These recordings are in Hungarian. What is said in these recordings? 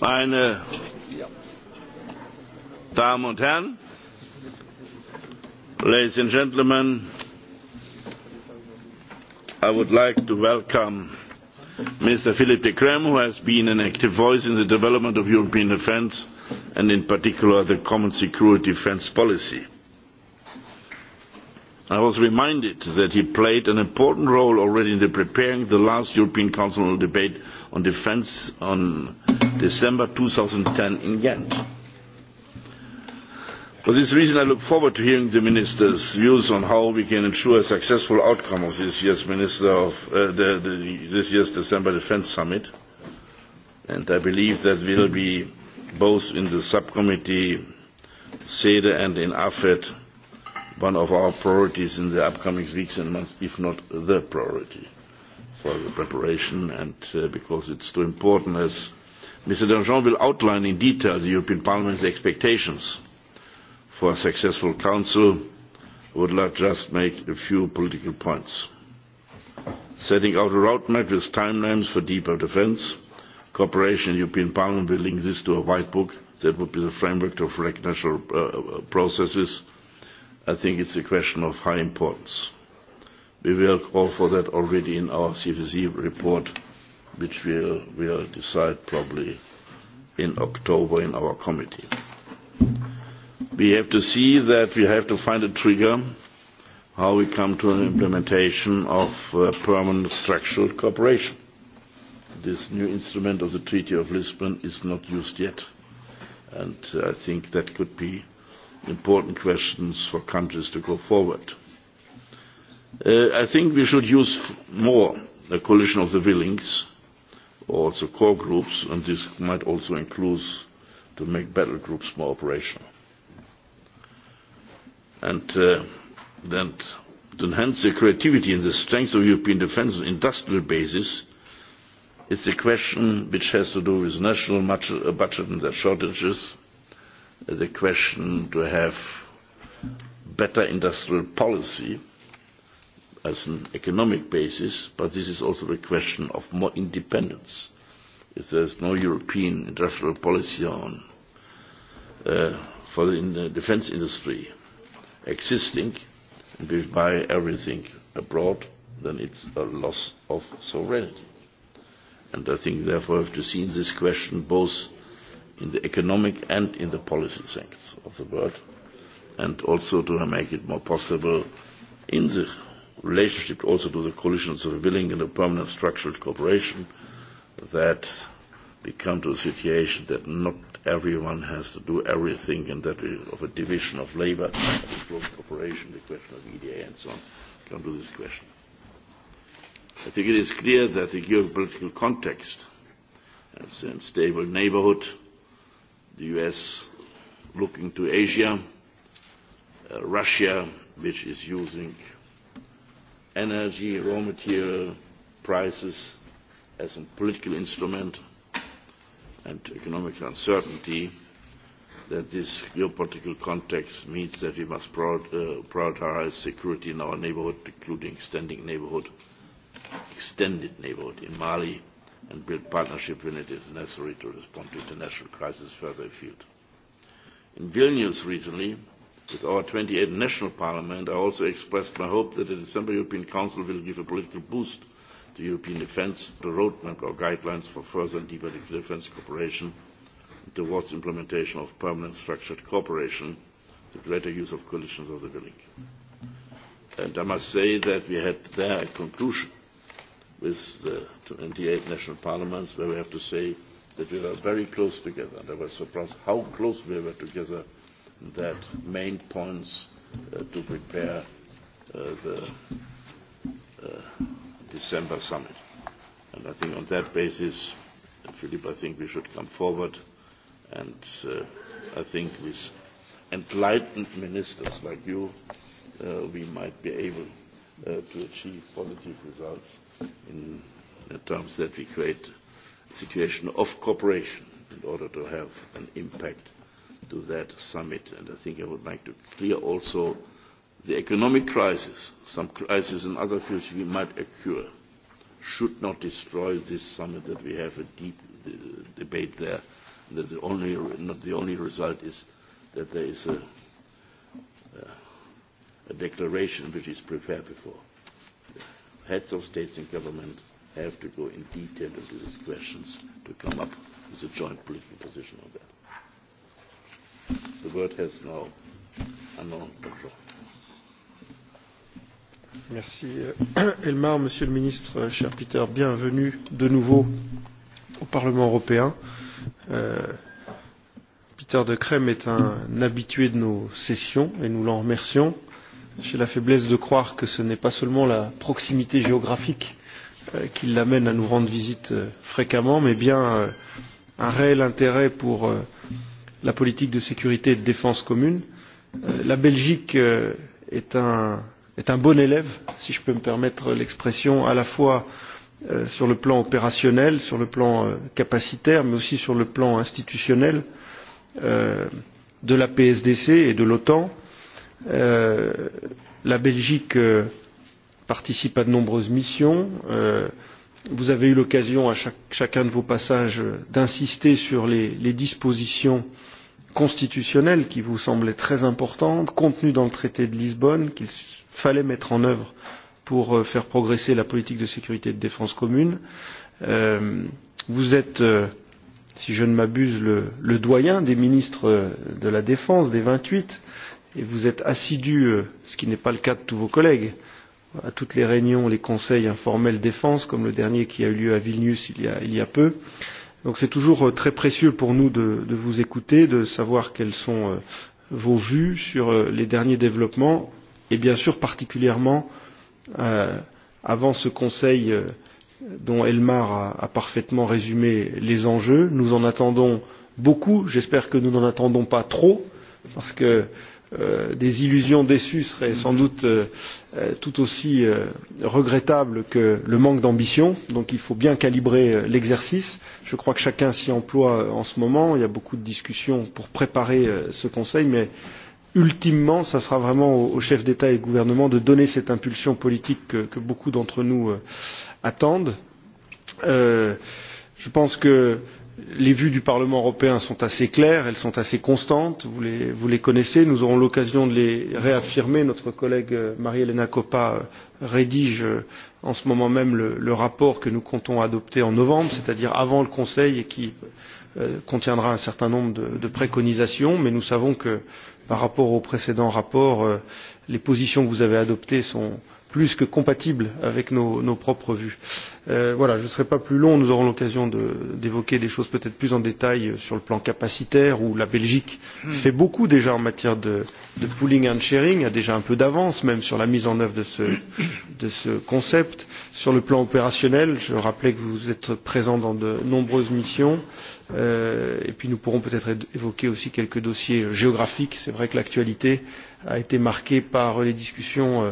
Meine Damen und Herren, ladies and gentlemen, I would like to welcome Mr. Philip de Krem, who has been an active voice in the development of European defence and in particular the common security defence policy. I was reminded that he played an important role already in the preparing the last European Council debate on defence on December 2010 in Ghent. For this reason, I look forward to hearing the Minister's views on how we can ensure a successful outcome of this year's, Minister of, uh, the, the, this year's December Defence Summit. And I believe that will be both in the subcommittee SEDE and in AFED one of our priorities in the upcoming weeks and months, if not the priority for the preparation, and uh, because it's too important as Mr. Danjean will outline in detail the European Parliament's expectations for a successful Council. I would like just make a few political points. Setting out a roadmap with timelines for deeper defence, cooperation in the European Parliament will link this to a white book that would be the framework of recognition uh, uh processes I think it's a question of high importance. We will call for that already in our CVC report, which will we'll decide probably in October in our committee. We have to see that we have to find a trigger how we come to an implementation of uh, permanent structural cooperation. This new instrument of the Treaty of Lisbon is not used yet, and uh, I think that could be important questions for countries to go forward. Uh, I think we should use more the coalition of the willings, or also core groups, and this might also include to make battle groups more operational. And uh, then to enhance the creativity and the strength of European defence on industrial basis, it's a question which has to do with national uh, budget and their shortages, the question to have better industrial policy as an economic basis, but this is also the question of more independence. If there is no European industrial policy on uh, for the, in the defense industry existing, and we buy everything abroad, then it's a loss of sovereignty. And I think therefore we have to see in this question both in the economic and in the policy sectors of the world, and also to make it more possible in the relationship also to the coalitions of the willing and a permanent structured cooperation that we come to a situation that not everyone has to do everything and that we, of a division of labor, of cooperation, the question of EDA and so on, come to this question. I think it is clear that the geopolitical context and stable neighborhood the US looking to Asia, uh, Russia, which is using energy, raw material prices as a political instrument, and economic uncertainty, that this geopolitical context means that we must uh, prioritize security in our neighborhood, including extending neighborhood, extended neighborhood in Mali, and build partnership when it is necessary to respond to international crises further afield. In Vilnius recently, with our 28 national parliament, I also expressed my hope that the December European Council will give a political boost to European defence, the roadmap or guidelines for further and deeper defence cooperation and towards implementation of permanent structured cooperation, the greater use of coalitions of the willing. And I must say that we had there a conclusion with the 28 national parliaments where we have to say that we were very close together. And I was surprised how close we were together that main points uh, to prepare uh, the uh, December summit. And I think on that basis, Philippe, I think we should come forward and uh, I think with enlightened ministers like you, uh, we might be able uh, to achieve positive results in the terms that we create a situation of cooperation in order to have an impact to that summit. And I think I would like to clear also the economic crisis, some crisis in other fields we might occur, should not destroy this summit that we have a deep uh, debate there. That the only, not the only result is that there is a, uh, a declaration which is prepared before heads of states and government have to go in detail into these questions to come up with a joint political position on that. The word has now Arnaud Bourgeois. Merci euh, Elmar, Monsieur le Ministre, euh, cher Peter, bienvenue de nouveau au Parlement européen. Euh, Peter de Crème est un habitué de nos sessions et nous l'en remercions. Euh, j'ai la faiblesse de croire que ce n'est pas seulement la proximité géographique euh, qui l'amène à nous rendre visite euh, fréquemment, mais bien euh, un réel intérêt pour la politique de sécurité et de défense commune. La Belgique est un, est un bon élève, si je peux me permettre l'expression, à la fois sur le plan opérationnel, sur le plan capacitaire, mais aussi sur le plan institutionnel de la PSDC et de l'OTAN Euh, la Belgique euh, participe à de nombreuses missions. Euh, vous avez eu l'occasion à chaque, chacun de vos passages d'insister sur les, les dispositions constitutionnelles qui vous semblaient très importantes, contenues dans le traité de Lisbonne, qu'il fallait mettre en œuvre pour faire progresser la politique de sécurité et de défense commune. vous êtes si je ne m'abuse, le, le doyen des ministres de la Défense des vingt huit et vous êtes assidu, euh, ce qui n'est pas le cas de tous vos collègues, à toutes les réunions, les conseils informels défense, comme le dernier qui a eu lieu à Vilnius il y a, il y a peu. Donc c'est toujours euh, très précieux pour nous de, de vous écouter, de savoir quelles sont euh, vos vues sur les derniers développements et bien sûr particulièrement euh, avant ce Conseil dont Elmar a, a parfaitement résumé les enjeux. Nous en attendons beaucoup, j'espère que nous n'en attendons pas trop, parce que Euh, des illusions déçues serait sans doute euh, euh, tout aussi regrettable que le manque d'ambition. Donc il faut bien calibrer l'exercice. Je crois que chacun s'y emploie en ce moment. Il y a beaucoup de discussions pour préparer ce Conseil, mais ultimement, ça sera vraiment aux chefs d'État et de gouvernement de donner cette impulsion politique que, que beaucoup d'entre nous attendent. Euh, je pense que les vues du parlement européen sont assez claires elles sont assez constantes vous les, connaissez nous aurons l'occasion de les réaffirmer notre collègue euh, marie elena coppa euh, rédige euh, en ce moment même le, rapport que nous comptons adopter en novembre c'est à dire avant le conseil et qui contiendra un certain nombre de, préconisations mais nous savons que par rapport au précédent rapport les positions que vous avez adoptées sont plus que compatible avec nos, nos propres vues. Euh, voilà, je ne serai pas plus long, nous aurons l'occasion d'évoquer de, des choses peut-être plus en détail sur le plan capacitaire où la Belgique mmh. fait beaucoup déjà en matière de, de pooling and sharing, a déjà un peu d'avance même sur la mise en œuvre de ce, de ce concept. Sur le plan opérationnel, je rappelais que vous êtes présent dans de nombreuses missions euh, et puis nous pourrons peut-être évoquer aussi quelques dossiers géographiques. C'est vrai que l'actualité a été marquée par les discussions euh,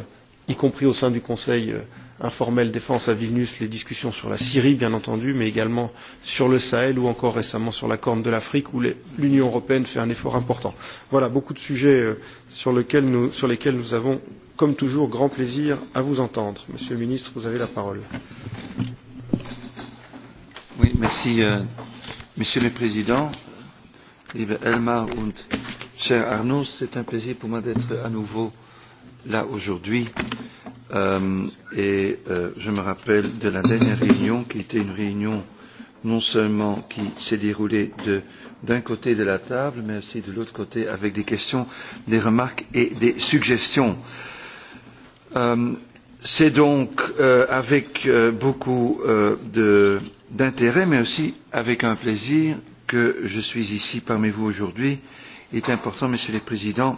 y compris au sein du Conseil euh, informel défense à Vilnius, les discussions sur la Syrie, bien entendu, mais également sur le Sahel ou encore récemment sur la Corne de l'Afrique, où l'Union européenne fait un effort important. Voilà beaucoup de sujets euh, sur, lesquels nous, sur lesquels nous avons, comme toujours, grand plaisir à vous entendre. Monsieur le ministre, vous avez la parole. Oui, merci, euh, Monsieur le Président, liebe Elmar und cher Arnaud, c'est un plaisir pour moi d'être à nouveau euh, là aujourd'hui. Euh, et euh, je me rappelle de la dernière réunion qui était une réunion non seulement qui s'est déroulée d'un côté de la table, mais aussi de l'autre côté avec des questions, des remarques et des suggestions. Euh, C'est donc euh, avec euh, beaucoup euh, d'intérêt, mais aussi avec un plaisir que je suis ici parmi vous aujourd'hui. Il est important, Monsieur le Président,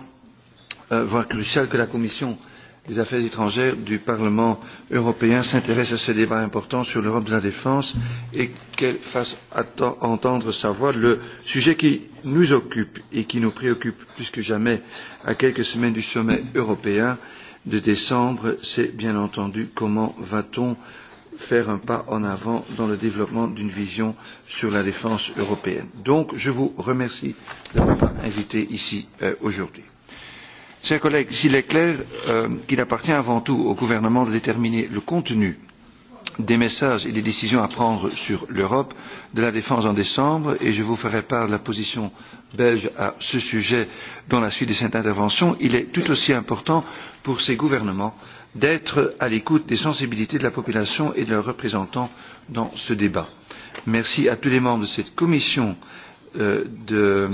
Euh, voire crucial que la Commission des affaires étrangères du Parlement européen s'intéresse à ce débat important sur l'Europe de la défense et qu'elle fasse entendre sa voix. Le sujet qui nous occupe et qui nous préoccupe plus que jamais à quelques semaines du sommet européen de décembre, c'est bien entendu comment va-t-on faire un pas en avant dans le développement d'une vision sur la défense européenne. Donc, je vous remercie de m'avoir invité ici euh, aujourd'hui. Chers collègues, s'il est clair euh, qu'il appartient avant tout au gouvernement de déterminer le contenu des messages et des décisions à prendre sur l'Europe de la défense en décembre et je vous ferai part de la position belge à ce sujet dans la suite de cette intervention, il est tout aussi important pour ces gouvernements d'être à l'écoute des sensibilités de la population et de leurs représentants dans ce débat. Merci à tous les membres de cette commission euh, Euh, de,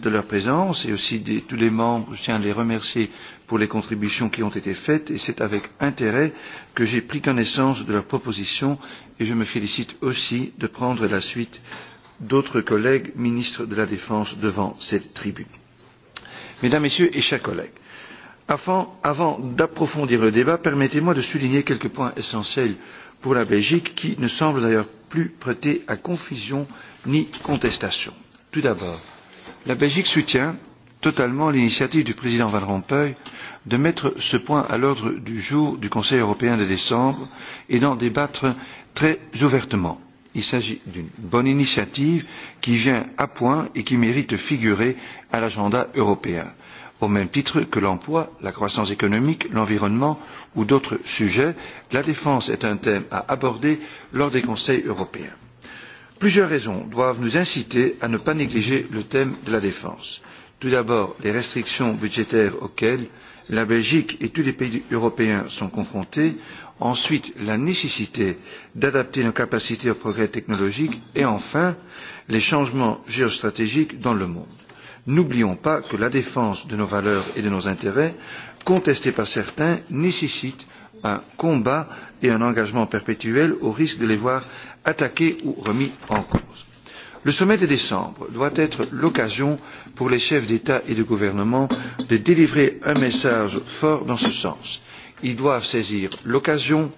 de leur présence et aussi de tous les membres. Je tiens à les remercier pour les contributions qui ont été faites et c'est avec intérêt que j'ai pris connaissance de leurs propositions et je me félicite aussi de prendre la suite d'autres collègues ministres de la Défense devant cette tribune. Mesdames, Messieurs et chers collègues, avant, avant d'approfondir le débat, permettez-moi de souligner quelques points essentiels pour la Belgique qui ne semblent d'ailleurs plus prêter à confusion ni contestation Tout d'abord, la Belgique soutient totalement l'initiative du président Van Rompuy de mettre ce point à l'ordre du jour du Conseil européen de décembre et d'en débattre très ouvertement. Il s'agit d'une bonne initiative qui vient à point et qui mérite de figurer à l'agenda européen, au même titre que l'emploi, la croissance économique, l'environnement ou d'autres sujets. La défense est un thème à aborder lors des conseils européens Plusieurs raisons doivent nous inciter à ne pas négliger le thème de la défense. Tout d'abord, les restrictions budgétaires auxquelles la Belgique et tous les pays européens sont confrontés. Ensuite, la nécessité d'adapter nos capacités aux progrès technologiques. Et enfin, les changements géostratégiques dans le monde. N'oublions pas que la défense de nos valeurs et de nos intérêts, contestée par certains, nécessite un combat et un engagement perpétuel au risque de les voir attaqué ou remis en cause. Le sommet de décembre doit être l'occasion pour les chefs d'État et de gouvernement de délivrer un message fort dans ce sens. Ils doivent saisir l'occasion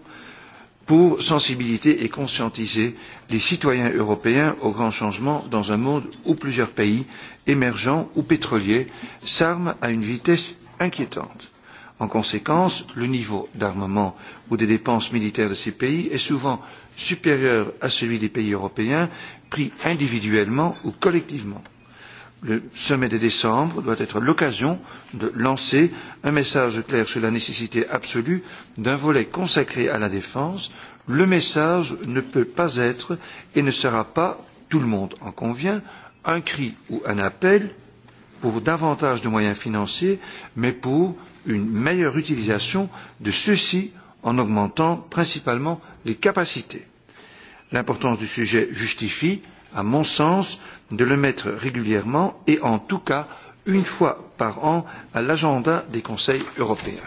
pour sensibiliser et conscientiser les citoyens européens aux grands changements dans un monde où plusieurs pays émergents ou pétroliers s'arment à une vitesse inquiétante. En conséquence, le niveau d'armement ou des dépenses militaires de ces pays est souvent supérieur à celui des pays européens pris individuellement ou collectivement. Le sommet de décembre doit être l'occasion de lancer un message clair sur la nécessité absolue d'un volet consacré à la défense. Le message ne peut pas être et ne sera pas, tout le monde en convient, un cri ou un appel pour davantage de moyens financiers, mais pour une meilleure utilisation de ceux-ci en augmentant principalement les capacités l'importance du sujet justifie à mon sens de le mettre régulièrement et en tout cas une fois par an à l'agenda des conseils européens.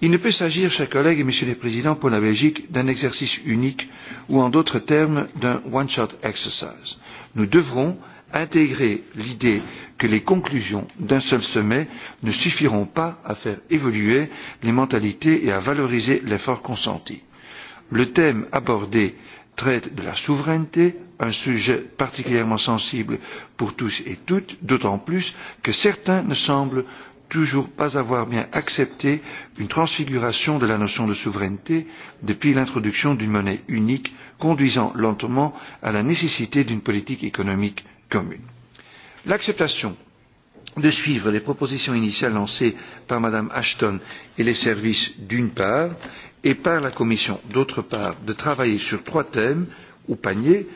il ne peut s'agir chers collègues et messieurs les présidents pour la belgique d'un exercice unique ou en d'autres termes d'un one shot exercise. nous devrons intégrer l'idée que les conclusions d'un seul sommet ne suffiront pas à faire évoluer les mentalités et à valoriser l'effort consenti. le thème abordé traite de la souveraineté, un sujet particulièrement sensible pour tous et toutes, d'autant plus que certains ne semblent toujours pas avoir bien accepté une transfiguration de la notion de souveraineté depuis l'introduction d'une monnaie unique, conduisant lentement à la nécessité d'une politique économique commune. L'acceptation de suivre les propositions initiales lancées par Mme Ashton et les services d'une part, et par la Commission, d'autre part, de travailler sur trois thèmes ou paniers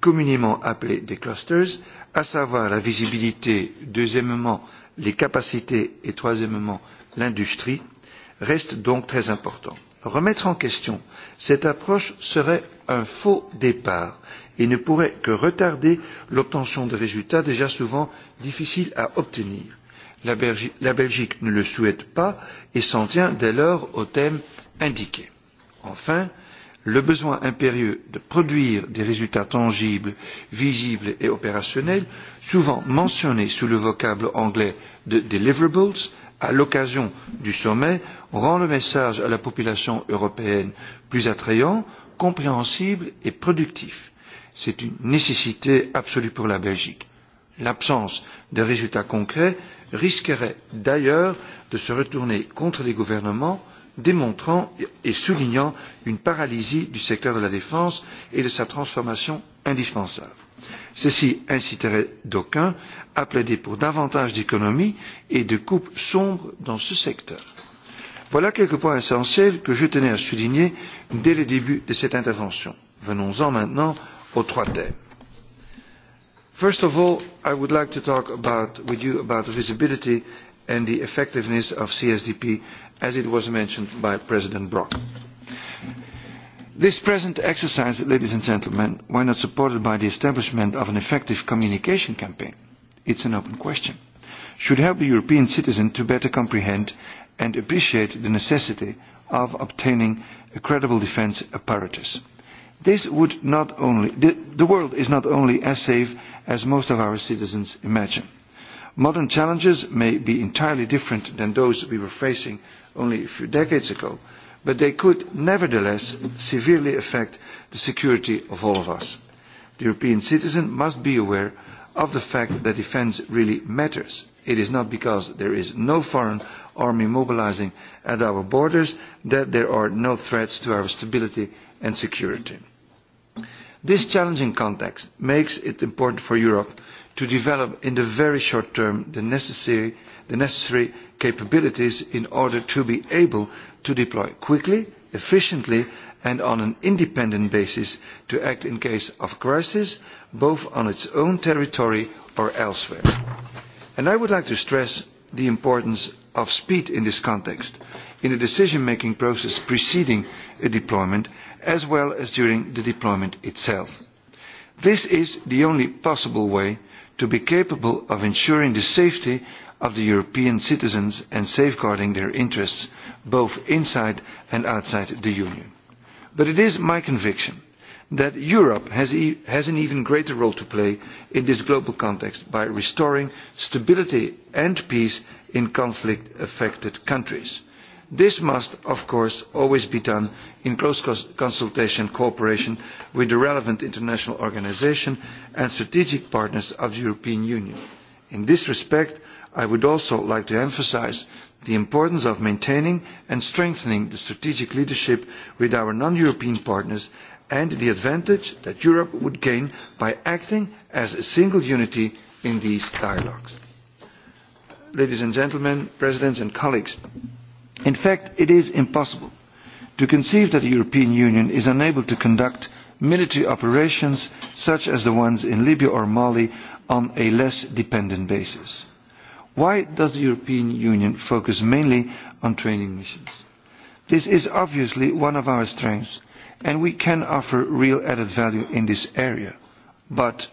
communément appelés des clusters, à savoir la visibilité, deuxièmement les capacités et troisièmement l'industrie, reste donc très important. Remettre en question cette approche serait un faux départ et ne pourrait que retarder l'obtention de résultats déjà souvent difficiles à obtenir. La Belgique, ne le souhaite pas et s'en tient dès lors au thème indiqués. Enfin, le besoin impérieux de produire des résultats tangibles, visibles et opérationnels, souvent mentionné sous le vocable anglais de deliverables, à l'occasion du sommet, rend le message à la population européenne plus attrayant, compréhensible et productif. C'est une nécessité absolue pour la Belgique. L'absence de résultats concrets risquerait d'ailleurs de se retourner contre les gouvernements démontrant et soulignant une paralysie du secteur de la défense et de sa transformation indispensable. Ceci inciterait d'aucuns à plaider pour davantage d'économies et de coupes sombres dans ce secteur. Voilà quelques points essentiels que je tenais à souligner dès le début de cette intervention. Venons-en maintenant aux trois thèmes. First of all, I would like to talk about, with you about the visibility and the effectiveness of CSDP as it was mentioned by President Brock. This present exercise, ladies and gentlemen, why not supported by the establishment of an effective communication campaign? It's an open question. Should help the European citizen to better comprehend and appreciate the necessity of obtaining a credible defence apparatus. This would not only, the, the world is not only as safe as most of our citizens imagine. Modern challenges may be entirely different than those we were facing only a few decades ago, but they could nevertheless severely affect the security of all of us. The European citizen must be aware of the fact that defence really matters. It is not because there is no foreign army mobilising at our borders that there are no threats to our stability and security. This challenging context makes it important for Europe to develop in the very short term the necessary, the necessary capabilities in order to be able to deploy quickly, efficiently and on an independent basis to act in case of crisis, both on its own territory or elsewhere. And I would like to stress the importance of speed in this context, in the decision-making process preceding a deployment, as well as during the deployment itself. This is the only possible way to be capable of ensuring the safety of the European citizens and safeguarding their interests both inside and outside the Union. But it is my conviction that Europe has, e has an even greater role to play in this global context by restoring stability and peace in conflict-affected countries This must, of course, always be done in close consultation and cooperation with the relevant international organisation and strategic partners of the European Union. In this respect, I would also like to emphasise the importance of maintaining and strengthening the strategic leadership with our non-European partners and the advantage that Europe would gain by acting as a single unity in these dialogues. Ladies and gentlemen, presidents and colleagues, In fact, it is impossible to conceive that the European Union is unable to conduct military operations such as the ones in Libya or Mali on a less dependent basis. Why does the European Union focus mainly on training missions? This is obviously one of our strengths, and we can offer real added value in this area. But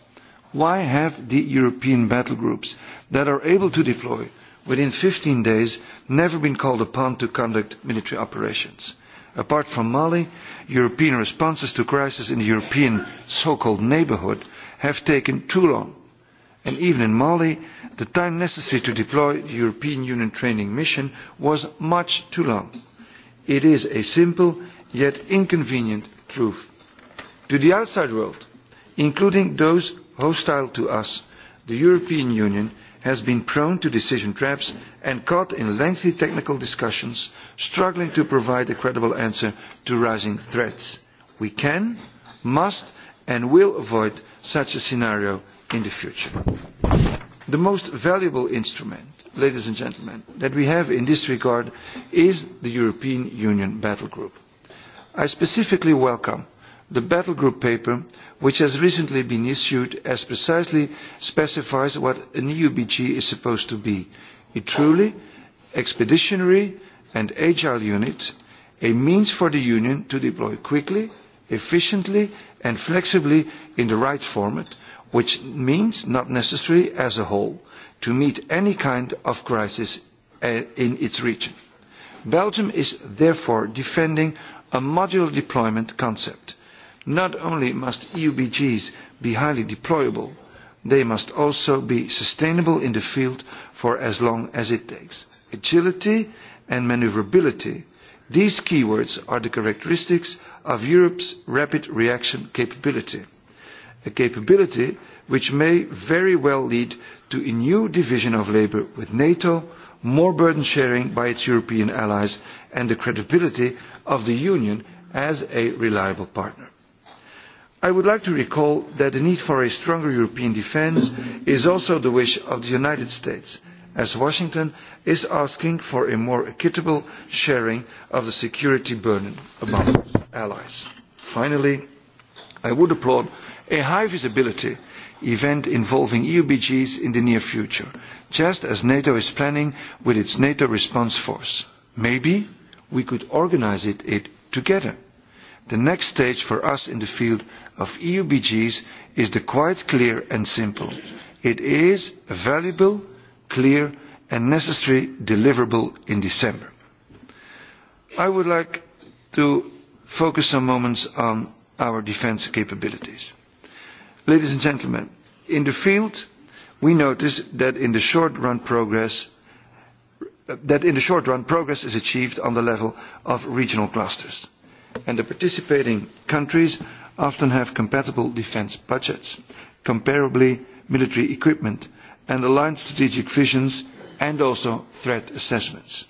why have the European battle groups that are able to deploy within 15 days, never been called upon to conduct military operations. Apart from Mali, European responses to crisis in the European so-called neighbourhood have taken too long. And even in Mali, the time necessary to deploy the European Union training mission was much too long. It is a simple yet inconvenient truth. To the outside world, including those hostile to us, the European Union has been prone to decision traps and caught in lengthy technical discussions, struggling to provide a credible answer to rising threats. We can, must and will avoid such a scenario in the future. The most valuable instrument, ladies and gentlemen, that we have in this regard is the European Union Battle Group. I specifically welcome the battle group paper, which has recently been issued, as precisely specifies what an EUBG is supposed to be. A truly expeditionary and agile unit, a means for the Union to deploy quickly, efficiently and flexibly in the right format, which means not necessarily as a whole to meet any kind of crisis eh, in its region. Belgium is therefore defending a modular deployment concept Not only must EUBGs be highly deployable, they must also be sustainable in the field for as long as it takes. Agility and manoeuvrability – these keywords are the characteristics of Europe's rapid reaction capability, a capability which may very well lead to a new division of labour with NATO, more burden sharing by its European allies and the credibility of the Union as a reliable partner i would like to recall that the need for a stronger european defence is also the wish of the united states as washington is asking for a more equitable sharing of the security burden among allies. finally i would applaud a high visibility event involving eu bgs in the near future just as nato is planning with its nato response force. maybe we could organise it, it together The next stage for us in the field of EU BGs is the quite clear and simple. It is a valuable, clear and necessary deliverable in December. I would like to focus some moments on our defence capabilities. Ladies and gentlemen, in the field we notice that in the short run progress that in the short run progress is achieved on the level of regional clusters and the participating countries often have compatible defence budgets, comparably military equipment, and aligned strategic visions and also threat assessments.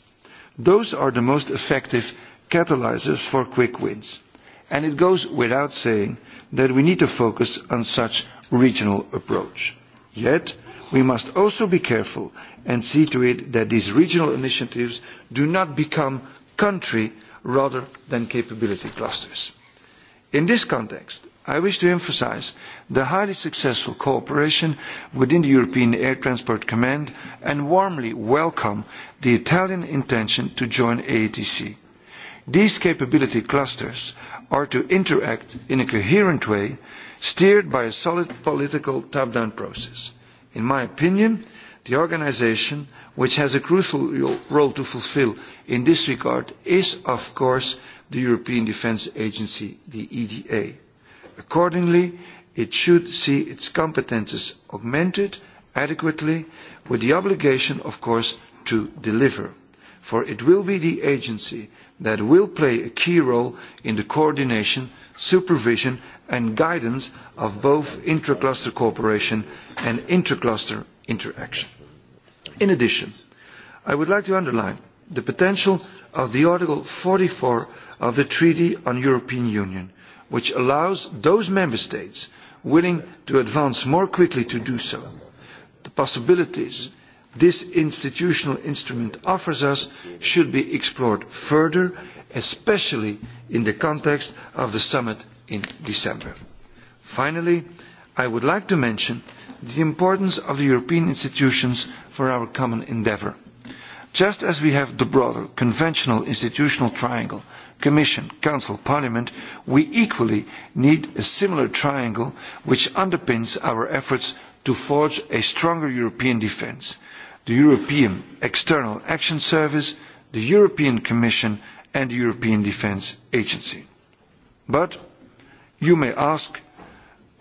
Those are the most effective catalyzers for quick wins. And it goes without saying that we need to focus on such regional approach. Yet, we must also be careful and see to it that these regional initiatives do not become country specific rather than capability clusters. In this context, I wish to emphasise the highly successful cooperation within the European Air Transport Command and warmly welcome the Italian intention to join AATC. These capability clusters are to interact in a coherent way, steered by a solid political top-down process. In my opinion, The organisation, which has a crucial role to fulfil in this regard, is, of course, the European Defence Agency, the EDA. Accordingly, it should see its competences augmented adequately, with the obligation, of course, to deliver. For it will be the agency that will play a key role in the coordination, supervision and guidance of both intra-cluster cooperation and intra-cluster interaction. In addition, I would like to underline the potential of the Article 44 of the Treaty on European Union, which allows those member states willing to advance more quickly to do so. The possibilities this institutional instrument offers us should be explored further, especially in the context of the summit in December. Finally, I would like to mention the importance of the European institutions for our common endeavour. Just as we have the broader conventional institutional triangle, Commission, Council, Parliament, we equally need a similar triangle which underpins our efforts to forge a stronger European defence. The European External Action Service, the European Commission and the European Defence Agency. But you may ask,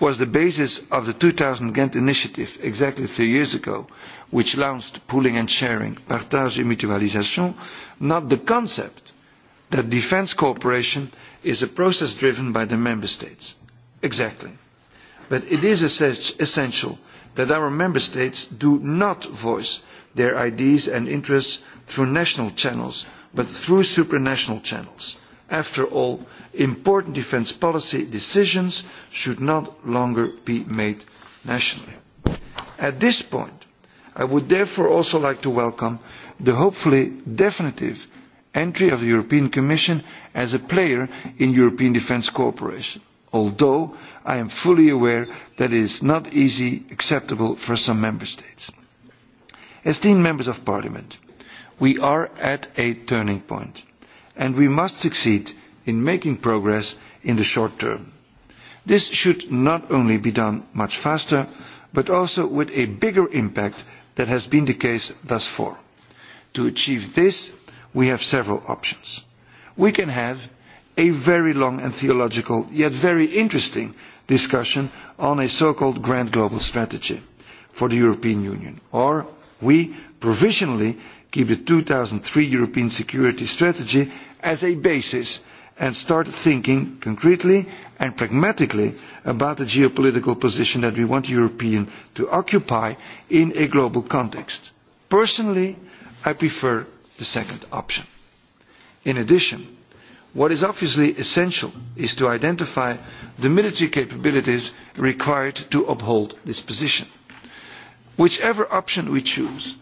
was the basis of the 2000 Ghent initiative exactly three years ago, which launched pooling and sharing, partage et mutualisation, not the concept that defence cooperation is a process driven by the member states. Exactly. But it is essential that our member states do not voice their ideas and interests through national channels, but through supranational channels After all, important defence policy decisions should not longer be made nationally. At this point, I would therefore also like to welcome the hopefully definitive entry of the European Commission as a player in European defence cooperation, although I am fully aware that it is not easy acceptable for some Member States. Esteemed Members of Parliament, we are at a turning point and we must succeed in making progress in the short term. This should not only be done much faster, but also with a bigger impact than has been the case thus far. To achieve this, we have several options. We can have a very long and theological, yet very interesting, discussion on a so-called grand global strategy for the European Union. Or we provisionally keep the 2003 European security strategy as a basis and start thinking concretely and pragmatically about the geopolitical position that we want Europeans to occupy in a global context. Personally, I prefer the second option. In addition, what is obviously essential is to identify the military capabilities required to uphold this position. Whichever option we choose,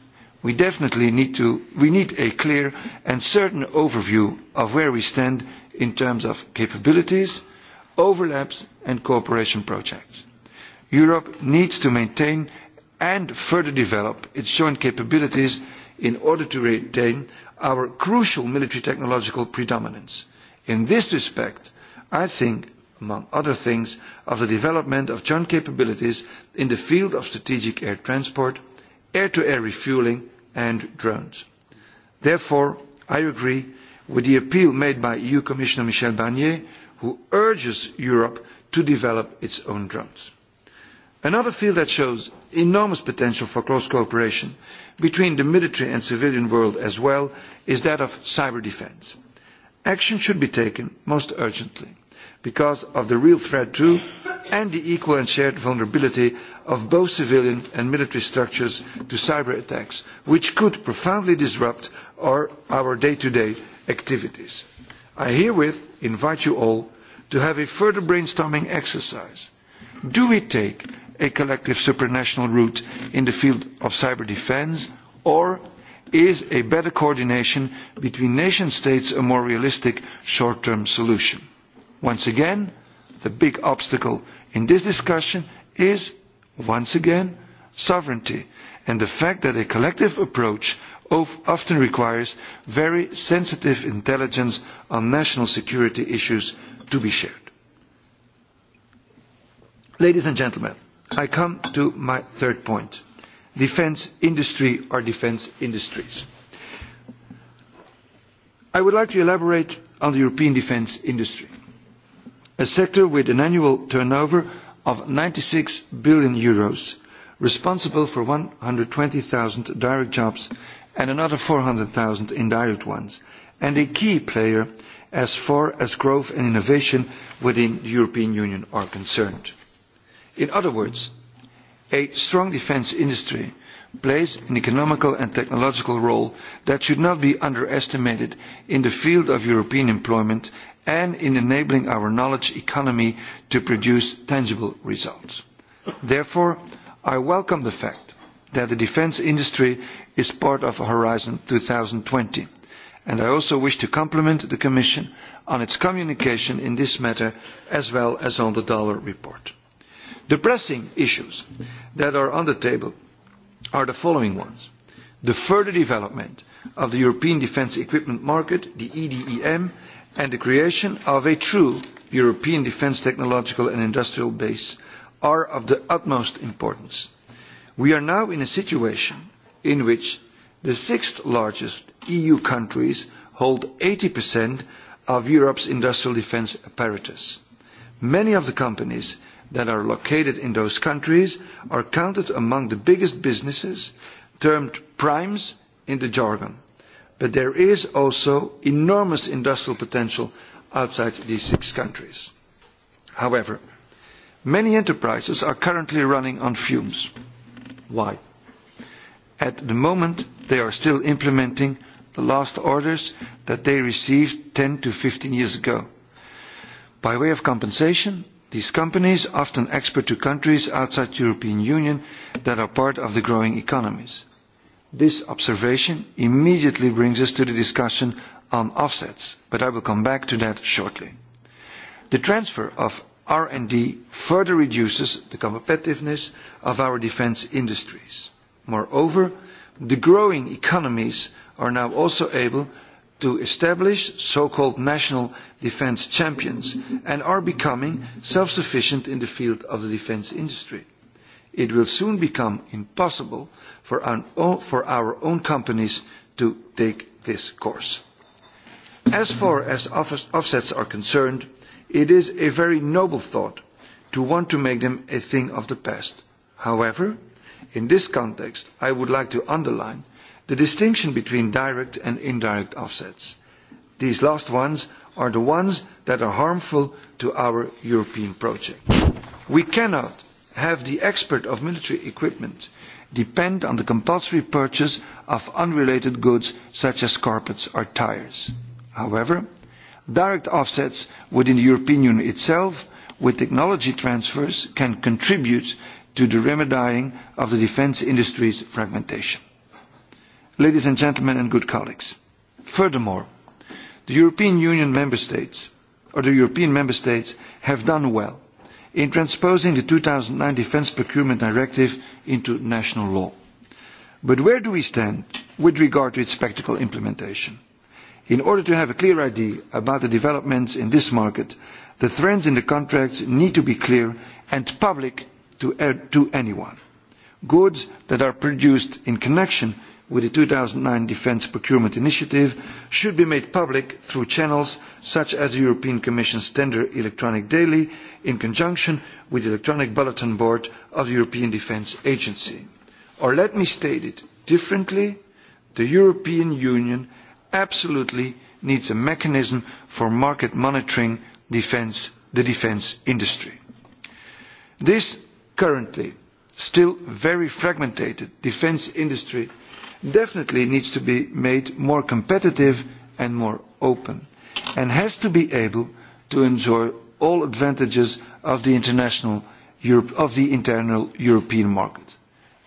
we definitely need to we need a clear and certain overview of where we stand in terms of capabilities overlaps and cooperation projects europe needs to maintain and further develop its joint capabilities in order to retain our crucial military technological predominance in this respect i think among other things of the development of joint capabilities in the field of strategic air transport air to air refuelling and drones. Therefore, I agree with the appeal made by EU Commissioner Michel Barnier, who urges Europe to develop its own drones. Another field that shows enormous potential for close cooperation between the military and civilian world as well is that of cyber defence. Action should be taken most urgently because of the real threat to and the equal and shared vulnerability of both civilian and military structures to cyber attacks, which could profoundly disrupt our, our day to day activities. I herewith invite you all to have a further brainstorming exercise. Do we take a collective supranational route in the field of cyber defence, or is a better coordination between nation states a more realistic short term solution? Once again, the big obstacle in this discussion is, once again, sovereignty and the fact that a collective approach often requires very sensitive intelligence on national security issues to be shared. Ladies and gentlemen, I come to my third point, defence industry or defence industries. I would like to elaborate on the European defence industry a sector with an annual turnover of 96 billion euros, responsible for 120,000 direct jobs and another 400,000 indirect ones, and a key player as far as growth and innovation within the European Union are concerned. In other words, a strong defence industry plays an economical and technological role that should not be underestimated in the field of European employment and in enabling our knowledge economy to produce tangible results. Therefore, I welcome the fact that the defence industry is part of Horizon 2020, and I also wish to compliment the Commission on its communication in this matter as well as on the dollar report. The pressing issues that are on the table are the following ones. The further development of the European Defence Equipment Market, the EDEM, and the creation of a true European defence technological and industrial base are of the utmost importance. We are now in a situation in which the sixth largest EU countries hold 80% of Europe's industrial defence apparatus. Many of the companies that are located in those countries are counted among the biggest businesses, termed primes in the jargon but there is also enormous industrial potential outside these six countries. However, many enterprises are currently running on fumes. Why? At the moment, they are still implementing the last orders that they received 10 to 15 years ago. By way of compensation, these companies often export to countries outside the European Union that are part of the growing economies. This observation immediately brings us to the discussion on offsets, but I will come back to that shortly. The transfer of R&D further reduces the competitiveness of our defense industries. Moreover, the growing economies are now also able to establish so-called national defense champions and are becoming self-sufficient in the field of the defense industry it will soon become impossible for our, own, for our own, companies to take this course. As far as offsets are concerned, it is a very noble thought to want to make them a thing of the past. However, in this context, I would like to underline the distinction between direct and indirect offsets. These last ones are the ones that are harmful to our European project. We cannot have the export of military equipment depend on the compulsory purchase of unrelated goods such as carpets or tires. However, direct offsets within the European Union itself with technology transfers can contribute to the remedying of the defence industry's fragmentation. Ladies and gentlemen and good colleagues, furthermore, the European Union member states or the European member states have done well in transposing the 2009 Defence Procurement Directive into national law. But where do we stand with regard to its practical implementation? In order to have a clear idea about the developments in this market, the trends in the contracts need to be clear and public to, uh, to anyone. Goods that are produced in connection with the 2009 Defence Procurement Initiative should be made public through channels such as the European Commission's Tender Electronic Daily in conjunction with the Electronic Bulletin Board of the European Defence Agency. Or let me state it differently, the European Union absolutely needs a mechanism for market monitoring defense, the defence industry. This currently still very fragmented defence industry definitely needs to be made more competitive and more open, and has to be able to enjoy all advantages of the, international Europe, of the internal European market.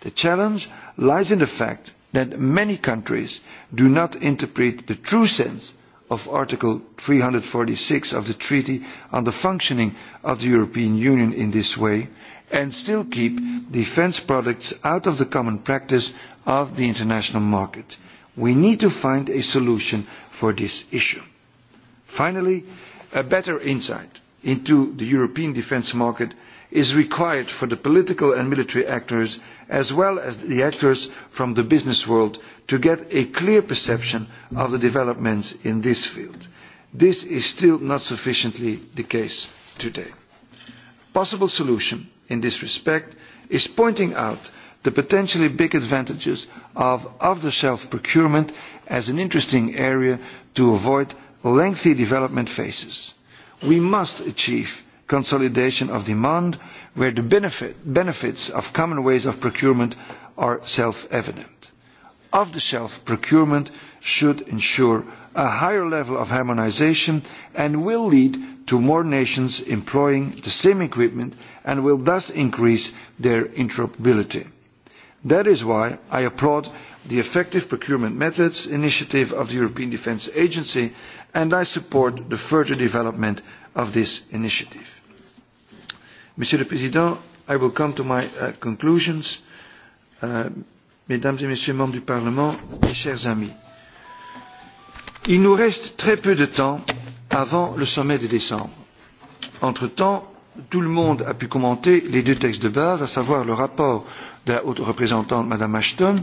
The challenge lies in the fact that many countries do not interpret the true sense of Article 346 of the Treaty on the Functioning of the European Union in this way, and still keep defence products out of the common practice of the international market. We need to find a solution for this issue. Finally, a better insight into the European defence market is required for the political and military actors as well as the actors from the business world to get a clear perception of the developments in this field. This is still not sufficiently the case today. Possible solution in this respect is pointing out the potentially big advantages of off-the-shelf procurement as an interesting area to avoid lengthy development phases. We must achieve consolidation of demand where the benefit, benefits of common ways of procurement are self-evident. Off-the-shelf procurement should ensure a higher level of harmonization and will lead to more nations employing the same equipment and will thus increase their interoperability. That is why I applaud the Effective Procurement Methods initiative of the European Defence Agency and I support the further development of this initiative. Monsieur le Président, I will come to my uh, conclusions. Uh, mesdames et Messieurs membres du Parlement, mes chers amis il nous reste très peu de temps avant le sommet de décembre. entre temps tout le monde a pu commenter les deux textes de base à savoir le rapport de la haute représentante Madame ashton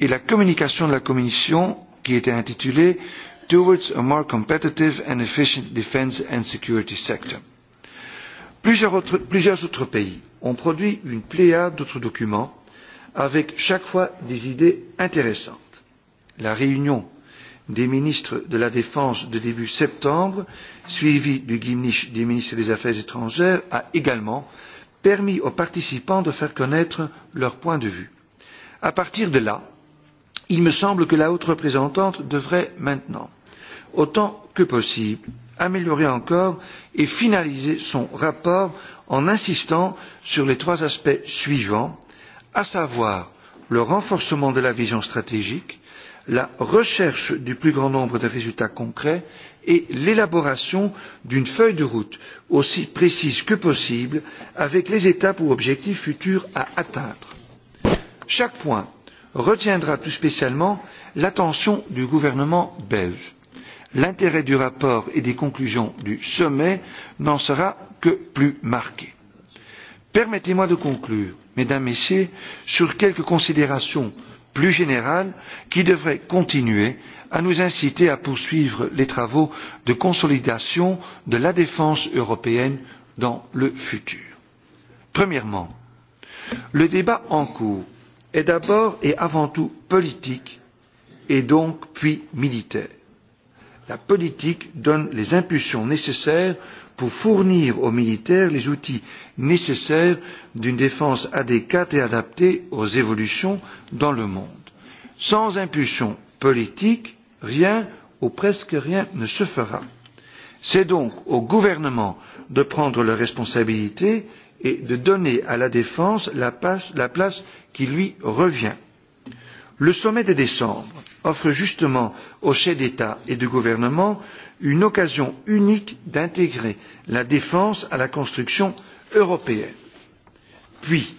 et la communication de la commission qui était intitulée towards a more competitive and efficient defense and security sector. Plusieurs autres, plusieurs autres pays ont produit une pléiade d'autres documents avec chaque fois des idées intéressantes. La réunion des ministres de la Défense de début septembre, suivi du Gimnich des ministres des Affaires étrangères, a également permis aux participants de faire connaître leur point de vue. À partir de là, il me semble que la haute représentante devrait maintenant, autant que possible, améliorer encore et finaliser son rapport en insistant sur les trois aspects suivants à savoir le renforcement de la vision stratégique la recherche du plus grand nombre de résultats concrets et l'élaboration d'une feuille de route aussi précise que possible avec les étapes ou objectifs futurs à atteindre. chaque point retiendra tout spécialement l'attention du gouvernement belge. l'intérêt du rapport et des conclusions du sommet n'en sera que plus marqué. permettez moi de conclure mesdames et messieurs sur quelques considérations plus générale qui devrait continuer à nous inciter à poursuivre les travaux de consolidation de la défense européenne dans le futur. premièrement le débat en cours est d'abord et avant tout politique et donc puis militaire. la politique donne les impulsions nécessaires pour fournir aux militaires les outils nécessaires d'une défense adéquate et adaptée aux évolutions dans le monde. Sans impulsion politique, rien ou presque rien ne se fera. C'est donc au gouvernement de prendre leurs responsabilités et de donner à la défense la place, la place qui lui revient. Le sommet de décembre offre justement aux chefs d'État et de gouvernement une occasion unique d'intégrer la défense à la construction européenne. puis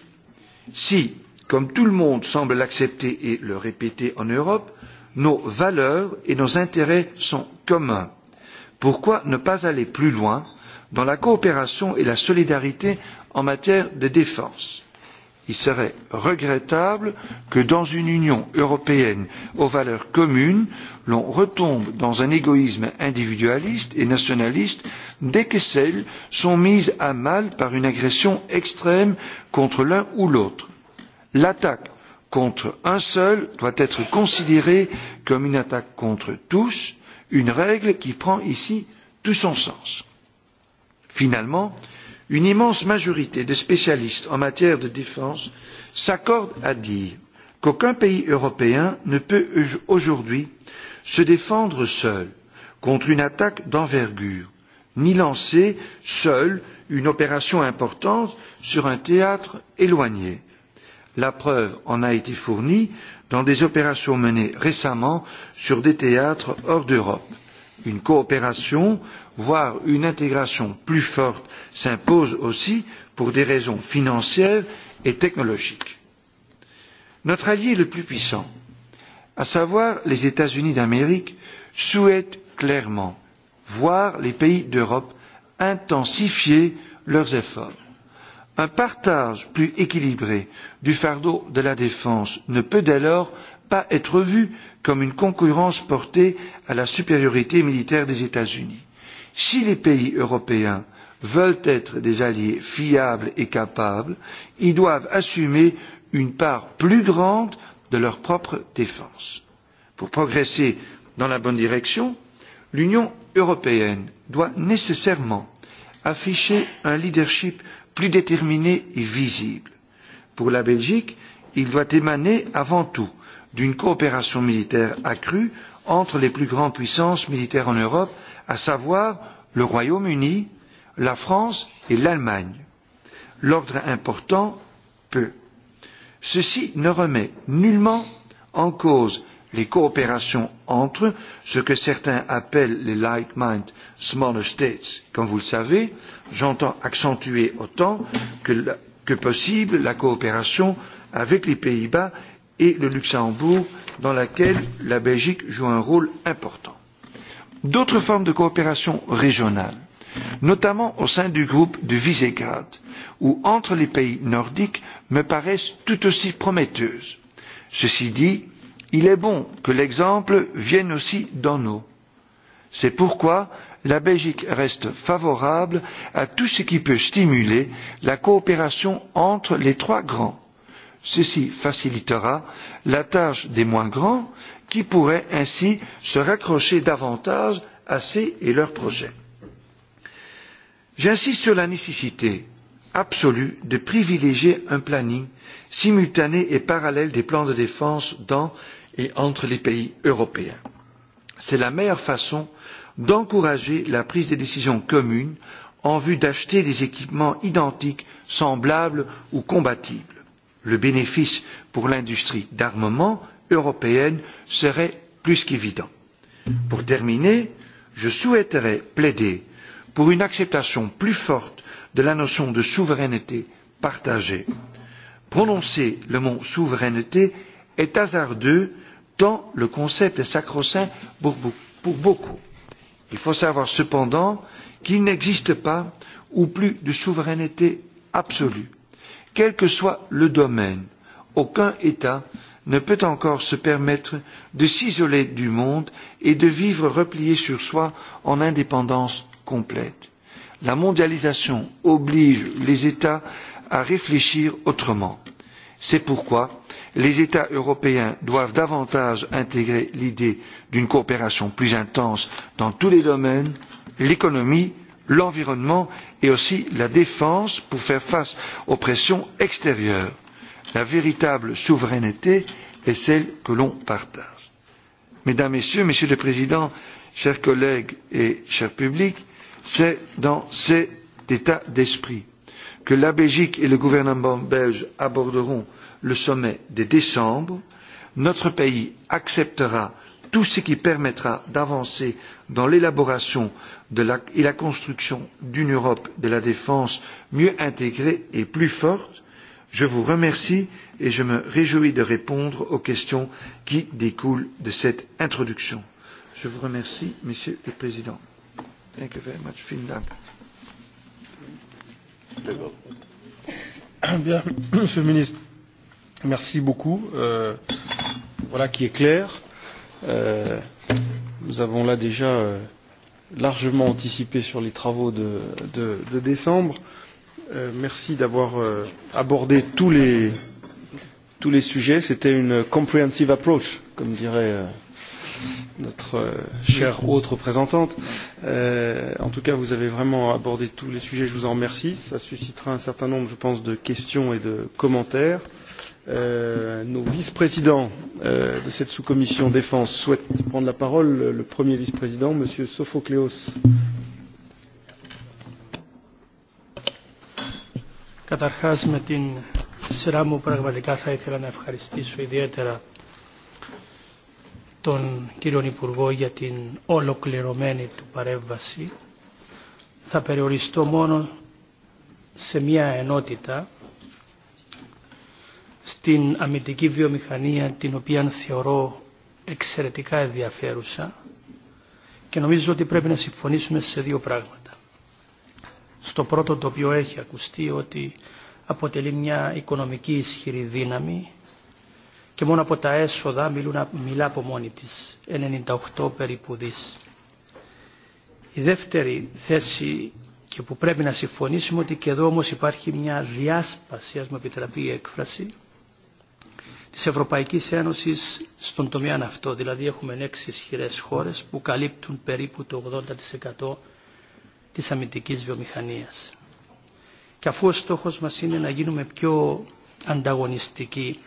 si comme tout le monde semble l'accepter et le répéter en europe nos valeurs et nos intérêts sont communs pourquoi ne pas aller plus loin dans la coopération et la solidarité en matière de défense? il serait regrettable que dans une union européenne aux valeurs communes l'on retombe dans un égoïsme individualiste et nationaliste dès que celles sont mises à mal par une agression extrême contre l'un ou l'autre. l'attaque contre un seul doit être considérée comme une attaque contre tous une règle qui prend ici tout son sens. finalement une immense majorité de spécialistes en matière de défense s'accordent à dire qu'aucun pays européen ne peut aujourd'hui se défendre seul contre une attaque d'envergure ni lancer seul une opération importante sur un théâtre éloigné. La preuve en a été fournie dans des opérations menées récemment sur des théâtres hors d'Europe. Une coopération voire une intégration plus forte s'impose aussi pour des raisons financières et technologiques. Notre allié le plus puissant, à savoir les États Unis d'Amérique, souhaite clairement voir les pays d'Europe intensifier leurs efforts. Un partage plus équilibré du fardeau de la défense ne peut dès lors pas être vu comme une concurrence portée à la supériorité militaire des États Unis. Si les pays européens veulent être des alliés fiables et capables, ils doivent assumer une part plus grande de leur propre défense. Pour progresser dans la bonne direction, l'Union européenne doit nécessairement afficher un leadership plus déterminé et visible. Pour la Belgique, il doit émaner avant tout d'une coopération militaire accrue entre les plus grandes puissances militaires en Europe à savoir le Royaume-Uni, la France et l'Allemagne. L'ordre important peut. Ceci ne remet nullement en cause les coopérations entre ce que certains appellent les like mind smaller states. Comme vous le savez, j'entends accentuer autant que, la, que possible la coopération avec les Pays-Bas et le Luxembourg, dans laquelle la Belgique joue un rôle important d'autres formes de coopération régionale, notamment au sein du groupe de Visegrad ou entre les pays nordiques, me paraissent tout aussi prometteuses. Ceci dit, il est bon que l'exemple vienne aussi d'en haut. C'est pourquoi la Belgique reste favorable à tout ce qui peut stimuler la coopération entre les trois grands. Ceci facilitera la tâche des moins grands qui pourraient ainsi se raccrocher davantage à ces et leurs projets. J'insiste sur la nécessité absolue de privilégier un planning simultané et parallèle des plans de défense dans et entre les pays européens. C'est la meilleure façon d'encourager la prise de décisions communes en vue d'acheter des équipements identiques, semblables ou compatibles. Le bénéfice pour l'industrie d'armement européenne serait plus qu'évident. Pour terminer, je souhaiterais plaider pour une acceptation plus forte de la notion de souveraineté partagée. Prononcer le mot souveraineté est hasardeux tant le concept est sacro-saint pour, pour beaucoup. Il faut savoir cependant qu'il n'existe pas ou plus de souveraineté absolue. Quel que soit le domaine, aucun État ne peut encore se permettre de s'isoler du monde et de vivre replié sur soi en indépendance complète. La mondialisation oblige les États à réfléchir autrement. C'est pourquoi les États européens doivent davantage intégrer l'idée d'une coopération plus intense dans tous les domaines l'économie, l'environnement et aussi la défense pour faire face aux pressions extérieures La véritable souveraineté est celle que l'on partage. Mesdames, Messieurs, Monsieur le Président, chers collègues et chers publics, c'est dans cet état d'esprit que la Belgique et le gouvernement belge aborderont le sommet de décembre. Notre pays acceptera tout ce qui permettra d'avancer dans l'élaboration et la construction d'une Europe de la défense mieux intégrée et plus forte Je vous remercie et je me réjouis de répondre aux questions qui découlent de cette introduction. Je vous remercie, Monsieur le Président. Thank you very much. Vielen Dank. Bien, Monsieur le Ministre, merci beaucoup. Euh, voilà qui est clair. Euh, nous avons là déjà euh, largement anticipé sur les travaux de, de, de décembre. Euh, Euh, merci d'avoir euh, abordé tous les, tous les sujets. C'était une comprehensive approach, comme dirait euh, notre chère haute représentante. Euh, en tout cas, vous avez vraiment abordé tous les sujets. Je vous en remercie. Ça suscitera un certain nombre, je pense, de questions et de commentaires. Euh, nos vice-présidents euh, de cette sous-commission défense souhaitent prendre la parole. Le premier vice-président, Monsieur Sophocléos Καταρχάς με την σειρά μου πραγματικά θα ήθελα να ευχαριστήσω ιδιαίτερα τον κύριο Υπουργό για την ολοκληρωμένη του παρέμβαση. Θα περιοριστώ μόνο σε μια ενότητα στην αμυντική βιομηχανία την οποία θεωρώ εξαιρετικά ενδιαφέρουσα και νομίζω ότι πρέπει να συμφωνήσουμε σε δύο πράγματα στο πρώτο το οποίο έχει ακουστεί ότι αποτελεί μια οικονομική ισχυρή δύναμη και μόνο από τα έσοδα μιλούν, μιλά από μόνη της, 98 περίπου δις. Η δεύτερη θέση και που πρέπει να συμφωνήσουμε ότι και εδώ όμως υπάρχει μια διάσπαση, ας μου επιτραπεί η έκφραση, της Ευρωπαϊκής Ένωσης στον τομέα αυτό. Δηλαδή έχουμε έξι ισχυρές χώρες που καλύπτουν περίπου το 80% της αμυντικής βιομηχανίας. Και αφού ο στόχος μας είναι να γίνουμε πιο ανταγωνιστικοί,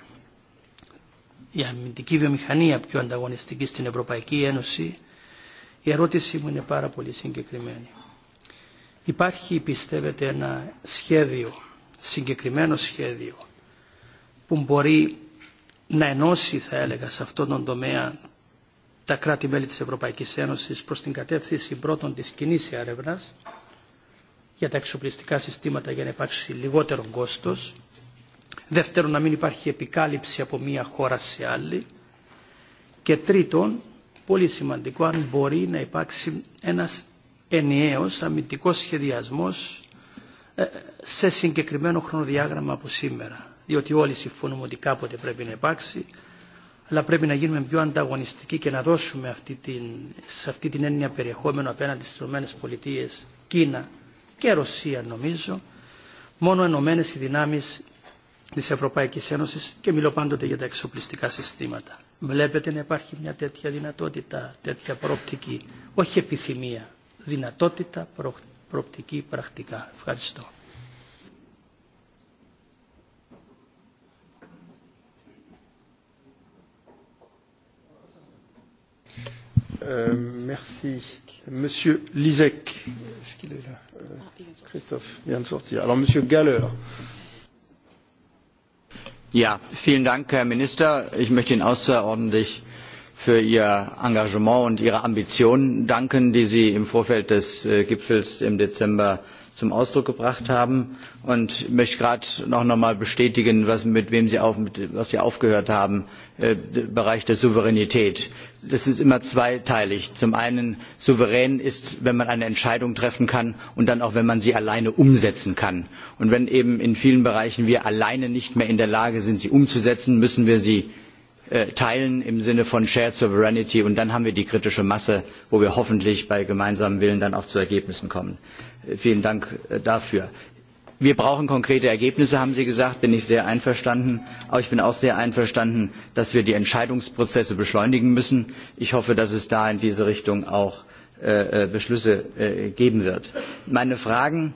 η αμυντική βιομηχανία πιο ανταγωνιστική στην Ευρωπαϊκή Ένωση, η ερώτησή μου είναι πάρα πολύ συγκεκριμένη. Υπάρχει, πιστεύετε, ένα σχέδιο, συγκεκριμένο σχέδιο, που μπορεί να ενώσει, θα έλεγα, σε αυτόν τον τομέα τα κράτη-μέλη της Ευρωπαϊκής Ένωσης προς την κατεύθυνση πρώτον της κοινή έρευνα για τα εξοπλιστικά συστήματα για να υπάρξει λιγότερο κόστος. Δεύτερον, να μην υπάρχει επικάλυψη από μία χώρα σε άλλη. Και τρίτον, πολύ σημαντικό, αν μπορεί να υπάρξει ένας ενιαίος αμυντικός σχεδιασμός σε συγκεκριμένο χρονοδιάγραμμα από σήμερα. Διότι όλοι συμφωνούμε ότι κάποτε πρέπει να υπάρξει αλλά πρέπει να γίνουμε πιο ανταγωνιστικοί και να δώσουμε αυτή την, σε αυτή την έννοια περιεχόμενο απέναντι στις ΗΠΑ, Κίνα και Ρωσία νομίζω, μόνο ενωμένε οι δυνάμεις της Ευρωπαϊκής Ένωσης και μιλώ πάντοτε για τα εξοπλιστικά συστήματα. Βλέπετε να υπάρχει μια τέτοια δυνατότητα, τέτοια προοπτική, όχι επιθυμία, δυνατότητα προ, προοπτική πρακτικά. Ευχαριστώ. Euh, Monsieur Lisek, est-ce qu'il est là euh, Christophe vient de sortir. Alors Monsieur Ja, vielen Dank, Herr Minister. Ich möchte Ihnen außerordentlich für Ihr Engagement und Ihre Ambitionen danken, die Sie im Vorfeld des äh, Gipfels im Dezember zum Ausdruck gebracht haben. Und ich möchte gerade noch einmal bestätigen, was, mit wem Sie, auf, mit, was Sie aufgehört haben, äh, Bereich der Souveränität. Das ist immer zweiteilig. Zum einen, souverän ist, wenn man eine Entscheidung treffen kann und dann auch, wenn man sie alleine umsetzen kann. Und wenn eben in vielen Bereichen wir alleine nicht mehr in der Lage sind, sie umzusetzen, müssen wir sie Äh, teilen im sinne von shared sovereignty und dann haben wir die kritische masse wo wir hoffentlich bei gemeinsamem willen dann auch zu ergebnissen kommen. Äh, vielen dank äh, dafür. wir brauchen konkrete ergebnisse haben sie gesagt bin ich sehr einverstanden. aber ich bin auch sehr einverstanden dass wir die entscheidungsprozesse beschleunigen müssen. ich hoffe dass es da in diese richtung auch beschlüsse geben wird. meine fragen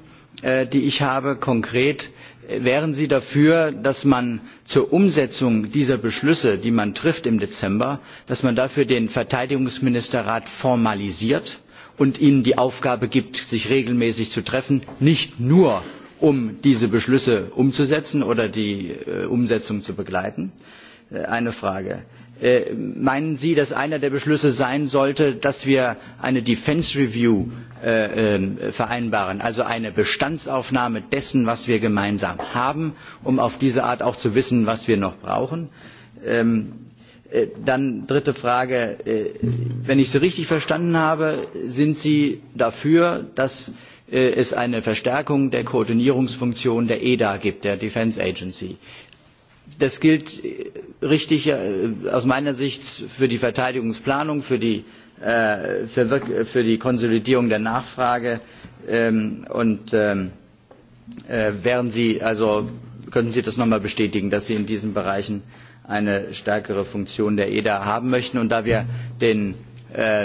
die ich konkret wären sie dafür dass man zur umsetzung dieser beschlüsse die man im dezember trifft den verteidigungsministerrat formalisiert und ihm die aufgabe gibt sich regelmäßig zu treffen nicht nur um diese beschlüsse umzusetzen oder die äh, umsetzung zu begleiten? das äh, ist eine frage. Äh, meinen sie dass einer der beschlüsse sein sollte dass wir eine defence review äh, ähm, vereinbaren also eine bestandsaufnahme dessen was wir gemeinsam haben um auf diese art auch zu wissen was wir noch brauchen? Ähm, äh, dann die dritte frage wenn ich sie richtig verstanden habe sind sie dafür dass es eine verstärkung der koordinierungsfunktion der eda gibt der defence agency das gilt äh, richtig äh, aus meiner sicht für die verteidigungsplanung für die, äh, konsolidierung der nachfrage ähm, und ähm, können sie das noch einmal bestätigen dass sie in diesen bereichen eine stärkere funktion der eda haben möchten da wir den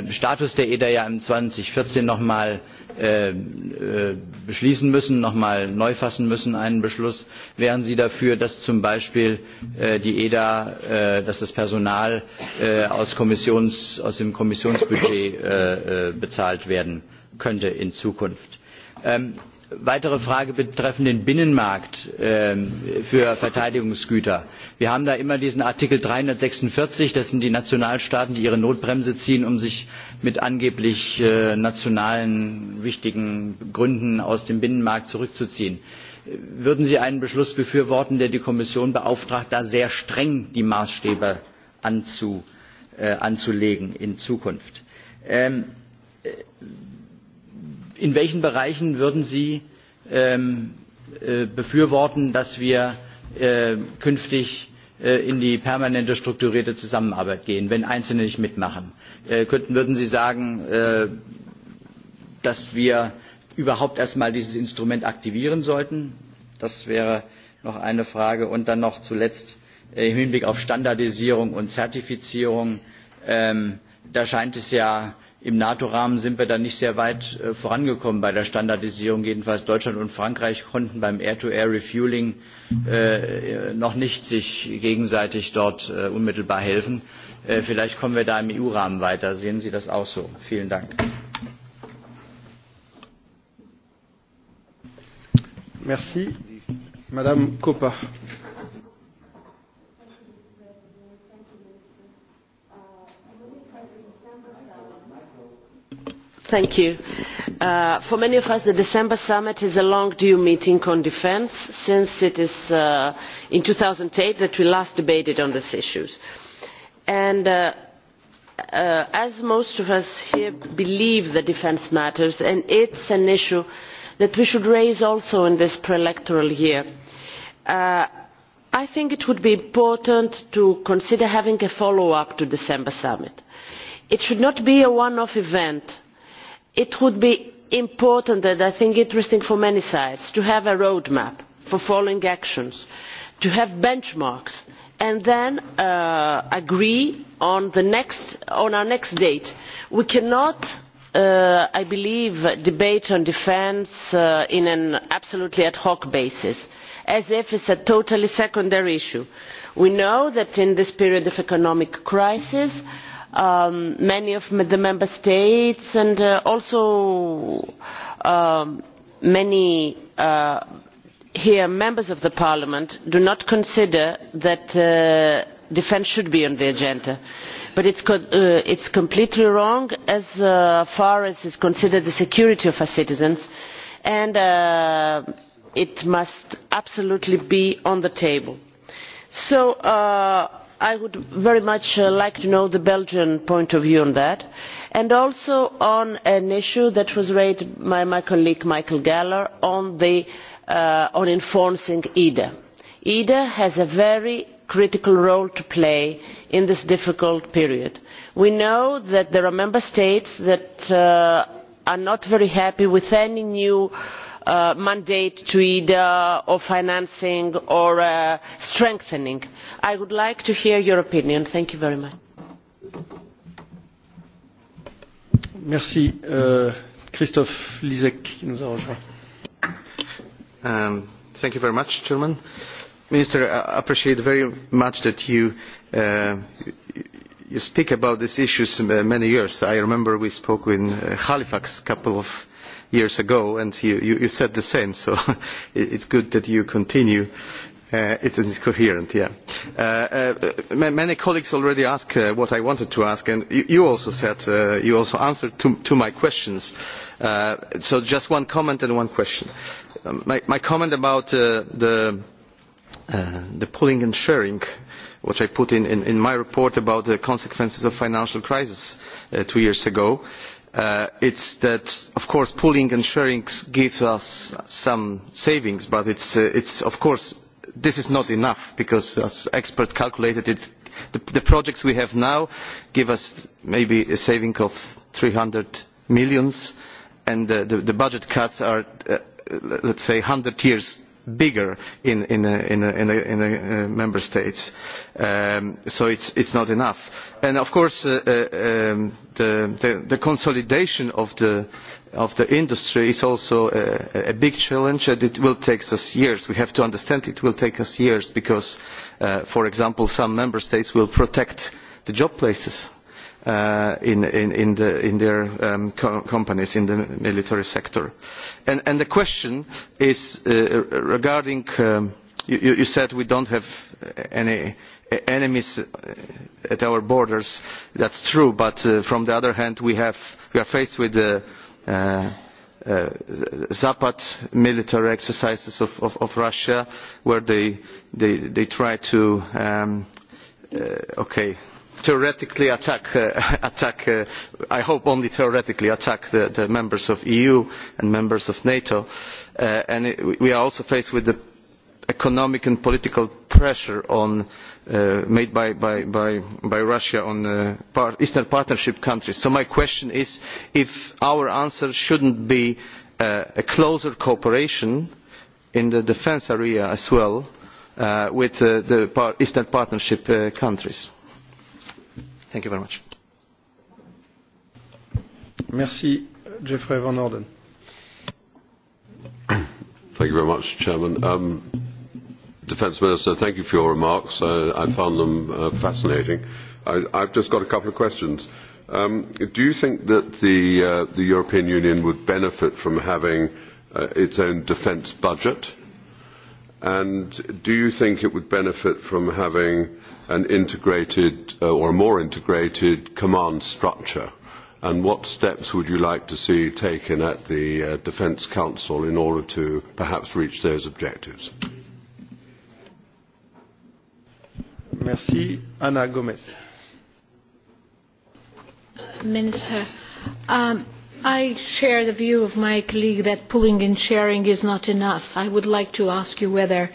status der eda ja zweitausendvierzehn noch einmal Äh, äh, beschließen müssen nochmal neu fassen müssen einen beschluss wären sie dafür dass zum beispiel äh, die eda dass das personal aus, dem kommissionsbudget bezahlt werden könnte in zukunft? Ähm, weitere frage betreffend den binnenmarkt ähm, für verteidigungsgüter wir haben da immer diesen artikel dreihundertsechsundvierzig das sind die nationalstaaten die ihre notbremse ziehen um sich mit angeblich äh, nationalen wichtigen gründen aus dem binnenmarkt zurückzuziehen. würden sie einen beschluss befürworten der die kommission beauftragt da sehr streng die maßstäbe äh, anzulegen in zukunft? Ähm, äh, in welchen bereichen würden sie ähm, äh, befürworten dass wir äh, künftig äh, in die permanente strukturierte zusammenarbeit gehen wenn einzelne nicht mitmachen? würden sie sagen dass wir überhaupt erst einmal dieses instrument aktivieren sollten? das wäre noch eine frage. und dann noch zuletzt im hinblick auf standardisierung und zertifizierung ähm, da scheint es ja im nato rahmen sind wir da nicht sehr weit äh, vorangekommen bei der standardisierung jedenfalls deutschland und frankreich konnten beim air to air refuelling äh, noch nicht gegenseitig dort äh, unmittelbar helfen. Äh, vielleicht kommen wir da im eu rahmen weiter. sehen sie das auch so? vielen dank. Merci. Madame Thank uh, for many of us, the December summit is a long due meeting on defence since it is uh, thousand in 2008 that we last debated on these issues. And uh, as most of us here believe that defence matters, and it is an issue that we should raise also in this pre-electoral year, i think it would be important to consider having a follow up to the december summit. it should not be a one off event it would be important and i think interesting for many sides to have a roadmap for following actions to have benchmarks and then uh, agree on, our next date. we cannot uh, i believe debate on defence on uh, an absolutely ad hoc basis as if it is a totally secondary issue. we know that in this period of economic crisis Um, many of the member states and uh, also um, many uh, here members of the parliament do not consider that uh, defence should be on the agenda but it is completely wrong as far as is considered the security of our citizens and it must absolutely be on the table. so i would very much uh, like to know the belgian point of view on that and also on an issue that was raised by my colleague michael gahler uh, on enforcing eda. eda has a very critical role to play in this difficult period. we know that there are member states that uh, are not very happy with any new uh, mandate to either of financing or uh, strengthening. i would like to hear your opinion. thank you very much. Uh, Christophe um, thank you very much, Chairman. Minister, I appreciate very much that you, uh, you speak about these issues many years. I remember we spoke in uh, Halifax a couple of years ago, and you, you, you said the same, so it, it's good that you continue. Uh, it is coherent, yeah. Uh, uh, many colleagues already asked uh, what I wanted to ask, and you, you also said, uh, you also answered to, to my questions. Uh, so just one comment and one question. Um, my, my comment about uh, the, uh, the pooling and sharing which I put in, in, in my report about the consequences of financial crisis uh, two years ago it uh, it's that of course pooling and sharing gives us some savings but uh, it's, of course this is not enough because as experts calculated the, projects we have now give us maybe a saving of 300 millions and million uh, the, the budget cuts are let let's say 100 years bigger in, the uh, member states. Um, so it's, is not enough. And of course, uh, uh, um, the, consolidation of the industry is also a, big challenge and it will take us years. We have to understand it will take us years because, for example, some member states will protect the job places Uh, in, in, in, the, in their um, co companies in the military sector. And, and the question is uh, regarding, um, you, you said we don't have any enemies at our borders. That's true, but uh, from the other hand, we, have, we are faced with the uh, Uh, uh zapad military exercises of, of, of russia where they, they, they try to um, uh, okay theoretically attack, uh, uh, I hope only theoretically attack the, members of the EU and members of NATO. Uh, and we are also faced with the economic and political pressure made by, Russia on the Eastern Partnership countries. So my question is if our answer should not be a closer cooperation in the defence area as well with the Eastern Partnership countries. Thank you very much. Merci, Jeffrey Van Orden. Thank you very much, Chairman. Um, Defence Minister, thank you for your remarks. I, I found them uh, fascinating. I, I've just got a couple of questions. Um, do you think that the, uh, the European Union would benefit from having uh, its own defence budget? And do you think it would benefit from having uh, an integrated uh, or a more integrated command structure? And what steps would you like to see taken at the uh, Defence Council in order to perhaps reach those objectives? Merci. Ana Gomez. Minister, um, I share the view of my colleague that pulling and sharing is not enough. I would like to ask you whether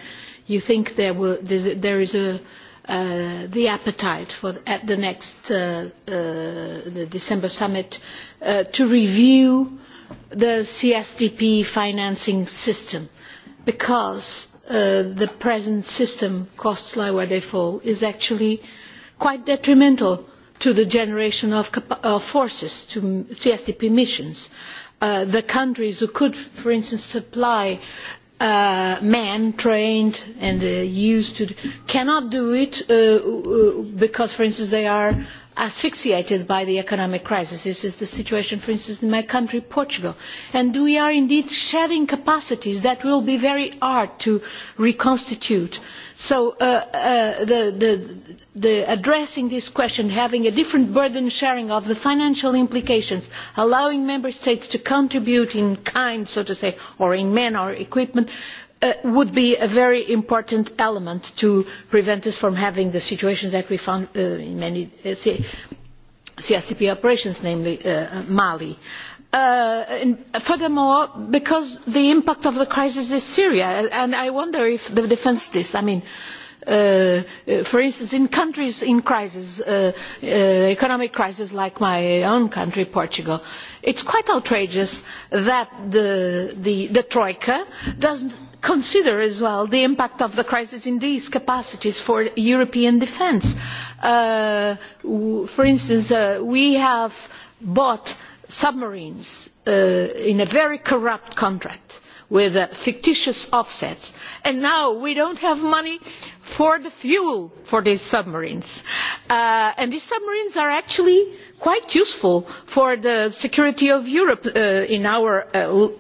you think there, will, there is a Uh, the appetite for the, at the next uh, uh, the December summit uh, to review the CSDP financing system because uh, the present system, costs lie where they fall, is actually quite detrimental to the generation of, of forces to CSDP missions. Uh, the countries who could, for instance, supply uh, men trained and uh, used to cannot do it uh, uh, because, for instance, they are asphyxiated by the economic crisis. this is the situation for instance in my country portugal and we are indeed shedding capacities that will be very hard to reconstitute. so uh, uh, addressing this question having a different burden sharing of the financial implications allowing member states to contribute in kind so to say or in men or equipment Uh, would be a very important element to prevent us from having the situation that we found uh, in many uh, csdp operations namely mali. furthermore because the impact of the crisis is syria and i wonder if the defence this i mean for instance in countries in crisis economic crisis like my own country portugal it is quite outrageous that the, the troika does consider as well the impact of the crisis in these capacities for european defence. Uh, for instance uh, we have bought submarines uh, in a very corrupt contract with fictitious offsets and now we do not have money to for the fuel for these submarines. Uh, and these submarines are actually quite useful for the security of Europe uh, in our uh, uh, uh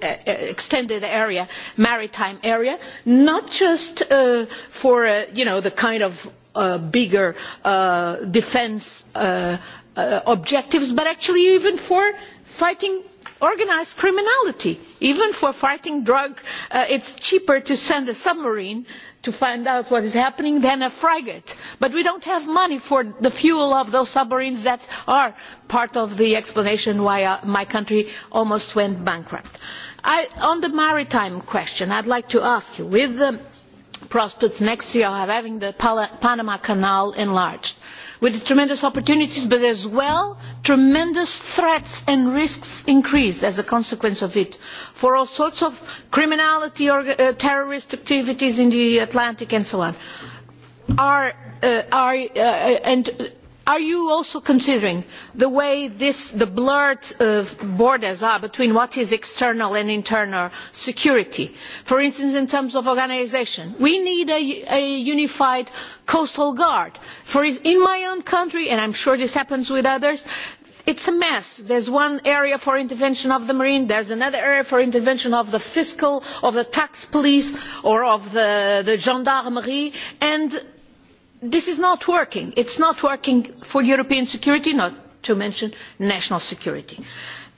extended area, maritime area, not just uh, for uh, you know, the kind of uh, bigger uh, uh, uh, objectives, but actually even for fighting organised criminality even for fighting drugs uh, it is cheaper to send a submarine to find out what is happening than a frigate but we do not have money for the fuel of those submarines that are part of the explanation why uh, my country almost went bankrupt. on the maritime question i would like to ask you with the prospects next year of having the panama canal enlarged with tremendous opportunities but as well tremendous threats and risks increase as a consequence of it for all sorts of criminality or uh, terrorist activities in the atlantic and so on. Uh, uh, are you also considering the way the blurred uh, borders are between what is external and internal security for instance in terms of organisation? we need a, unified coastal guard. For in my own country and i am sure this happens with others it is a mess. there is one area for intervention of the marine there is another area for intervention of the fiscal of the tax police or of the, the gendarmerie and this is not working. it is not working for european security not to mention national security.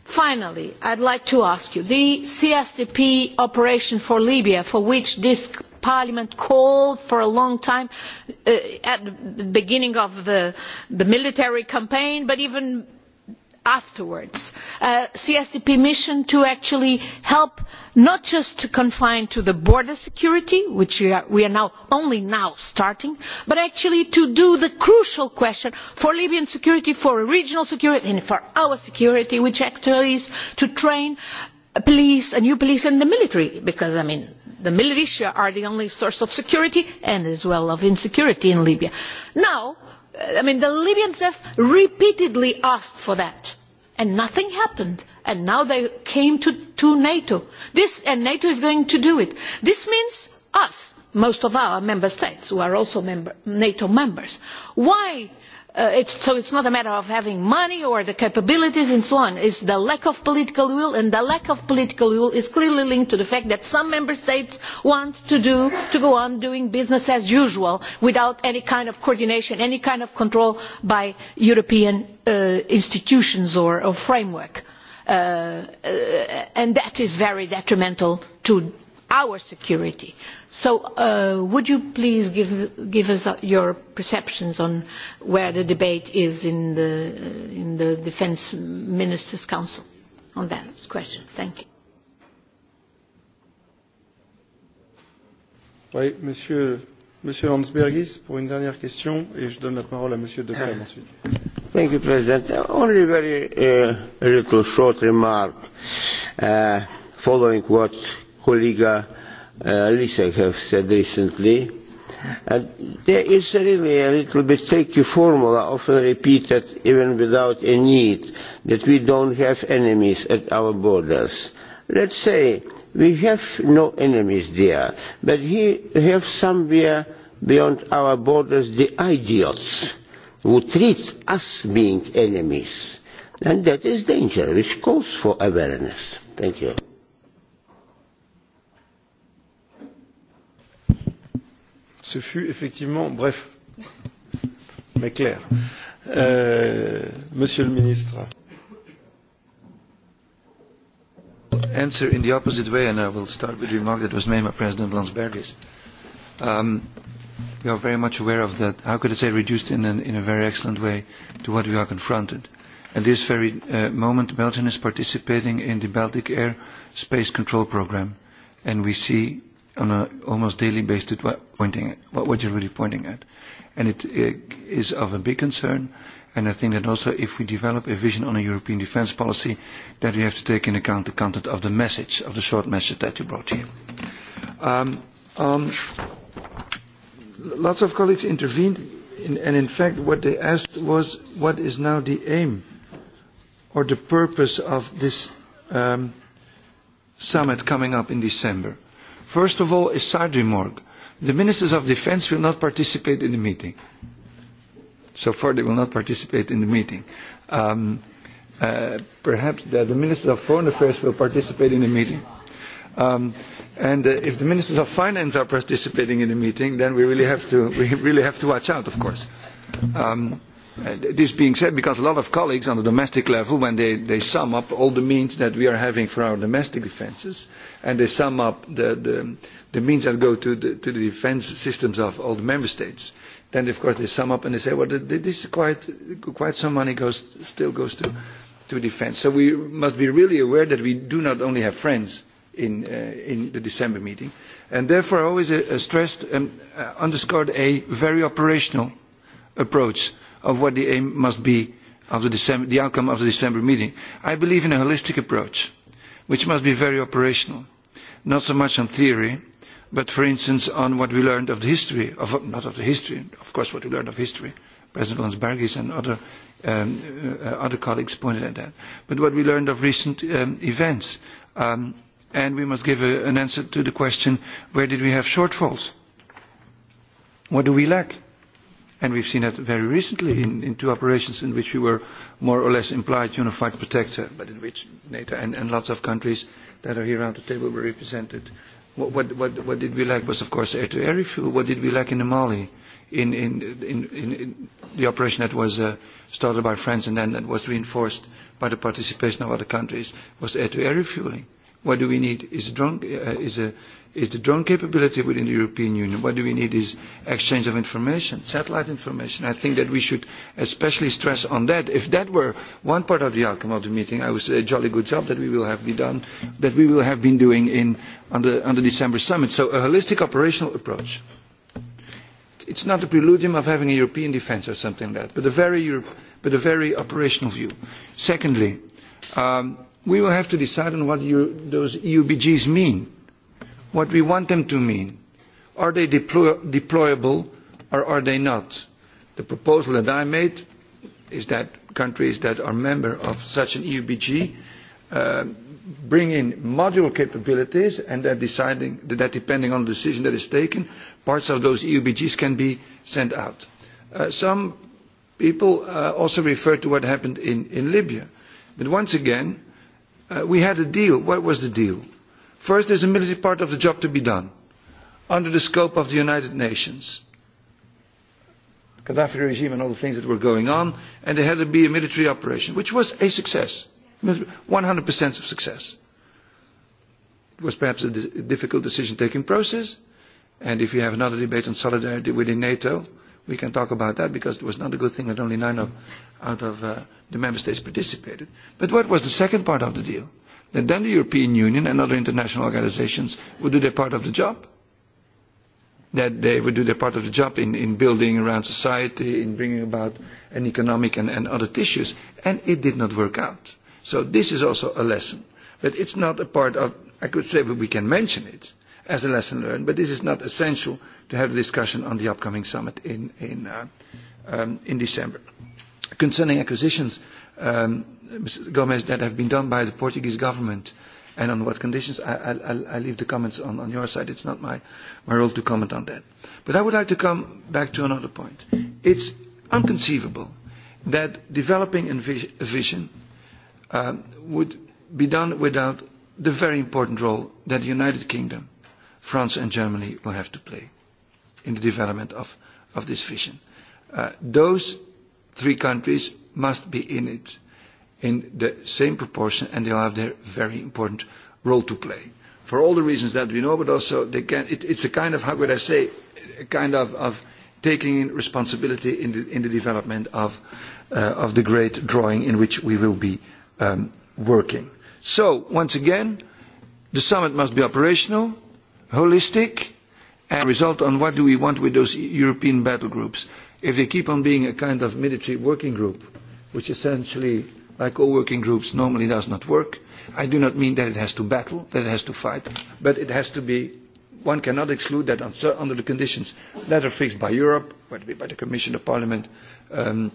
finally i would like to ask you the csdp operation for libya for which this parliament called for a long time uh, at the beginning of the, the military campaign but even afterwards a uh, csdp mission to actually help not just to confine to the border security which we are, only now starting but actually to do the crucial question for libyan security for regional security and for our security which actually is to train police a new police and the military because i mean the militia are the only source of security and as well of insecurity in libya now uh, I mean, the libyans have repeatedly asked for that and nothing happened and now they came to, to nato this, and nato is going to do it. this means us most of our member states who are also member, nato members. why Uh, so it is not a matter of having money or the capabilities and so on it is the lack of political will and the lack of political will is clearly linked to the fact that some member states want to, go on doing business as usual without any kind of coordination any kind of control by european uh, institutions or, framework uh, and that is very detrimental to our security. So uh, would you please give, us uh, your perceptions on where the debate is in the, uh, Defence Ministers' Council on that question? Thank you. Oui, Monsieur, Monsieur Landsbergis, pour une dernière question, et je donne la parole à Monsieur Deprem ah. ensuite. Thank you, President. Only very uh, little short remark uh, following what colleague uh, Lisa have said recently. And there is really a little bit tricky formula, often repeated even without a need, that we don't have enemies at our borders. Let's say we have no enemies there, but we have somewhere beyond our borders the idiots who treat us being enemies. And that is danger, which calls for awareness. Thank you. Ce fut effectivement bref, mais clair. Euh, Monsieur le ministre. Answer in the opposite way, and I will start with the remark that was made by President Landsbergis. Um, we are very much aware of that. How could I say reduced in, an, in a very excellent way to what we are confronted? At this very uh, moment, Belgium is participating in the Baltic Air Space Control Program, and we see on a almost daily basis pointing at what, what you're really pointing at. And it, it is of a big concern. And I think that also if we develop a vision on a European defence policy, that we have to take into account the content of the message, of the short message that you brought here. Um, um, lots of colleagues intervened, in, and in fact what they asked was what is now the aim or the purpose of this um, summit coming up in December. First of all, is Sardimorg. The ministers of defense will not participate in the meeting. So far, they will not participate in the meeting. Um, uh, perhaps the, the ministers of foreign affairs will participate in the meeting. Um, and uh, if the ministers of finance are participating in the meeting, then we really have to, we really have to watch out, of course. Um, Uh, this being said, because a lot of colleagues on the domestic level, when they, they sum up all the means that we are having for our domestic defences, and they sum up the, the, the means that go to the, to the defence systems of all the member states, then of course they sum up and they say, well, this is quite, quite some money goes, still goes to, to defence. So we must be really aware that we do not only have friends in, uh, in the December meeting, and therefore I always uh, stressed and uh, underscored a very operational approach of what the aim must be of the, December, the outcome of the December meeting. I believe in a holistic approach, which must be very operational, not so much on theory, but for instance on what we learned of the history, of, not of the history, of course what we learned of history, President Landsbergis and other, um, uh, other colleagues pointed at that, but what we learned of recent um, events. Um, and we must give a, an answer to the question, where did we have shortfalls? What do we lack? And we've seen that very recently in, in two operations in which we were more or less implied unified protector, but in which NATO and, and lots of countries that are here around the table were represented. What, what, what, what did we lack was, of course, air-to-air refuel. What did we lack in Mali? In, in, in, in, in the operation that was uh, started by France and then that was reinforced by the participation of other countries was air-to-air -air refueling. What do we need is, drone, uh, is, a, is the drone capability within the European Union. What do we need is exchange of information, satellite information. I think that we should especially stress on that. If that were one part of the outcome of the meeting, I would say a jolly good job that we will have been done, that we will have been doing in, on, the, on the December summit. So a holistic operational approach. It's not a preludium of having a European defence or something like that, but a very, Europe, but a very operational view. Secondly, um, we will have to decide on what you, those EUBGs mean, what we want them to mean. Are they deploy, deployable or are they not? The proposal that I made is that countries that are member of such an EUBG uh, bring in module capabilities and that, deciding, that depending on the decision that is taken, parts of those EUBGs can be sent out. Uh, some people uh, also refer to what happened in, in Libya. But once again, Uh, we had a deal. What was the deal? First, there's a military part of the job to be done under the scope of the United Nations. Gaddafi regime and all the things that were going on, and there had to be a military operation, which was a success, 100% of success. It was perhaps a difficult decision-taking process, and if you have another debate on solidarity within NATO, we can talk about that because it was not a good thing that only nine of, out of uh, the member states participated. But what was the second part of the deal? That then the European Union and other international organizations would do their part of the job. That they would do their part of the job in, in building around society, in bringing about an economic and, and other tissues. And it did not work out. So this is also a lesson. But it's not a part of, I could say we can mention it, as a lesson learned. But this is not essential to have a discussion on the upcoming summit in, in, uh, um, in December. Concerning acquisitions, um, Mr. Gomez, that have been done by the Portuguese government and on what conditions, I, I, I leave the comments on, on your side. It's not my, my role to comment on that. But I would like to come back to another point. It's unconceivable that developing a vision um, would be done without the very important role that the United Kingdom France and Germany will have to play in the development of, of this vision. Uh, those three countries must be in it in the same proportion and will have their very important role to play. For all the reasons that we know, but also they can, it, it's a kind of, how would I say, a kind of, of taking in responsibility in the, in the development of, uh, of the great drawing in which we will be um, working. So, once again, the summit must be operational holistic and result on what do we want with those European battle groups. If they keep on being a kind of military working group, which essentially, like all working groups, normally does not work, I do not mean that it has to battle, that it has to fight, but it has to be, one cannot exclude that under the conditions that are fixed by Europe, whether it be by the Commission, the Parliament, um,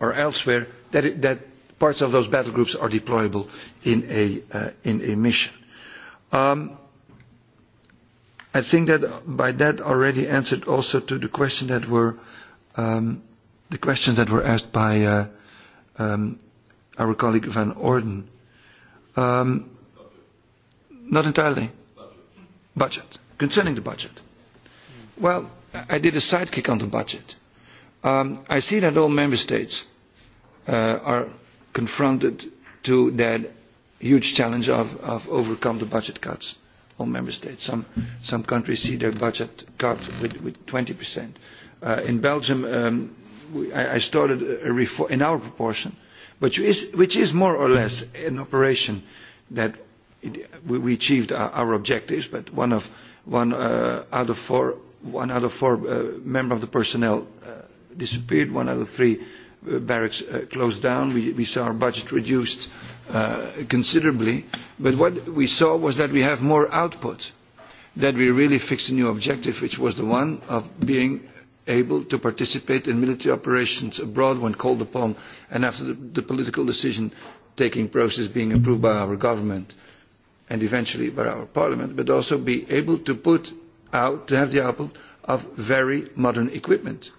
or elsewhere, that, it, that parts of those battle groups are deployable in a, uh, in a mission. Um, I think that by that already answered also to the question that were um, the questions that were asked by uh, um, our colleague Van Orden. Um, not entirely. Budget. budget. Concerning the budget. Mm. Well, I did a sidekick on the budget. Um, I see that all member states uh, are confronted to that huge challenge of, of overcome the budget cuts all member states. Some, some countries see their budget cut with, with 20%. Uh, in Belgium, um, we, I, I started a reform in our proportion, which is, which is more or less an operation that it, we, we achieved our, our objectives, but one, of, one uh, out of four, one out of four uh, member of the personnel uh, disappeared, one out of three Uh, barracks uh, closed down. We, we saw our budget reduced uh, considerably. But what we saw was that we have more output, that we really fixed a new objective, which was the one of being able to participate in military operations abroad when called upon and after the, the political decision taking process being approved by our government and eventually by our parliament, but also be able to put out, to have the output of very modern equipment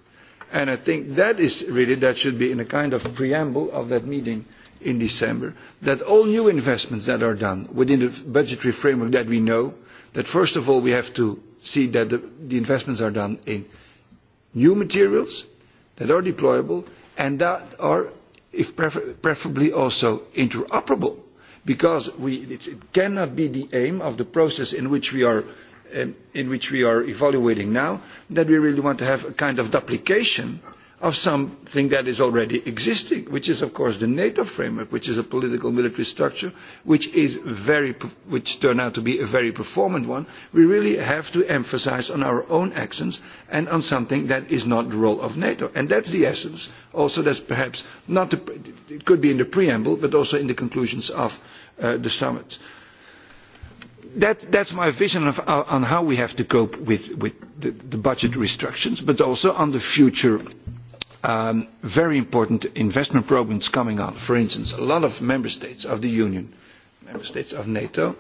And I think that is really, that should be in a kind of preamble of that meeting in December, that all new investments that are done within the budgetary framework that we know, that first of all we have to see that the, the investments are done in new materials that are deployable and that are if prefer preferably also interoperable because we, it cannot be the aim of the process in which we are Um, in which we are evaluating now, that we really want to have a kind of duplication of something that is already existing, which is, of course, the NATO framework, which is a political military structure, which, is very, which turned out to be a very performant one. We really have to emphasize on our own actions and on something that is not the role of NATO. And that's the essence. Also, that's perhaps not, the, it could be in the preamble, but also in the conclusions of uh, the summit that, that's my vision of, uh, on how we have to cope with, the, budget restrictions, but also on the future um, very important investment programs coming on. For instance, a lot of member states of the Union, member states of NATO,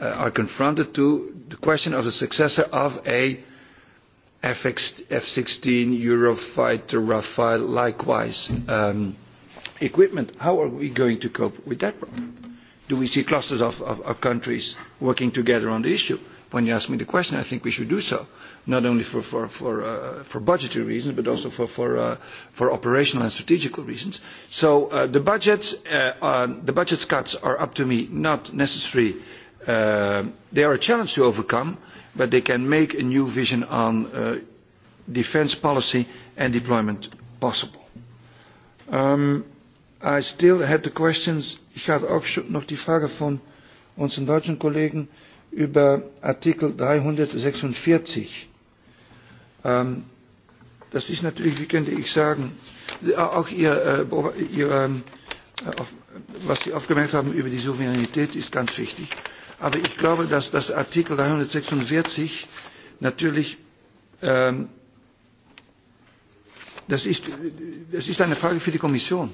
uh, are confronted to the question of the successor of a F-16 Eurofighter Rafale, likewise um, equipment. How are we going to cope with that problem? do we see clusters of, of, of countries working together on the issue? When you ask me the question, I think we should do so, not only for, for, for, uh, for budgetary reasons, but also for, for, uh, for operational and strategical reasons. So uh, the, budgets, uh, uh, the budget cuts are up to me, not necessary. Uh, they are a challenge to overcome, but they can make a new vision on uh, defence policy and deployment possible. Um, I still had the questions, ich hatte auch schon noch die Frage von unseren deutschen Kollegen über Artikel 346. Ähm, das ist natürlich, wie könnte ich sagen, auch Ihr, äh, ihr ähm, äh, auf, was Sie aufgemerkt haben über die Souveränität ist ganz wichtig. Aber ich glaube, dass das Artikel 346 natürlich, ähm, das, ist, das ist eine Frage für die Kommission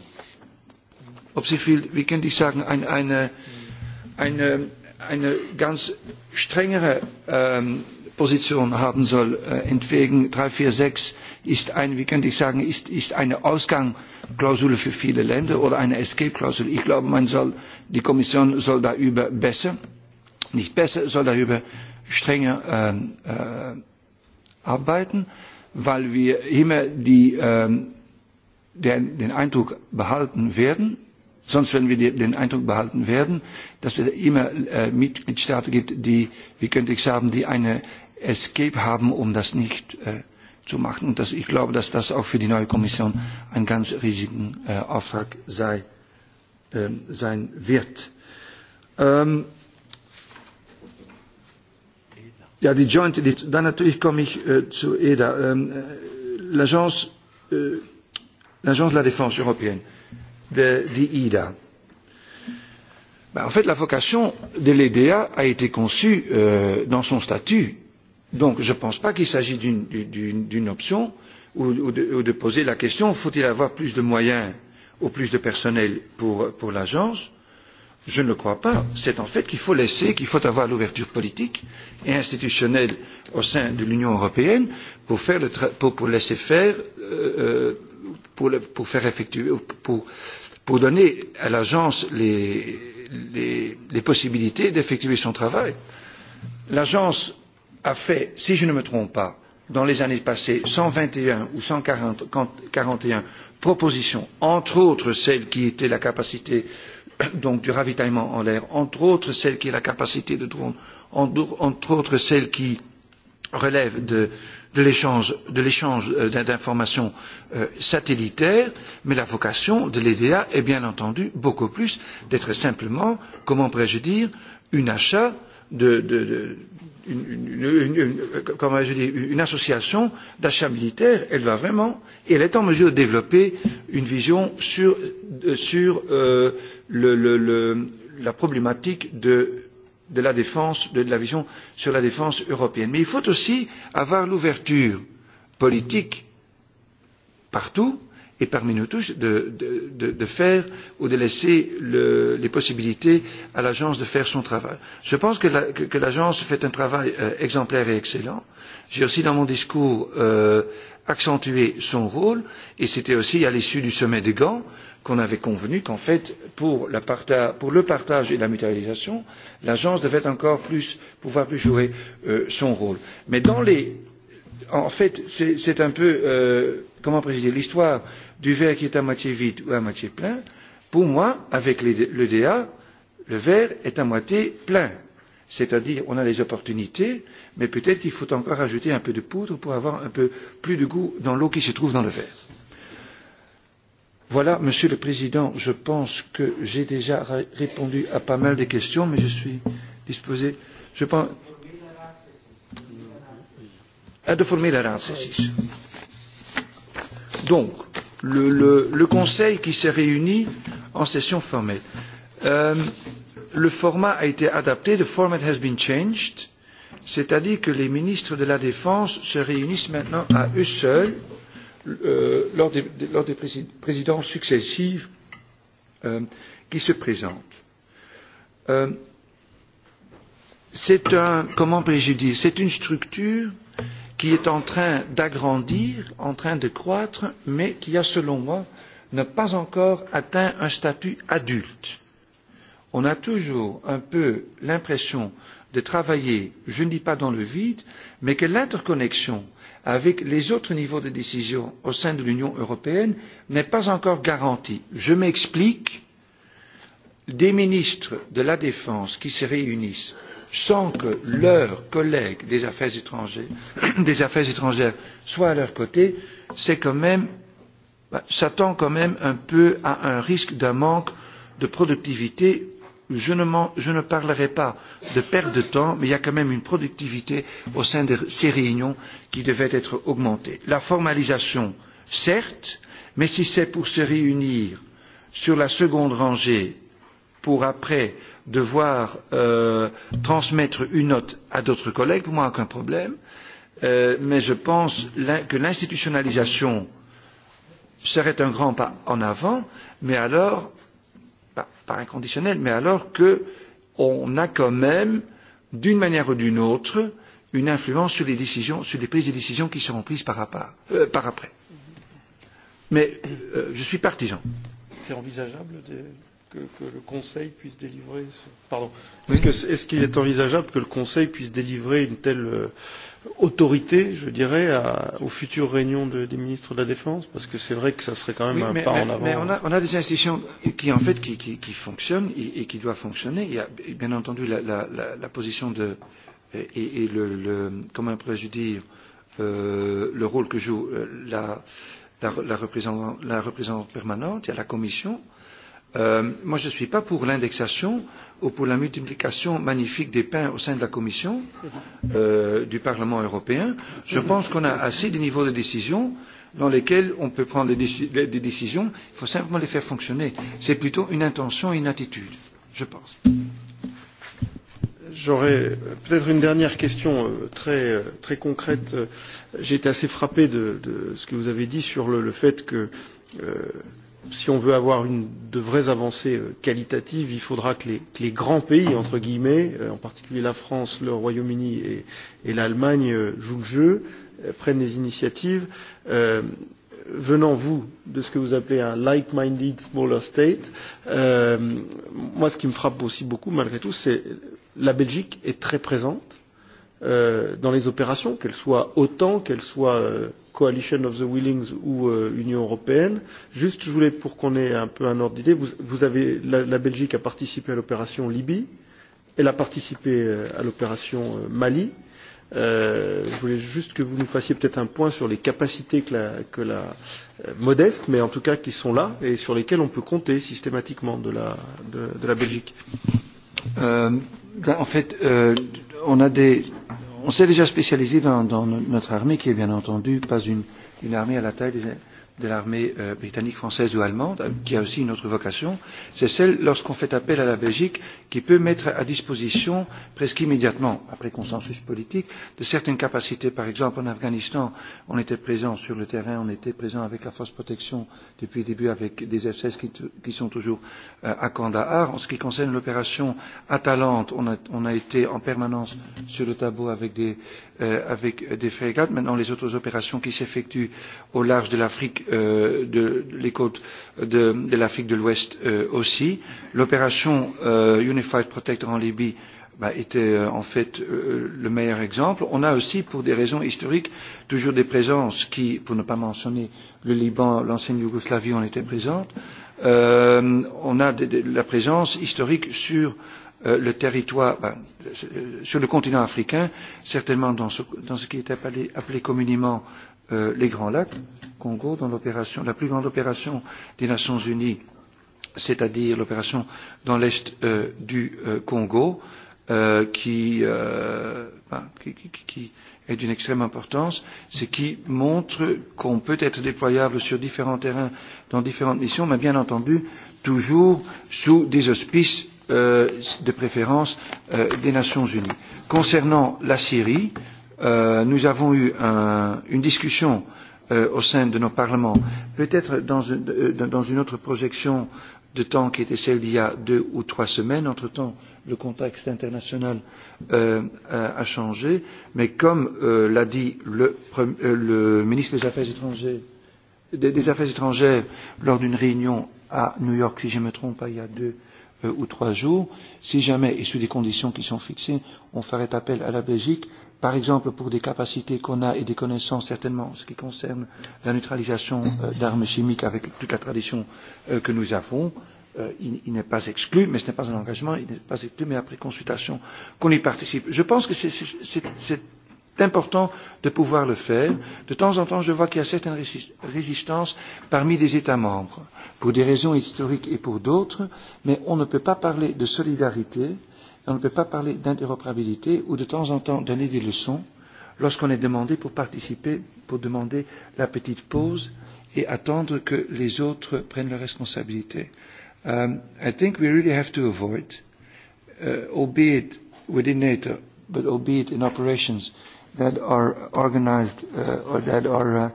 ob sie viel, wie könnte ich sagen, ein, eine, eine, eine ganz strengere ähm, Position haben soll. Äh, entwegen 346 ist ein, wie könnte ich sagen, ist, ist eine Ausgangsklausel für viele Länder oder eine Escape-Klausel. Ich glaube, man soll, die Kommission soll darüber besser, nicht besser, soll darüber strenger äh, äh, arbeiten, weil wir immer die, äh, den, den Eindruck behalten werden, Sonst werden wir den Eindruck behalten werden, dass es immer äh, Mitgliedstaaten gibt, die, wie könnte ich sagen, die eine Escape haben, um das nicht äh, zu machen. Und das, ich glaube, dass das auch für die neue Kommission ein ganz riesiger äh, Auftrag sei, ähm, sein wird. Ähm, ja, die Joint Edit. Dann natürlich komme ich äh, zu EDA. Ähm, L'Agence äh, de la Défense européenne. Äh, de l'EDA. Ben, en fait, la vocation de l'EDA a été conçue euh, dans son statut. Donc, je ne pense pas qu'il s'agit d'une option ou, ou, de, ou de poser la question faut-il avoir plus de moyens ou plus de personnel pour, pour l'agence Je ne le crois pas. C'est en fait qu'il faut laisser, qu'il faut avoir l'ouverture politique et institutionnelle au sein de l'Union européenne pour, faire le tra pour, pour laisser faire euh, euh pour, pour faire effectuer, pour, pour donner à l'agence les, les, les possibilités d'effectuer son travail. L'agence a fait, si je ne me trompe pas, dans les années passées, 121 ou 141 propositions, entre autres celle qui était la capacité donc du ravitaillement en l'air, entre autres celle qui est la capacité de drone, entre autres celle qui relève de, de l'échange euh, d'informations euh, satellitaires, mais la vocation de l'EDA est bien entendu beaucoup plus d'être simplement, comment pourrais-je dire, achat de, de, de une, une, une, euh, comment je dis, une association d'achats militaires, elle va vraiment, et elle est en mesure de développer une vision sur, sur euh, le, le, le, la problématique de de la défense, de, la vision sur la défense européenne. Mais il faut aussi avoir l'ouverture politique partout et parmi nous tous de, de, de, de faire ou de laisser le, les possibilités à l'agence de faire son travail. Je pense que, la, que, que l'agence fait un travail euh, exemplaire et excellent. J'ai aussi dans mon discours euh, accentuer son rôle et c'était aussi à l'issue du sommet de gand qu'on avait convenu qu'en fait pour, parta pour le partage et la mutualisation l'agence devait encore plus pouvoir plus jouer euh, son rôle. mais dans les en fait c'est un peu euh, comment préciser l'histoire du verre qui est à moitié vide ou à moitié plein pour moi avec l'eda le verre est à moitié plein C'est-à-dire, on a les opportunités, mais peut-être qu'il faut encore ajouter un peu de poudre pour avoir un peu plus de goût dans l'eau qui se trouve dans le verre. Voilà, Monsieur le Président, je pense que j'ai déjà répondu à pas mal de questions, mais je suis disposé. Je pense à de former la RANCESIS. Donc, le, le, le Conseil qui s'est réuni en session formelle. Euh, le format a été adapté, the format has been changed, c'est-à-dire que les ministres de la Défense se réunissent maintenant à eux seuls euh, lors, des, lors des présidences successives euh, qui se présentent. Euh, c'est un, comment puis-je dire, c'est une structure qui est en train d'agrandir, en train de croître, mais qui a, selon moi, n'a pas encore atteint un statut adulte on a toujours un peu l'impression de travailler, je ne dis pas dans le vide, mais que l'interconnexion avec les autres niveaux de décision au sein de l'Union européenne n'est pas encore garantie. Je m'explique des ministres de la Défense qui se réunissent sans que leurs collègues des affaires étrangères, des affaires étrangères soient à leur côté, c'est quand même s'attend quand même un peu à un risque d'un manque de productivité je ne, je ne parlerai pas de perte de temps, mais il y a quand même une productivité au sein de ces réunions qui devait être augmentée. La formalisation, certes, mais si c'est pour se réunir sur la seconde rangée pour après devoir euh, transmettre une note à d'autres collègues, pour moi, aucun problème. Euh, mais je pense que l'institutionnalisation serait un grand pas en avant, mais alors par inconditionnel, mais alors qu'on a quand même, d'une manière ou d'une autre, une influence sur les décisions, sur les prises de décisions qui seront prises par, rapport, euh, par après. Mais euh, je suis partisan. C'est envisageable de, que, que le Conseil puisse délivrer. Ce... Pardon. Est-ce qu'il est, est qu'il est envisageable que le Conseil puisse délivrer une telle euh, autorité, je dirais, à, aux futures réunions de, des ministres de la Défense Parce que c'est vrai que ça serait quand même oui, un mais, pas mais, en avant. Mais on, a, on a des institutions qui, en fait, qui, qui, qui fonctionnent et, et qui doivent fonctionner. Il y a bien entendu la, la, la, la position de. et, et le, le. comment pourrais-je dire euh, le rôle que joue euh, la, la, la, représentante, la représentante permanente, il y a la Commission. Euh, moi, je ne suis pas pour l'indexation euh, ou pour la multiplication magnifique des pains au sein de la Commission euh, du Parlement européen. Je pense qu'on a assez de niveaux de décision dans lesquels on peut prendre des, déc des décisions. Il faut simplement les faire fonctionner. C'est plutôt une intention et une attitude, je pense. J'aurais peut-être une dernière question euh, très, euh, très concrète. Euh, j'ai été assez frappé de, de ce que vous avez dit sur le, le fait que euh, si on veut avoir une, de vraies avancées euh, qualitatives, il faudra que les, que les grands pays, entre guillemets, euh, en particulier la France, le Royaume-Uni et, et l'Allemagne, euh, jouent le jeu, prennent des initiatives. Euh, venant, vous, de ce que vous appelez un like-minded smaller state, euh, moi, ce qui me frappe aussi beaucoup, malgré tout, c'est la Belgique est très présente Euh, dans les opérations, qu'elles soient OTAN, qu'elles soient euh, Coalition of the Willings ou euh, Union européenne. Juste, je voulais, pour qu'on ait un peu un ordre d'idée, vous, vous avez, la, la Belgique a participé à l'opération Libye, elle a participé à l'opération Mali. Euh, je voulais juste que vous nous fassiez peut-être un point sur les capacités que la, que la euh, modeste, mais en tout cas qui sont là et sur lesquelles on peut compter systématiquement de la, de, de la Belgique. Euh, en fait, euh, on a des, on s'est déjà spécialisé dans, dans notre armée qui est bien entendu pas une, une armée à la taille des, de l'armée euh, britannique, française ou allemande, euh, qui a aussi une autre vocation, c'est celle lorsqu'on fait appel à la Belgique, qui peut mettre à disposition presque immédiatement, après consensus politique, de certaines capacités. Par exemple, en Afghanistan, on était présent sur le terrain, on était présent avec la force protection depuis le début, avec des F-16 qui, qui sont toujours euh, à Kandahar. En ce qui concerne l'opération Atalante, on a, on a été en permanence sur le tableau avec des, euh, avec des frégates. Maintenant, les autres opérations qui s'effectuent au large de l'Afrique, euh, de, de, les côtes de, de l'Afrique de l'Ouest euh, aussi. L'opération euh, Unified Protector en Libye bah, était euh, en fait euh, le meilleur exemple. On a aussi, pour des raisons historiques, toujours des présences qui, pour ne pas mentionner le Liban, l'ancienne Yougoslavie, on était présente. Euh, on a de, de, la présence historique sur euh, Euh, le territoire ben, euh, sur le continent africain, certainement dans ce, dans ce qui est appelé, appelé communément euh, les Grands Lacs, Congo, dans l'opération, la plus grande opération des Nations Unies, c'est-à-dire l'opération dans l'est euh, du euh, Congo, euh, qui, euh, ben, qui, qui, qui est d'une extrême importance, ce qui montre qu'on peut être déployable sur différents terrains, dans différentes missions, mais bien entendu toujours sous des auspices Euh, de préférence euh, des Nations Unies. Concernant la Syrie, euh, nous avons eu un, une discussion euh, au sein de nos parlements, peut-être dans, une, euh, dans une autre projection de temps qui était celle d'il y a deux ou trois semaines. Entre-temps, le contexte international euh, a, a changé, mais comme euh, l'a dit le, euh, le ministre des Affaires étrangères, des, des Affaires étrangères lors d'une réunion à New York, si je ne me trompe pas, il y a deux, euh, euh, ou trois jours. Si jamais, et sous des conditions qui sont fixées, on ferait appel à la Belgique, par exemple pour des capacités qu'on a et des connaissances certainement en ce qui concerne la neutralisation euh, d'armes chimiques avec toute la tradition euh, que nous avons, euh, il, il n'est pas exclu, mais ce n'est pas un engagement, il n'est pas exclu, mais après consultation qu'on y participe. Je pense que c'est C'est important de pouvoir le faire. De temps en temps, je vois qu'il y a certaines résistances parmi les États membres, pour des raisons historiques et pour d'autres, mais on ne peut pas parler de solidarité, on ne peut pas parler d'interopérabilité ou de temps en temps donner des leçons lorsqu'on est demandé pour participer, pour demander la petite pause et attendre que les autres prennent leurs responsabilités. Um, I think we really have to avoid, uh, albeit within NATO, but albeit in operations, that are organized uh, or that are uh,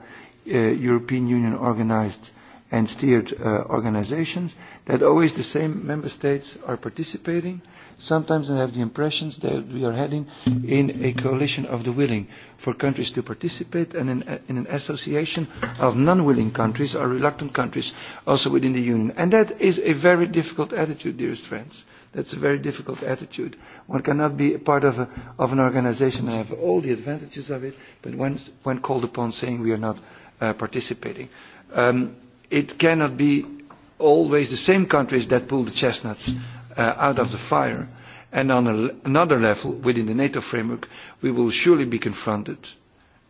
uh, European Union organized and steered uh, organizations, that always the same member states are participating. Sometimes I have the impressions that we are heading in a coalition of the willing for countries to participate and in, uh, in an association of non-willing countries or reluctant countries also within the Union. And that is a very difficult attitude, dearest friends. Uh, That's a very difficult attitude. One cannot be part of, a, of an organization and have all the advantages of it, but when, when called upon saying we are not uh, participating. Um, it cannot be always the same countries that pull the chestnuts uh, out of the fire. And on a, another level, within the NATO framework, we will surely be confronted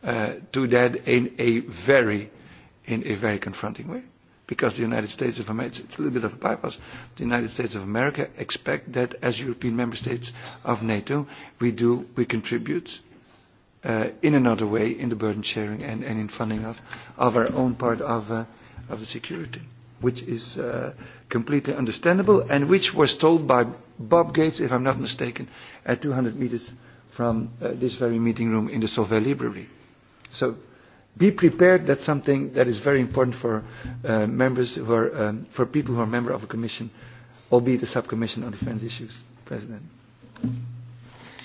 uh, to that in a very, in a very confronting way because the United States of America, it's a little bit of a bypass, the United States of America expect that as European member states of NATO, we do, we contribute uh, in another way in the burden sharing and, and in funding of, of our own part of, uh, of the security, which is uh, completely understandable and which was told by Bob Gates, if I'm not mistaken, at 200 meters from uh, this very meeting room in the Solvay Library. So be prepared. That's something that is very important for uh, members who are, um, for people who are member of a commission, albeit a subcommission on defense issues. President.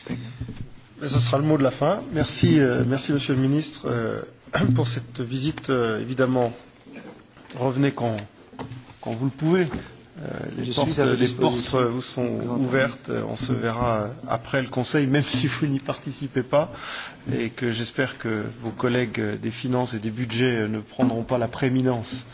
Thank you. Ce sera le mot de la fin. Merci, euh, merci Monsieur le Ministre euh, pour cette visite. Euh, évidemment, revenez quand, quand vous le pouvez Euh, euh, les portes, les portes euh, vous sont ouvertes. On se verra après le Conseil, même si vous n'y participez pas, et que j'espère que vos collègues des finances et des budgets ne prendront pas la prééminence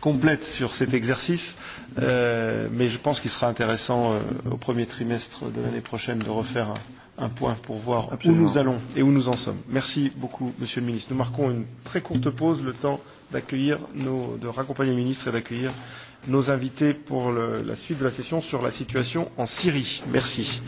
complète sur cet exercice, euh, mais je pense qu'il sera intéressant euh, au premier trimestre de l'année prochaine de refaire un, un point pour voir Absolument. où nous allons et où nous en sommes. Merci beaucoup, Monsieur le Ministre. Nous marquons une très courte pause, le temps d'accueillir nos, de raccompagner le ministre et d'accueillir nos invités pour le, la suite de la session sur la situation en Syrie. Merci.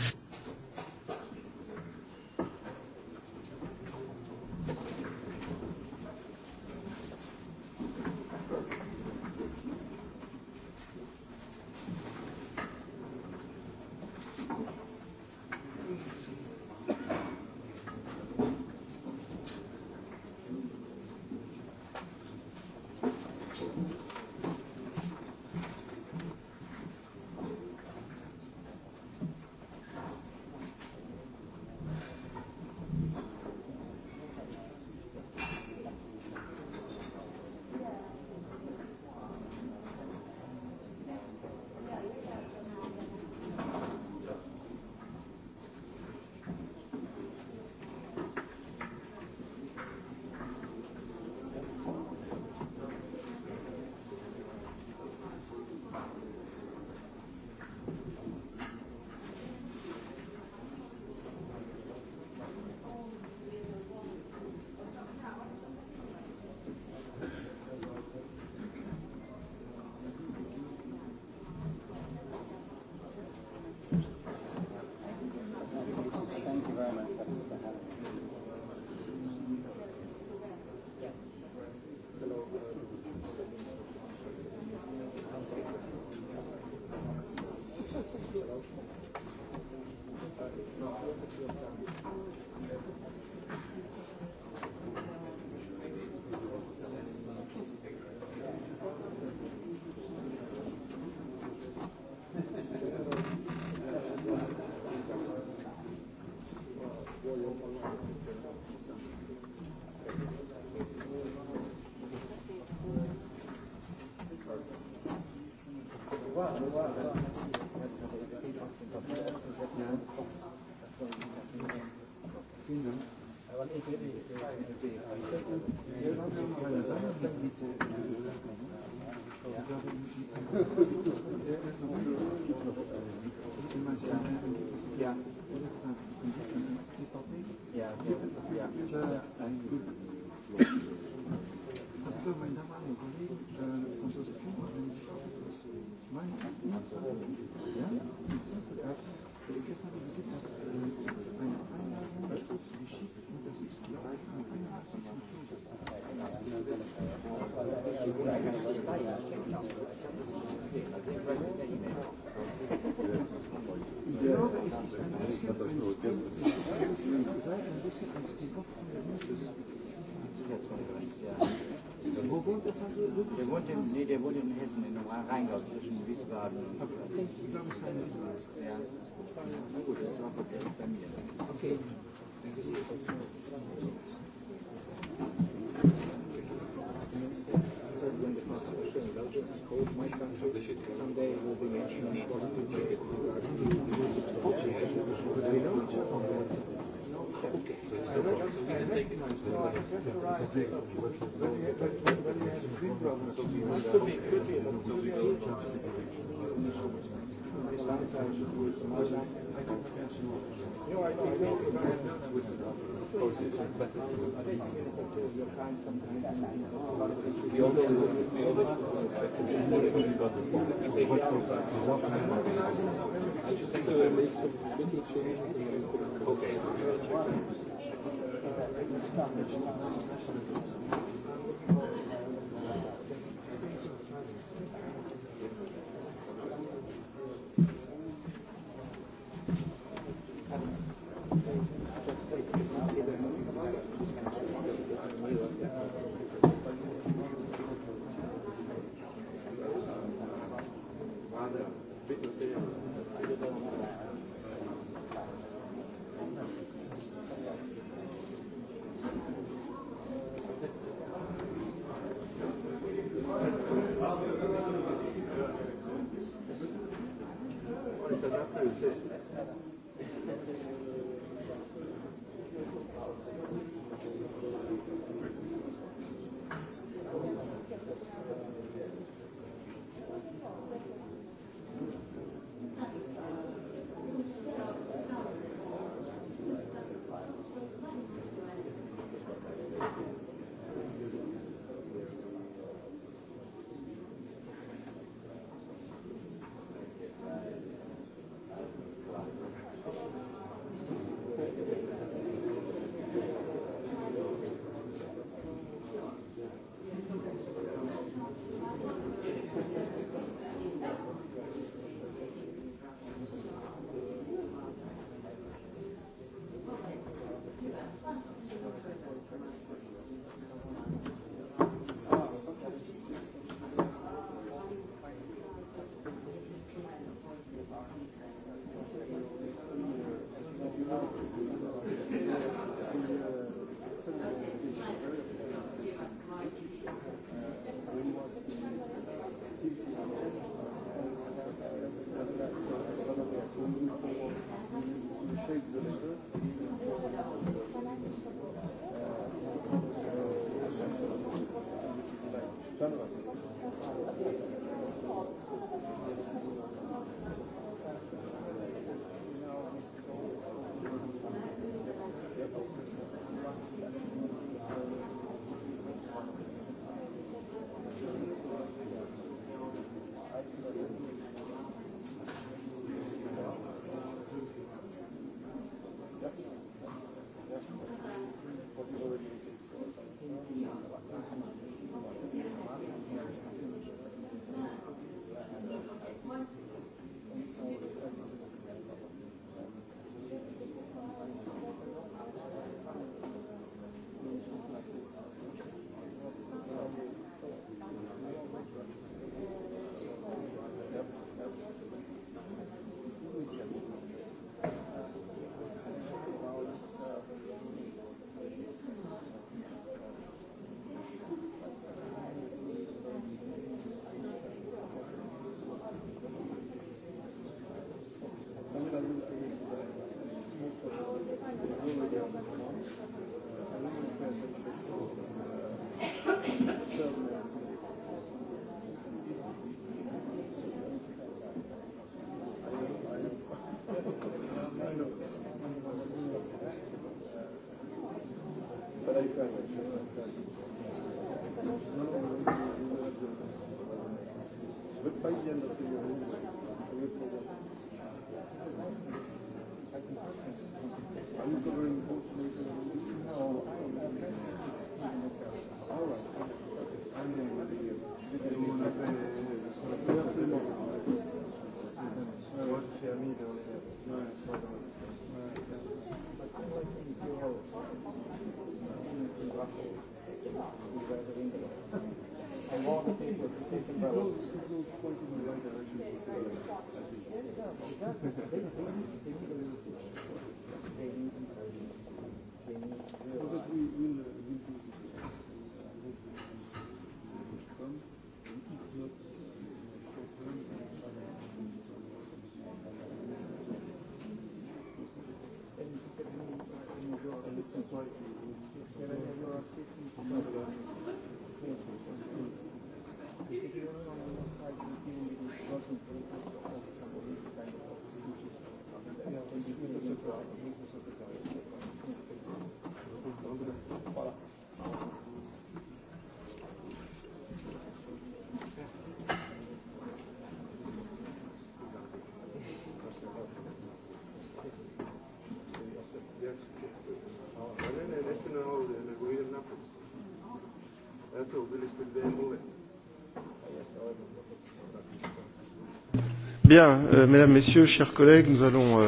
Bien, euh, mesdames, messieurs, chers collègues, nous allons euh,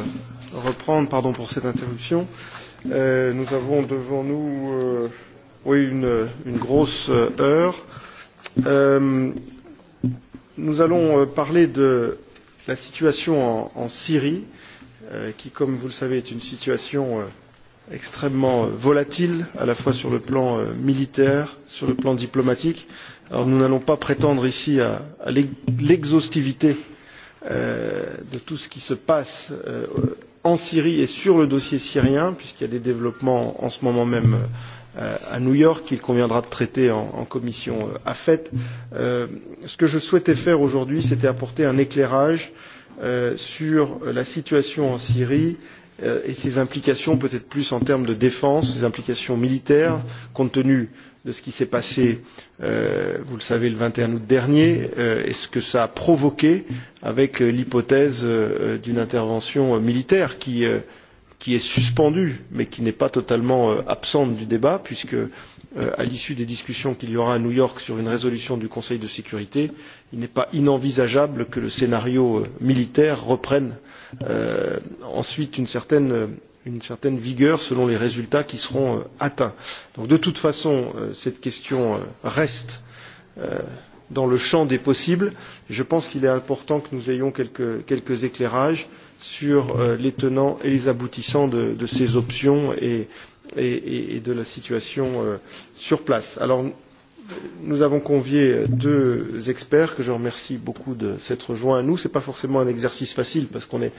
reprendre, pardon pour cette interruption. Euh, nous avons devant nous euh, oui, une, une grosse euh, heure. Euh, nous allons euh, parler de la situation en, en Syrie, euh, qui, comme vous le savez, est une situation euh, extrêmement euh, volatile, à la fois sur le plan euh, militaire, sur le plan diplomatique. Alors nous n'allons pas prétendre ici à, à l'exhaustivité Euh, de tout ce qui se passe euh, en Syrie et sur le dossier syrien, puisqu'il y a des développements en ce moment même euh, à New York qu'il conviendra de traiter en, en commission AFET. ce que je souhaitais faire aujourd'hui, c'était apporter un éclairage sur la situation en Syrie Euh, et ses implications peut être plus en termes de défense ses implications militaires compte tenu de ce qui s'est passé euh, vous le savez le vingt et un août dernier euh, et ce que cela a provoqué avec euh, l'hypothèse euh, euh, d'une intervention militaire qui, qui est suspendue mais qui n'est pas totalement absente du débat puisque Euh, à l'issue des discussions qu'il y aura à New York sur une résolution du Conseil de sécurité, il n'est pas inenvisageable que le scénario euh, militaire reprenne euh, ensuite une certaine, une certaine vigueur selon les résultats qui seront atteints. Donc de toute façon, cette question reste dans le champ des possibles. et Je pense qu'il est important que nous ayons quelques, quelques éclairages sur les tenants et les aboutissants de, de ces options et, et, et de la situation euh, sur place. Alors, nous avons convié deux experts que je remercie beaucoup de s'être joints à nous. Ce n'est pas forcément un exercice facile parce qu'on est,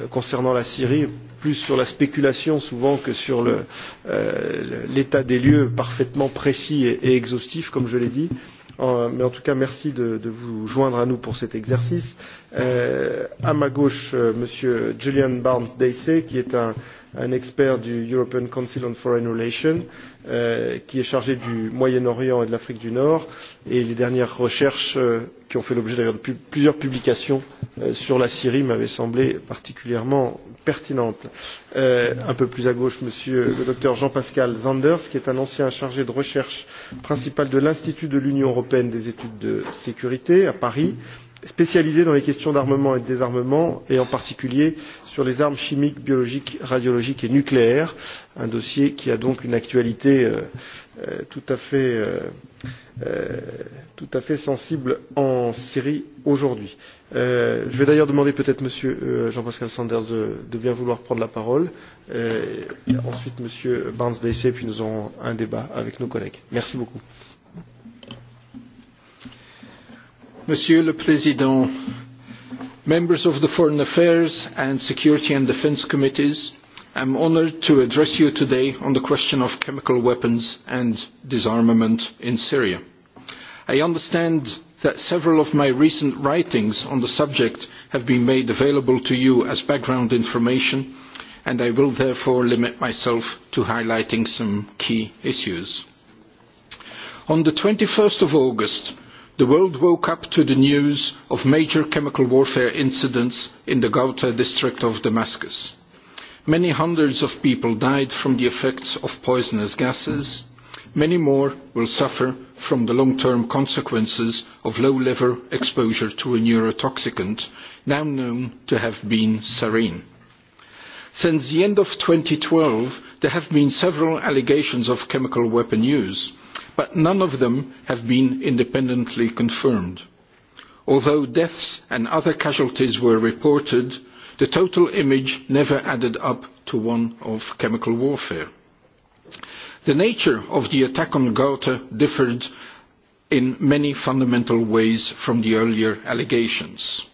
euh, concernant la Syrie, plus sur la spéculation souvent que sur euh, l'état euh, des lieux parfaitement précis et, et exhaustif, comme je l'ai dit. Euh, Euh, mais en tout cas, merci de, de vous joindre à nous pour cet exercice. Euh, à ma gauche, euh, Monsieur Julian Barnes Dacey, qui est un, un expert du European Council on Foreign Relations Euh, qui est chargé du Moyen-Orient et de l'Afrique du Nord, et les dernières recherches euh, qui ont fait l'objet d'ailleurs de plusieurs publications euh, sur la Syrie m'avaient semblé particulièrement pertinentes. un peu plus à gauche, monsieur le docteur Jean-Pascal Zanders, qui est un ancien chargé de recherche principal de l'Institut de l'Union européenne des études de sécurité à Paris spécialisée dans les questions d'armement et de désarmement et en particulier sur les armes chimiques biologiques radiologiques et nucléaires un dossier qui a donc une actualité euh, euh, tout, à fait, euh, euh, tout à fait sensible en Syrie aujourd'hui. Euh, je vais d'ailleurs demander peut-être Monsieur euh, Jean-Pascal Sanders de, de bien vouloir prendre la parole. Euh, ensuite M. Barnes-Daisy, puis nous aurons un débat avec nos collègues. Merci beaucoup. Monsieur le Président, members of the Foreign Affairs and Security and Defence Committees, I am honoured to address you today on the question of chemical weapons and disarmament in Syria. I understand that several of my recent writings on the subject have been made available to you as background information, and I will therefore limit myself to highlighting some key issues. On the 21st of August, the world woke up to the news of major chemical warfare incidents in the Ghouta district of Damascus. Many hundreds of people died from the effects of poisonous gases. Many more will suffer from the long-term consequences of low level exposure to a neurotoxicant now known to have been sarin. Since the end of 2012, there have been several allegations of chemical weapon use, but none of them have been independently confirmed. Although deaths and other casualties were reported, the total image never added up to one of chemical warfare. The nature of the attack on Gotha differed in many fundamental ways from the earlier allegations.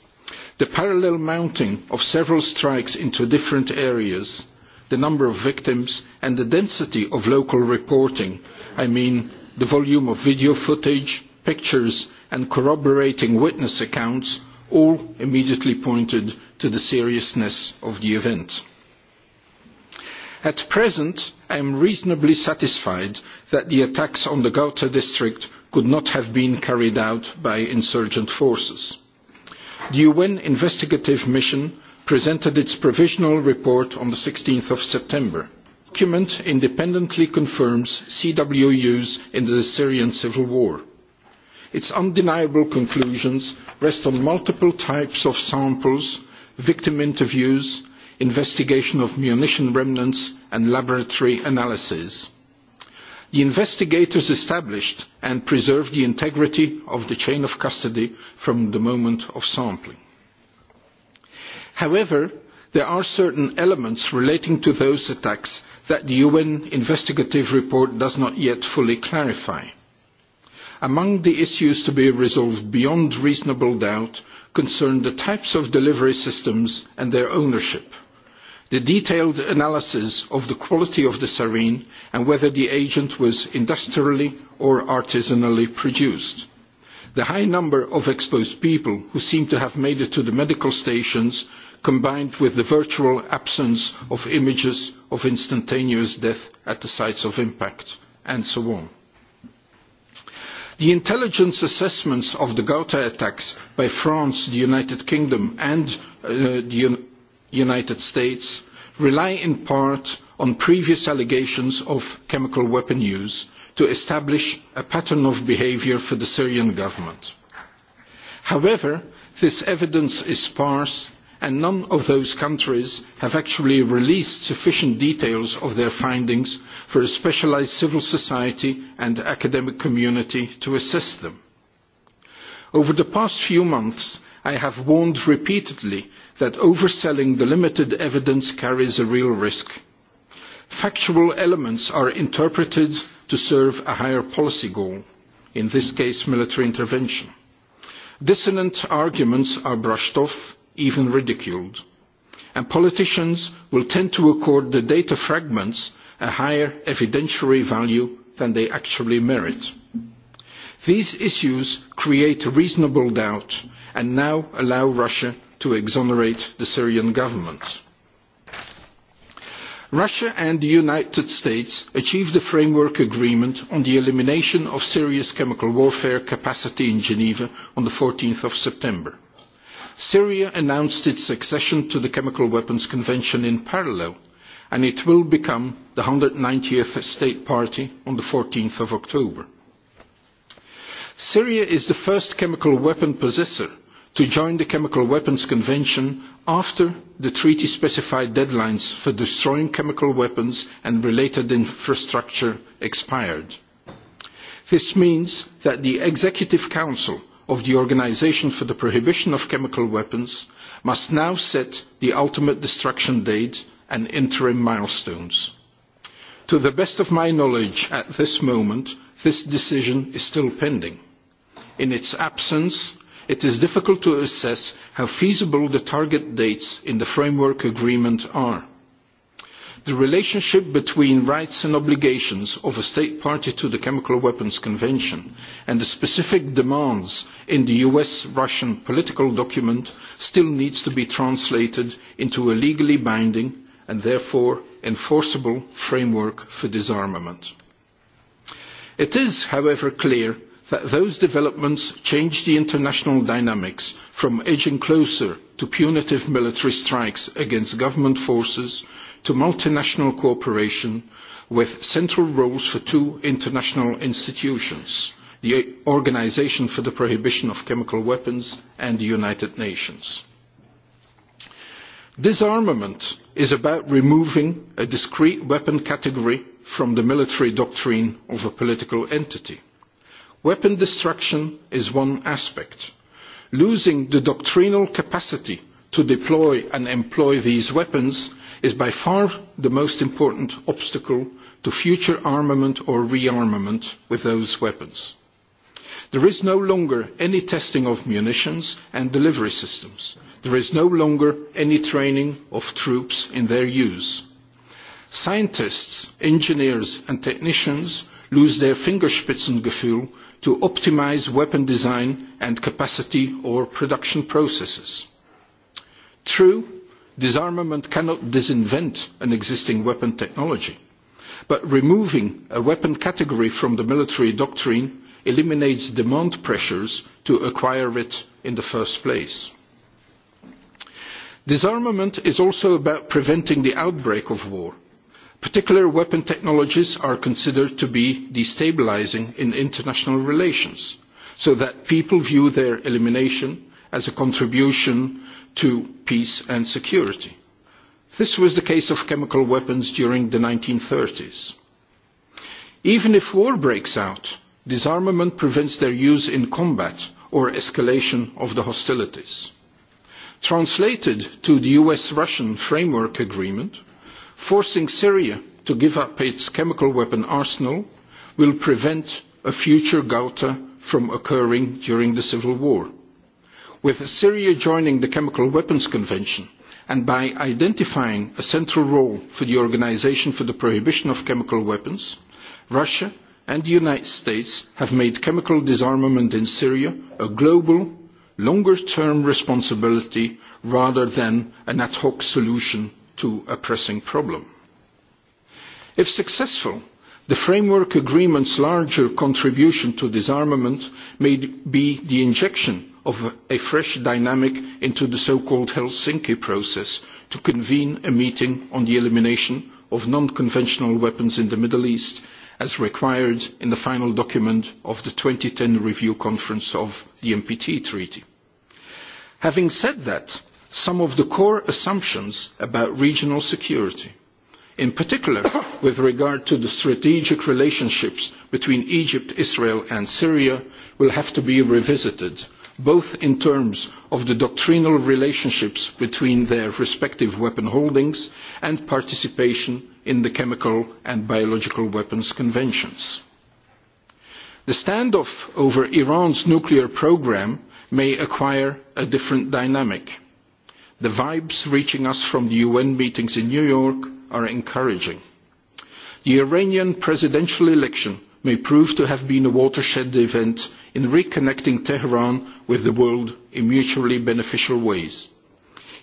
The parallel mounting of several strikes into different areas the number of victims and the density of local reporting. I mean the volume of video footage, pictures and corroborating witness accounts all immediately pointed to the seriousness of the event. At present, I am reasonably satisfied that the attacks on the Gauta district could not have been carried out by insurgent forces. The UN investigative mission presented its provisional report on the 16th of September. The document independently confirms CWU's in the Syrian civil war. Its undeniable conclusions rest on multiple types of samples, victim interviews, investigation of munition remnants and laboratory analyses. The investigators established and preserved the integrity of the chain of custody from the moment of sampling. However, there are certain elements relating to those attacks that the UN investigative report does not yet fully clarify. Among the issues to be resolved beyond reasonable doubt concern the types of delivery systems and their ownership, the detailed analysis of the quality of the sarin and whether the agent was industrially or artisanally produced. The high number of exposed people who seem to have made it to the medical stations combined with the virtual absence of images of instantaneous death at the sites of impact, and so on. The intelligence assessments of the Gauta attacks by France, the United Kingdom and uh, the Un United States rely in part on previous allegations of chemical weapon use to establish a pattern of behaviour for the Syrian government. However, this evidence is sparse and none of those countries have actually released sufficient details of their findings for a specialised civil society and academic community to assess them. Over the past few months, I have warned repeatedly that overselling the limited evidence carries a real risk. Factual elements are interpreted to serve a higher policy goal, in this case military intervention. Dissonant arguments are brushed off even ridiculed. And politicians will tend to accord the data fragments a higher evidentiary value than they actually merit. These issues create reasonable doubt and now allow Russia to exonerate the Syrian government. Russia and the United States achieved a framework agreement on the elimination of Syria's chemical warfare capacity in Geneva on the 14th of September. Syria announced its accession to the Chemical Weapons Convention in parallel, and it will become the 190th state party on the 14th of October. Syria is the first chemical weapon possessor to join the Chemical Weapons Convention after the treaty specified deadlines for destroying chemical weapons and related infrastructure expired. This means that the Executive Council of the Organisation for the Prohibition of Chemical Weapons must now set the ultimate destruction date and interim milestones. To the best of my knowledge at this moment, this decision is still pending. In its absence, it is difficult to assess how feasible the target dates in the framework agreement are the relationship between rights and obligations of a state party to the Chemical Weapons Convention and the specific demands in the US-Russian political document still needs to be translated into a legally binding and therefore enforceable framework for disarmament. It is, however, clear that those developments change the international dynamics from edging closer to punitive military strikes against government forces to multinational cooperation with central roles for two international institutions, the Organisation for the Prohibition of Chemical Weapons and the United Nations. Disarmament is about removing a discrete weapon category from the military doctrine of a political entity. Weapon destruction is one aspect. Losing the doctrinal capacity to deploy and employ these weapons is by far the most important obstacle to future armament or rearmament with those weapons. There is no longer any testing of munitions and delivery systems. There is no longer any training of troops in their use. Scientists, engineers and technicians lose their Fingerspitzengefühl to optimise weapon design and capacity or production processes. True, Disarmament cannot disinvent an existing weapon technology. But removing a weapon category from the military doctrine eliminates demand pressures to acquire it in the first place. Disarmament is also about preventing the outbreak of war. Particular weapon technologies are considered to be destabilising in international relations, so that people view their elimination as a contribution to peace and security. This was the case of chemical weapons during the 1930s. Even if war breaks out, disarmament prevents their use in combat or escalation of the hostilities. Translated to the US-Russian framework agreement, forcing Syria to give up its chemical weapon arsenal will prevent a future Gauta from occurring during the civil war. With Syria joining the Chemical Weapons Convention and by identifying a central role for the Organisation for the Prohibition of Chemical Weapons, Russia and the United States have made chemical disarmament in Syria a global, longer-term responsibility rather than an ad hoc solution to a pressing problem. If successful, the framework agreement's larger contribution to disarmament may be the injection of a fresh dynamic into the so-called Helsinki process to convene a meeting on the elimination of non-conventional weapons in the Middle East as required in the final document of the 2010 review conference of the NPT Treaty. Having said that, some of the core assumptions about regional security, in particular with regard to the strategic relationships between Egypt, Israel and Syria, will have to be revisited both in terms of the doctrinal relationships between their respective weapon holdings and participation in the Chemical and Biological Weapons Conventions. The standoff over Iran's nuclear programme may acquire a different dynamic. The vibes reaching us from the UN meetings in New York are encouraging. The Iranian presidential election may prove to have been a watershed event in reconnecting Tehran with the world in mutually beneficial ways.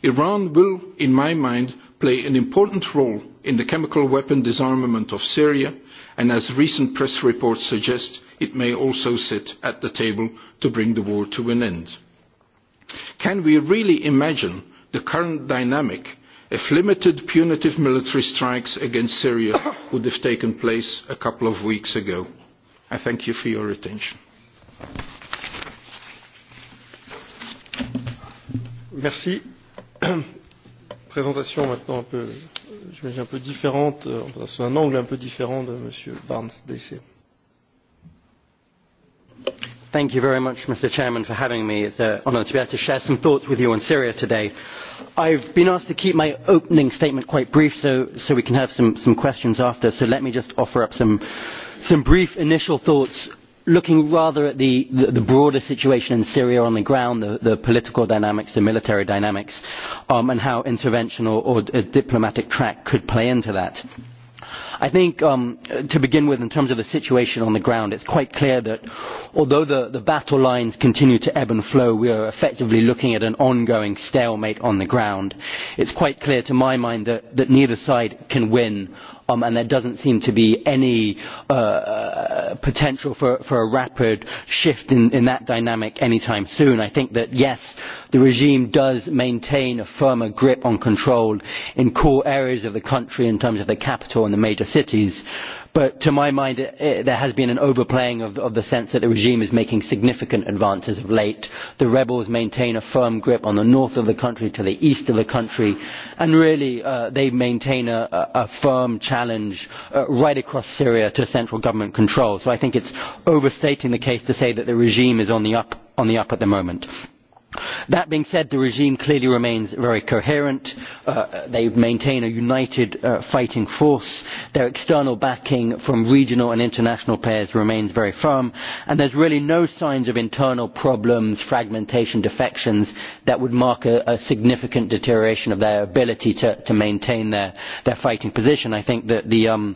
Iran will, in my mind, play an important role in the chemical weapon disarmament of Syria, and as recent press reports suggest, it may also sit at the table to bring the war to an end. Can we really imagine the current dynamic if limited punitive military strikes against Syria would have taken place a couple of weeks ago? I thank you for your attention. Merci. Présentation maintenant un peu, j'imagine, un peu différente, euh, enfin, sous un angle un peu différent de M. Barnes DC. Thank you very much, Mr. Chairman, for having me. It's an honour to be able to share some thoughts with you on Syria today. I've been asked to keep my opening statement quite brief so, so we can have some, some questions after, so let me just offer up some, some brief initial thoughts looking rather at the, the, the broader situation in Syria on the ground, the, the political dynamics, the military dynamics, um, and how intervention or, or a uh, diplomatic track could play into that. I think, um, to begin with, in terms of the situation on the ground, it's quite clear that although the, the battle lines continue to ebb and flow, we are effectively looking at an ongoing stalemate on the ground. It's quite clear, to my mind, that, that neither side can win um, and there doesn't seem to be any uh, uh, potential for, for a rapid shift in, in that dynamic anytime soon. I think that, yes, the regime does maintain a firmer grip on control in core areas of the country in terms of the capital and the major cities, but to my mind eh, eh, there has been an overplaying of, the sense that the regime is making significant advances of late. the rebels maintain a firm grip on the north of the country to the east of the country and really uh, they maintain a, firm challenge uh, right across syria to central government control so i think it is overstating the case to say that the regime is on the up at the moment. That being said, the regime clearly remains very coherent. Uh, they maintain a united uh, fighting force. Their external backing from regional and international players remains very firm. And there's really no signs of internal problems, fragmentation, defections that would mark a, a significant deterioration of their ability to, to maintain their, their fighting position. I think that the, um,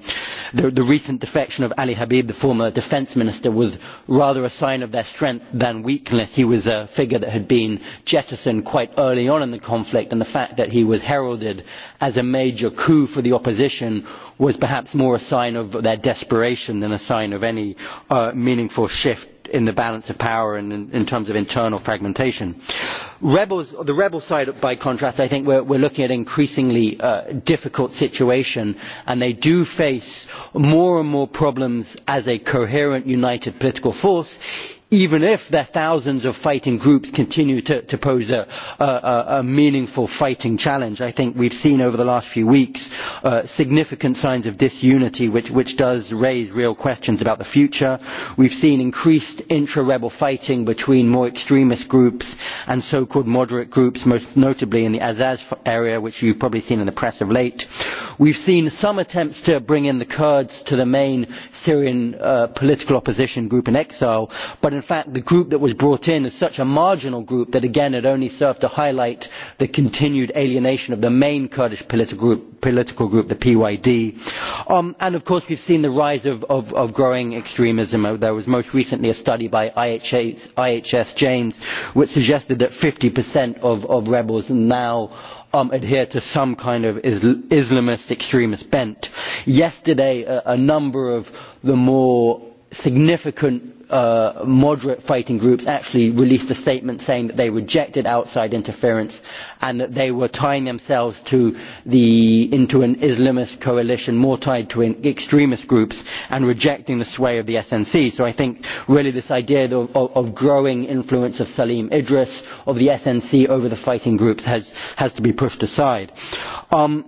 the, the recent defection of Ali Habib, the former defense minister, was rather a sign of their strength than weakness. He was a figure that had been been jettisoned quite early on in the conflict and the fact that he was heralded as a major coup for the opposition was perhaps more a sign of their desperation than a sign of any uh, meaningful shift in the balance of power and in, in terms of internal fragmentation. Rebels, the rebel side, by contrast, I think we're, we're looking at an increasingly uh, difficult situation, and they do face more and more problems as a coherent, united political force, even if their thousands of fighting groups continue to, to pose a, a, a, meaningful fighting challenge. I think we've seen over the last few weeks uh, significant signs of disunity, which, which does raise real questions about the future. We've seen increased intra-rebel fighting between more extremist groups and so-called moderate groups, most notably in the Azaz area, which you've probably seen in the press of late. We've seen some attempts to bring in the Kurds to the main Syrian uh, political opposition group in exile, but in fact the group that was brought in is such a marginal group that again it only served to highlight the continued alienation of the main kurdish political group, political group the pyd. Um, and of course we have seen the rise of, of, of growing extremism. Uh, there was most recently a study by ihs, IHS james which suggested that fifty of, of rebels now Um, adhere to some kind of Isl Islamist extremist bent. Yesterday, a, a number of the more significant Uh, moderate fighting groups actually released a statement saying that they rejected outside interference and that they were tying themselves to the, into an Islamist coalition more tied to extremist groups and rejecting the sway of the SNC. So I think really this idea of, of, of growing influence of Salim Idris, of the SNC over the fighting groups has, has to be pushed aside. Um,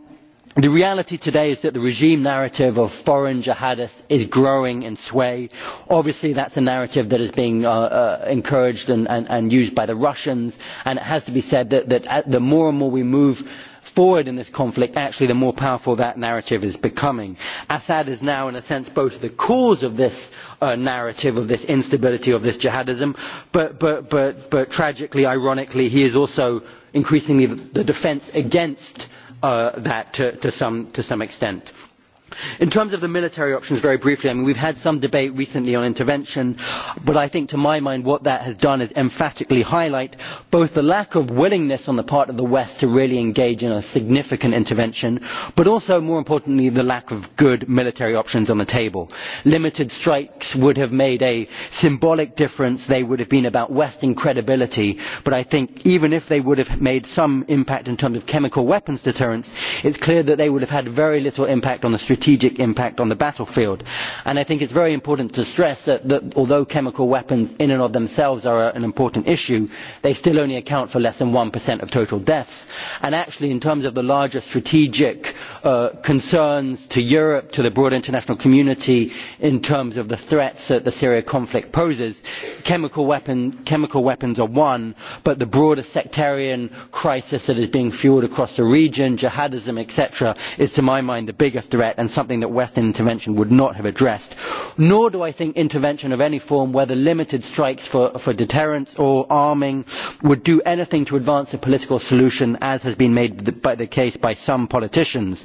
the reality today is that the regime narrative of foreign jihadists is growing in sway. obviously that is a narrative that is being uh, uh, encouraged and, used by the russians and it has to be said that, uh, the more and more we move forward in this conflict actually the more powerful that narrative is becoming. assad is now in a sense both the cause of this narrative of this instability of this jihadism but, but, but, but tragically ironically he is also increasingly the defence against Uh, that to some, extent in terms of the military options very briefly we have had some debate recently on intervention but i think to my mind what that has done is emphatically highlight both the lack of willingness on the part of the west to really engage in a significant intervention but also more importantly the lack of good military options on the table. limited strikes would have made a symbolic difference they would have been about western credibility but i think even if they would have made some impact in terms of chemical weapons deterrence it is clear that they would have had very little impact on the strategic impact on the battlefield. i think it is very important to stress that, although chemical weapons in and of themselves are an important issue they still only account for less than one of total deaths and actually in terms of the larger strategic uh, concerns to europe to the broader international community in terms of the threats that the syria conflict poses chemical weapons are one but the broader sectarian crisis that is being fuelled across the region jihadism etc is to my mind the bigger threat and something that western intervention would not have addressed. nor do i think intervention of any form whether limited strikes for, for deterrence or arming would do anything to advance a political solution as has been made by the case by some politicians.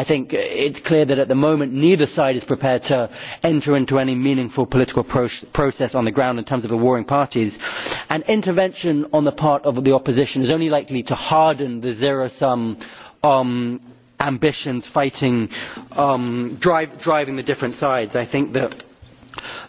i think it is clear that at the moment neither side is prepared to enter into any meaningful political pro process on the ground in terms of the warring parties and intervention on the part of the opposition is only likely to harden the zero sum um, ambitions fighting, um, drive, driving the different sides. I think that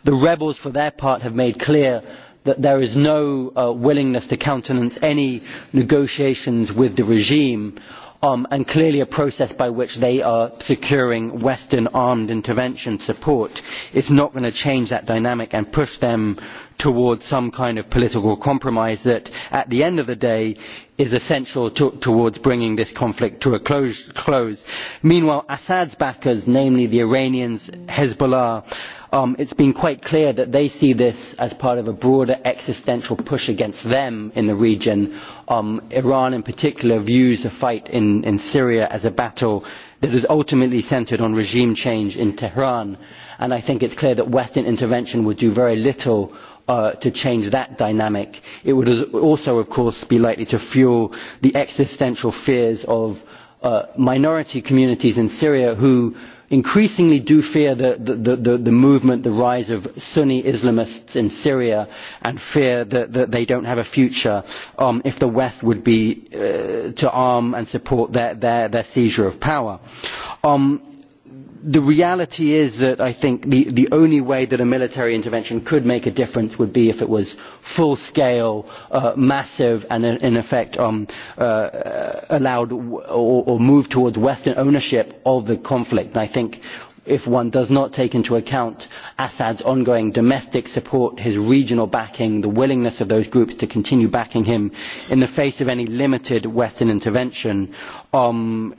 the rebels, for their part, have made clear that there is no uh, willingness to countenance any negotiations with the regime um, and clearly a process by which they are securing Western armed intervention support is not going to change that dynamic and push them towards some kind of political compromise that at the end of the day is essential to, towards bringing this conflict to a close, close. Meanwhile, Assad's backers, namely the Iranians, Hezbollah, um, it's been quite clear that they see this as part of a broader existential push against them in the region um, Iran in particular views the fight in, in Syria as a battle that is ultimately centred on regime change in Tehran. And I think it's clear that Western intervention would do very little Uh, to change that dynamic. It would also, of course, be likely to fuel the existential fears of uh, minority communities in Syria who increasingly do fear the, the, the, the movement, the rise of Sunni Islamists in Syria, and fear that, that they don't have a future um, if the West would be uh, to arm and support their, their, their seizure of power. Um, the reality is that I think the, the only way that a military intervention could make a difference would be if it was full scale, uh, massive, and in effect um, uh, uh allowed or, or moved towards Western ownership of the conflict. And I think if one does not take into account Assad's ongoing domestic support, his regional backing, the willingness of those groups to continue backing him in the face of any limited Western intervention, um,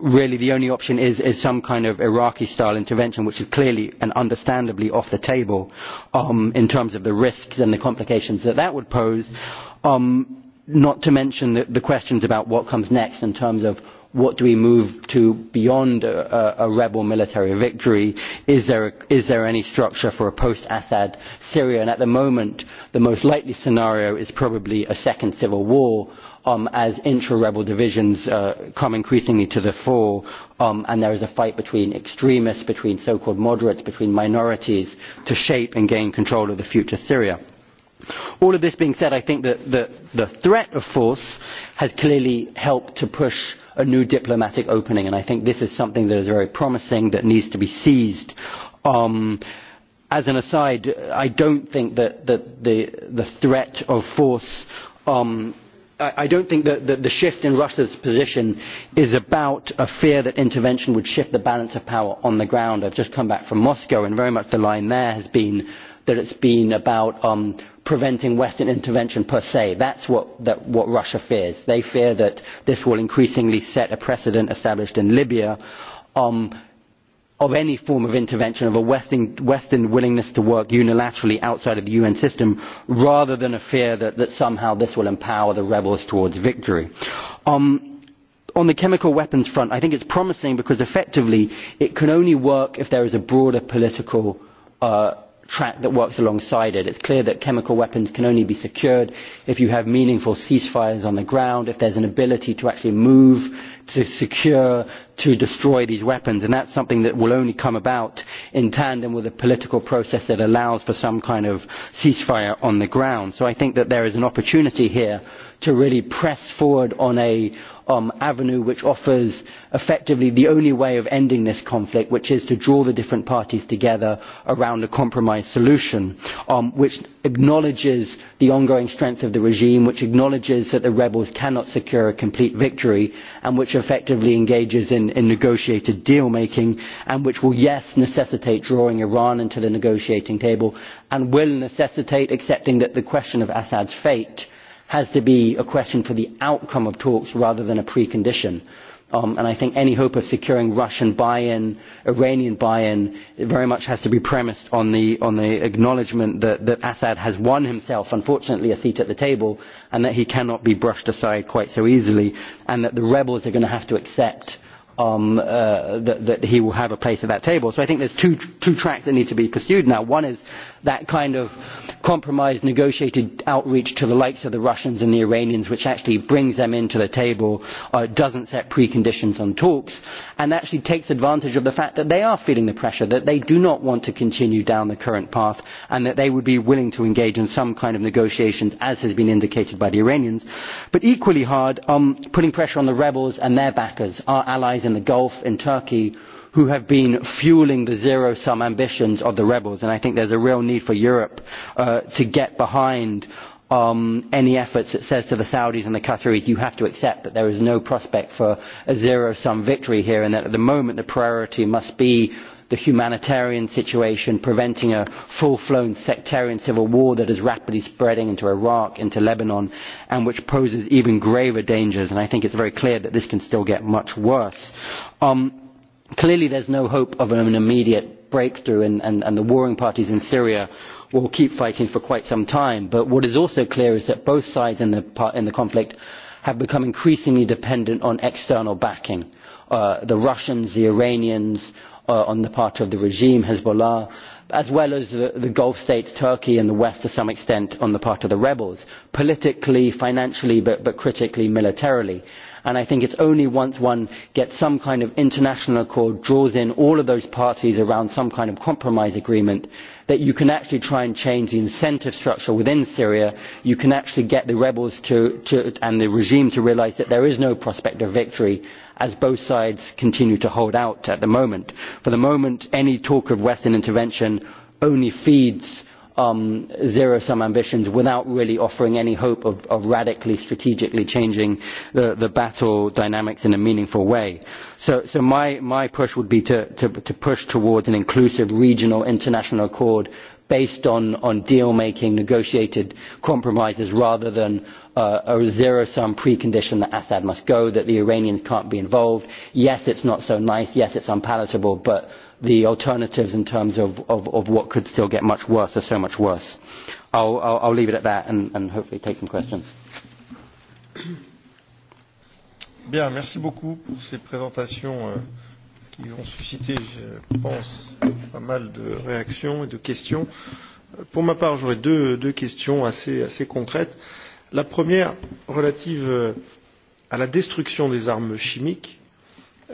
really the only option is, some kind of Iraqi-style intervention, which is clearly and understandably off the table um, in terms of the risks and the complications that that would pose, um, not to mention the questions about what comes next in terms of what do we move to beyond a, a, a rebel military victory? Is there, a, is there any structure for a post-Assad Syria? And at the moment, the most likely scenario is probably a second civil war um, as intra-rebel divisions uh, come increasingly to the fore um, and there is a fight between extremists, between so-called moderates, between minorities to shape and gain control of the future Syria. All of this being said, I think that the, the threat of force has clearly helped to push a new diplomatic opening. And I think this is something that is very promising that needs to be seized. Um, as an aside, I don't think that, that the, the threat of force um, I don't think that the shift in Russia's position is about a fear that intervention would shift the balance of power on the ground. I've just come back from Moscow, and very much the line there has been that it's been about um, preventing Western intervention per se. That's what, that, what Russia fears. They fear that this will increasingly set a precedent established in Libya um, of any form of intervention, of a Western, Western willingness to work unilaterally outside of the UN system, rather than a fear that, that somehow this will empower the rebels towards victory. Um, on the chemical weapons front, I think it's promising because effectively it can only work if there is a broader political uh, track that works alongside it. It's clear that chemical weapons can only be secured if you have meaningful ceasefires on the ground, if there's an ability to actually move to secure to destroy these weapons and that's something that will only come about in tandem with a political process that allows for some kind of ceasefire on the ground. So I think that there is an opportunity here to really press forward on a um, avenue which offers effectively the only way of ending this conflict, which is to draw the different parties together around a compromise solution, um, which acknowledges the ongoing strength of the regime, which acknowledges that the rebels cannot secure a complete victory, and which effectively engages in in, negotiated deal making and which will, yes, necessitate drawing Iran into the negotiating table and will necessitate accepting that the question of Assad's fate has to be a question for the outcome of talks rather than a precondition. Um, and I think any hope of securing Russian buy-in, Iranian buy-in, very much has to be premised on the, on the acknowledgement that, that Assad has won himself, unfortunately, a seat at the table, and that he cannot be brushed aside quite so easily, and that the rebels are going to have to accept um, uh, that, that he will have a place at that table. So I think there's two, two tracks that need to be pursued now. One is that kind of compromise negotiated outreach to the likes of the Russians and the Iranians, which actually brings them into the table, uh, doesn't set preconditions on talks, and actually takes advantage of the fact that they are feeling the pressure, that they do not want to continue down the current path, and that they would be willing to engage in some kind of negotiations, as has been indicated by the Iranians. But equally hard, um, putting pressure on the rebels and their backers, our allies in the Gulf, in Turkey, who have been fuelling the zero sum ambitions of the rebels and i think there is a real need for europe uh, to get behind um, any efforts that says to the Saudis and the Qataris, you have to accept that there is no prospect for a zero-sum victory here and that at the moment the priority must be the humanitarian situation, preventing a full-flown sectarian civil war that is rapidly spreading into Iraq, into Lebanon, and which poses even graver dangers. And I think it's very clear that this can still get much worse. Um, clearly there is no hope of an immediate breakthrough and, and, and the warring parties in syria will keep fighting for quite some time but what is also clear is that both sides in the, in the conflict have become increasingly dependent on external backing uh, the russians the iranians uh, on the part of the regime hezbollah as well as the, the gulf states turkey and the west to some extent on the part of the rebels politically financially but, but critically militarily and i think it is only once one gets some kind of international accord and draws in all of those parties around some kind of compromise agreement that you can actually try and change the incentive structure within syria you can actually get the rebels and the regime to realise that there is no prospect of victory as both sides continue to hold out at the moment. for the moment any talk of western intervention only feeds Um, zero-sum ambitions without really offering any hope of, radically strategically changing the, battle dynamics in a meaningful way. So, my, push would be to, push towards an inclusive regional international accord based on, deal-making, negotiated compromises rather than uh, a zero-sum precondition that Assad must go, that the Iranians can't be involved. Yes, it's not so nice. Yes, it's unpalatable, but the alternatives in terms of, of, of what could still get much worse or so much worse. I'll, I'll, I'll leave it at that and, and hopefully take some questions. Bien, merci beaucoup pour ces présentations euh, qui ont suscité, je pense, pas mal de réactions et de questions. Euh, pour ma part, j'aurais deux, deux questions assez, assez concrètes. La première, relative euh, à la destruction des armes chimiques.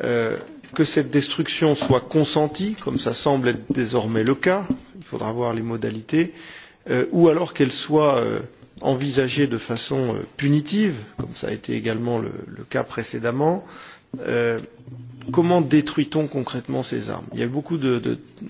Euh, que cette destruction soit consentie, comme cela semble être désormais le cas, il faudra voir les modalités, euh, ou alors qu'elle soit euh, envisagée de façon euh, punitive, comme ça a été également le, le cas précédemment. Euh, comment détruit-on concrètement ces armes Il y a beaucoup de, de, de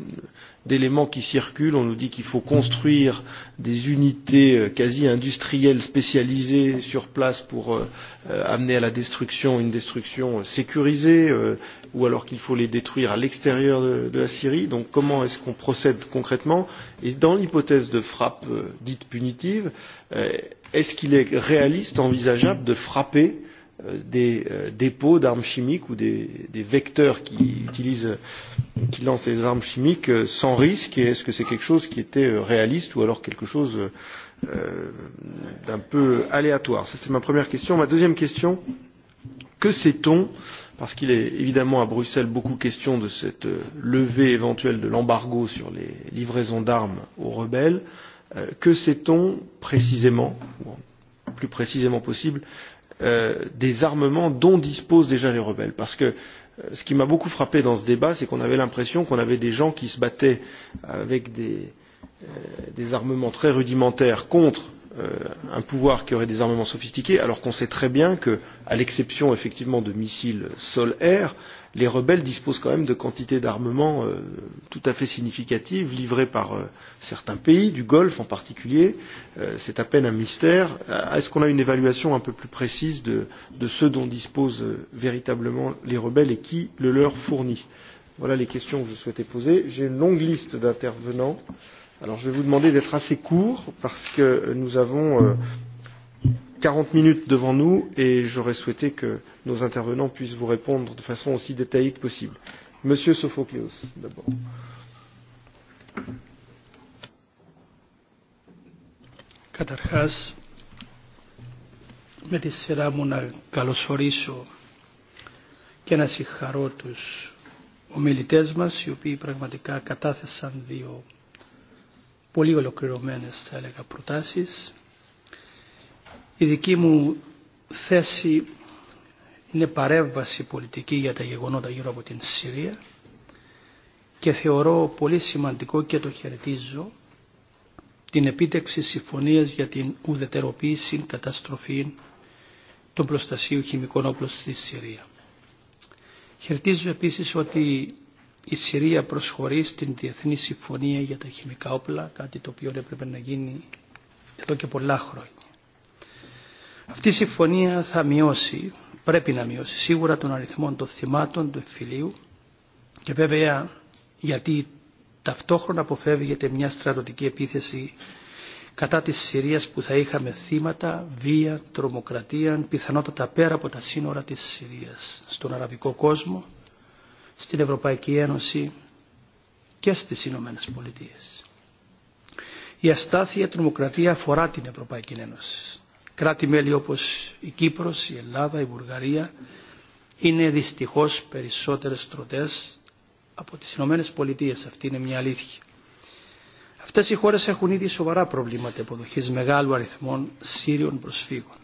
d'éléments qui circulent. On nous dit qu'il faut construire des unités euh, quasi industrielles spécialisées sur place pour euh, euh amener à la destruction une destruction euh, sécurisée, euh, ou alors qu'il faut les détruire à l'extérieur de, de la Syrie. Donc comment est-ce qu'on procède concrètement Et dans l'hypothèse de frappe euh, dite punitive, euh, est-ce qu'il est réaliste, envisageable de frapper euh, Euh, des euh, dépôts d'armes chimiques ou des, des vecteurs qui, utilisent, euh, qui lancent des armes chimiques sans risque et est-ce que c'est quelque chose qui était réaliste ou alors quelque chose euh, d'un peu aléatoire Ça c'est ma première question. Ma deuxième question, que sait-on Parce qu'il est évidemment à Bruxelles beaucoup question de cette levée éventuelle de l'embargo sur les livraisons d'armes aux rebelles. Euh, que sait-on précisément, ou plus précisément possible, Euh, des armements dont disposent déjà les rebelles parce que euh, ce qui m'a beaucoup frappé dans ce débat c'est qu'on avait l'impression qu'on avait des gens qui se battaient avec des, euh, des armements très rudimentaires contre un pouvoir qui aurait des armements sophistiqués alors qu'on sait très bien que à l'exception effectivement de missiles sol air les rebelles disposent quand même de quantités d'armements euh, tout à fait significatives livrées par euh, certains pays, du Golfe en particulier. Euh, c'est à peine un mystère. Est-ce qu'on a une évaluation un peu plus précise de, de ce dont disposent véritablement les rebelles et qui le leur fournit Voilà les questions que je souhaitais poser. J'ai une longue liste d'intervenants. Alors je vais vous demander d'être assez court parce que nous avons euh, 40 minutes devant nous et j'aurais souhaité que nos intervenants puissent vous répondre de façon aussi détaillée que possible. Monsieur Sophocleos, d'abord. Καταρχάς, με τη σειρά μου να καλωσορίσω και να συγχαρώ τους ομιλητές μας, οι οποίοι πραγματικά κατάθεσαν δύο πολύ ολοκληρωμένες, θα έλεγα, προτάσεις Η δική μου θέση είναι παρέμβαση πολιτική για τα γεγονότα γύρω από την Συρία και θεωρώ πολύ σημαντικό και το χαιρετίζω την επίτευξη συμφωνίας για την ουδετεροποίηση καταστροφή των προστασίου χημικών όπλων στη Συρία. Χαιρετίζω επίσης ότι η Συρία προσχωρεί στην Διεθνή Συμφωνία για τα Χημικά Όπλα, κάτι το οποίο έπρεπε να γίνει εδώ και πολλά χρόνια. Αυτή η συμφωνία θα μειώσει, πρέπει να μειώσει σίγουρα τον αριθμό των θυμάτων του εμφυλίου και βέβαια γιατί ταυτόχρονα αποφεύγεται μια στρατοτική επίθεση κατά της Συρίας που θα είχαμε θύματα, βία, τρομοκρατία, πιθανότατα πέρα από τα σύνορα της Συρίας, στον αραβικό κόσμο, στην Ευρωπαϊκή Ένωση και στις Ηνωμένε Πολιτείε. Η αστάθεια τρομοκρατία αφορά την Ευρωπαϊκή Ένωση κράτη-μέλη όπως η Κύπρος, η Ελλάδα, η Βουλγαρία είναι δυστυχώς περισσότερες στρωτές από τις Ηνωμένες Πολιτείες. Αυτή είναι μια αλήθεια. Αυτές οι χώρες έχουν ήδη σοβαρά προβλήματα υποδοχής μεγάλου αριθμών Σύριων προσφύγων.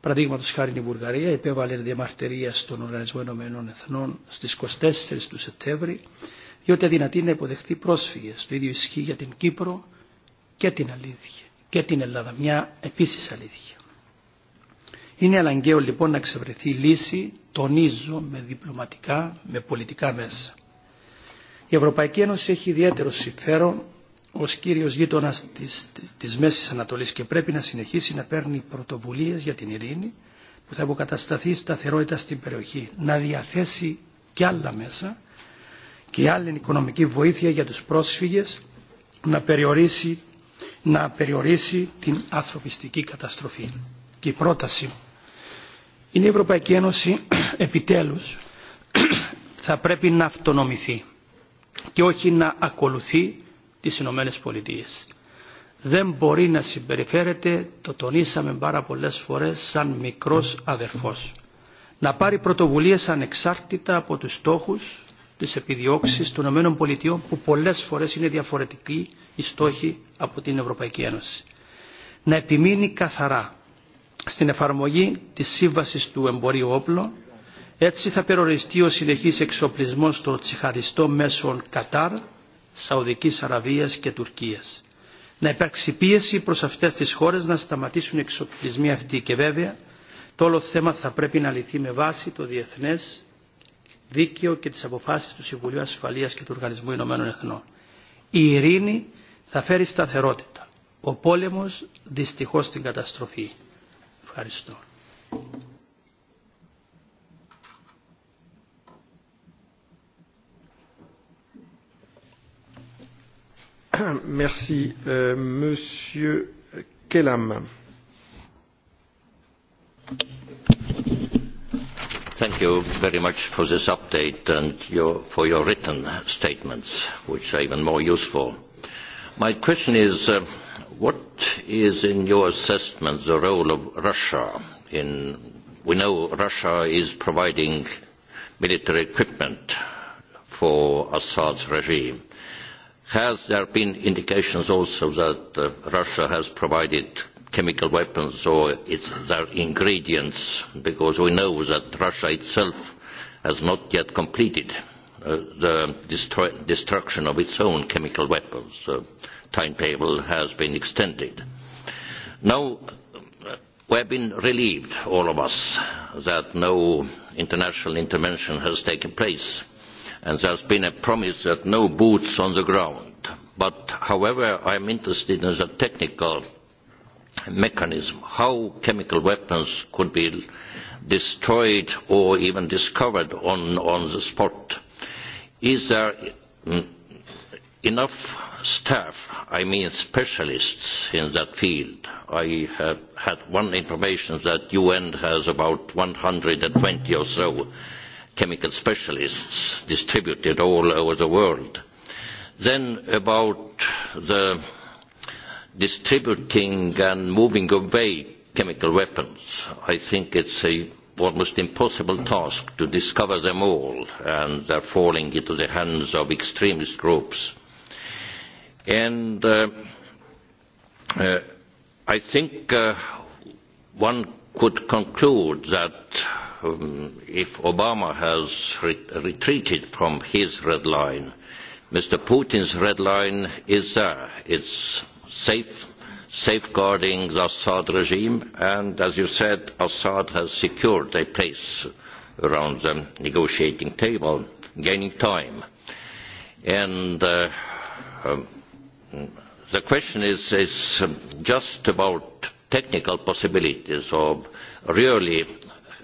Παραδείγματο χάρη η Βουλγαρία επέβαλε διαμαρτυρία στον Οργανισμό Ηνωμένων Εθνών στι 24 του Σεπτέμβρη, διότι αδυνατεί να υποδεχθεί πρόσφυγε. Το ίδιο ισχύει για την Κύπρο και την Αλήθεια και την Ελλάδα. Μια επίσης αλήθεια. Είναι αναγκαίο λοιπόν να εξευρεθεί λύση, τονίζω, με διπλωματικά, με πολιτικά μέσα. Η Ευρωπαϊκή Ένωση έχει ιδιαίτερο συμφέρον ως κύριος γείτονας της, της Μέσης Ανατολής και πρέπει να συνεχίσει να παίρνει πρωτοβουλίες για την ειρήνη που θα αποκατασταθεί σταθερότητα στην περιοχή, να διαθέσει και άλλα μέσα και άλλη οικονομική βοήθεια για τους πρόσφυγες, να περιορίσει να περιορίσει την ανθρωπιστική καταστροφή. Και η πρόταση είναι η Ευρωπαϊκή Ένωση επιτέλους θα πρέπει να αυτονομηθεί και όχι να ακολουθεί τις Ηνωμένε Πολιτείες. Δεν μπορεί να συμπεριφέρεται, το τονίσαμε πάρα πολλές φορές, σαν μικρός αδερφός. Να πάρει πρωτοβουλίες ανεξάρτητα από τους στόχους, τις επιδιώξεις των ΗΠΑ που πολλές φορές είναι διαφορετικοί οι στόχοι από την Ευρωπαϊκή Ένωση. Να επιμείνει καθαρά στην εφαρμογή της σύμβασης του εμπορίου όπλων, έτσι θα περιοριστεί ο συνεχής εξοπλισμός των τσιχαριστών μέσων Κατάρ, Σαουδικής Αραβίας και Τουρκίας. Να υπάρξει πίεση προς αυτές τις χώρες να σταματήσουν οι εξοπλισμοί αυτοί και βέβαια το όλο θέμα θα πρέπει να λυθεί με βάση το διεθνές δίκαιο και τις αποφάσεις του Συμβουλίου Ασφαλείας και του Οργανισμού Ηνωμένων Εθνών. Η ειρήνη θα φέρει σταθερότητα. Ο πόλεμος δυστυχώς την καταστροφή. Ευχαριστώ. Merci, euh, Monsieur Kellam. Thank you very much for this update and your, for your written statements, which are even more useful My question is, uh, what is in your assessment the role of Russia in we know Russia is providing military equipment for Assad's regime. Has there been indications also that uh, Russia has provided chemical weapons or its, their ingredients? Because we know that Russia itself has not yet completed Uh, the destro destruction of its own chemical weapons. The uh, timetable has been extended. Now, we have been relieved, all of us, that no international intervention has taken place, and there has been a promise that no boots on the ground. But, however, I am interested in the technical mechanism, how chemical weapons could be destroyed or even discovered on, on the spot is there enough staff, I mean specialists in that field? I have had one information that UN has about 120 or so chemical specialists distributed all over the world. Then about the distributing and moving away chemical weapons, I think it's a almost impossible task to discover them all and they are falling into the hands of extremist groups. And uh, uh, I think uh, one could conclude that um, if Obama has re retreated from his red line, Mr. Putin's red line is there. It's safe, safeguarding the Assad regime, and as you said, Assad has secured a place around the negotiating table, gaining time. And uh, um, the question is, is just about technical possibilities of really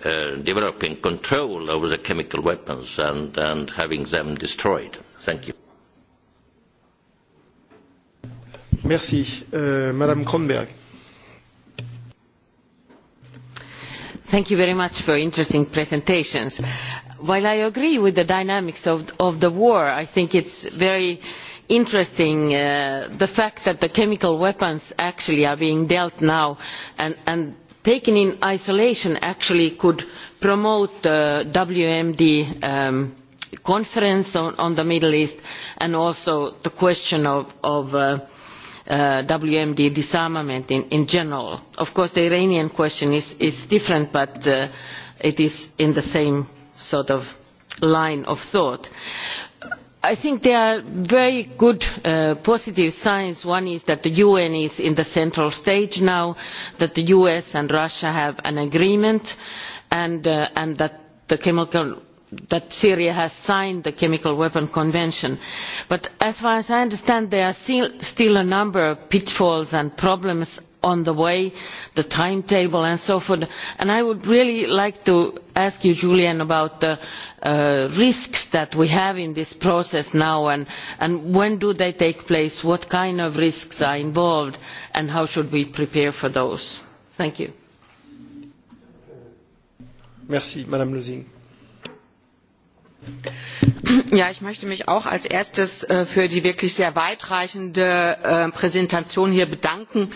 uh, developing control over the chemical weapons and, and having them destroyed. Thank you. Merci. Uh, Madame Kronberg. Thank you very much for interesting presentations. While I agree with the dynamics of, of the war, I think it's very interesting uh, the fact that the chemical weapons actually are being dealt now and, and taken in isolation actually could promote the WMD um, conference on, on the Middle East and also the question of, of uh, Uh, WMD disarmament in, general. Of course, the Iranian question is, different, but uh, it is in the same sort of line of thought. I think there are very good uh, positive signs. One is that the UN is in the central stage now, that the US and Russia have an agreement, and that the chemical that syria has signed the chemical weapons convention but as far as i understand there are still a number of pitfalls and problems on the way the timetable and so forth and i would really like to ask you julian about the uh, risks that we have in this process now and, when do they take place what kind of risks are involved and how should we prepare for those? thank you. Merci, Madame Ja, ich möchte mich auch als erstes äh, für die wirklich sehr weitreichende äh, präsentation hier bedanken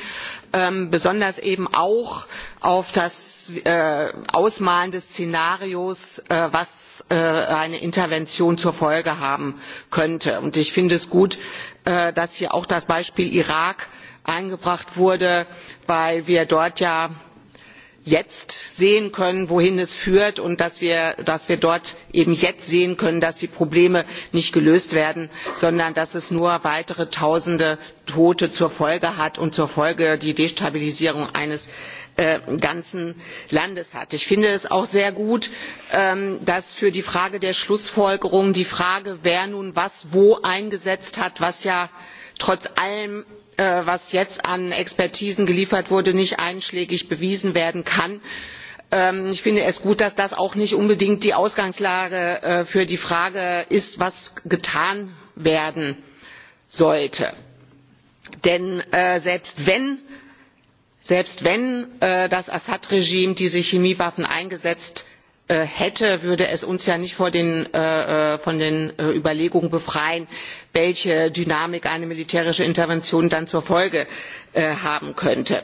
ähm, besonders eben auch auf das äh, ausmalen des szenarios was eine intervention zur folge haben könnte. Und ich finde es gut dass hier auch das beispiel irak eingebracht wurde weil wir dort ja jetzt sehen können wohin es führt und dass wir, dort eben jetzt sehen können dass die probleme nicht gelöst werden sondern dass es nur weitere tausende tote zur folge hat und zur folge die destabilisierung eines äh, ganzen landes hat. ich finde es auch sehr gut ähm, dass für die frage der schlussfolgerungen die frage wer nun was wo eingesetzt hat was ja trotz allem äh, was jetzt an expertisen geliefert wurde nicht einschlägig bewiesen werden kann. Ähm, ich finde es gut dass das auch nicht unbedingt die ausgangslage äh, für die frage ist was getan werden sollte. denn äh, selbst wenn das assad regime diese chemiewaffen eingesetzt Äh, hätte würde es uns ja nicht äh, äh, von den, überlegungen befreien welche dynamik eine militärische intervention dann zur folge haben könnte.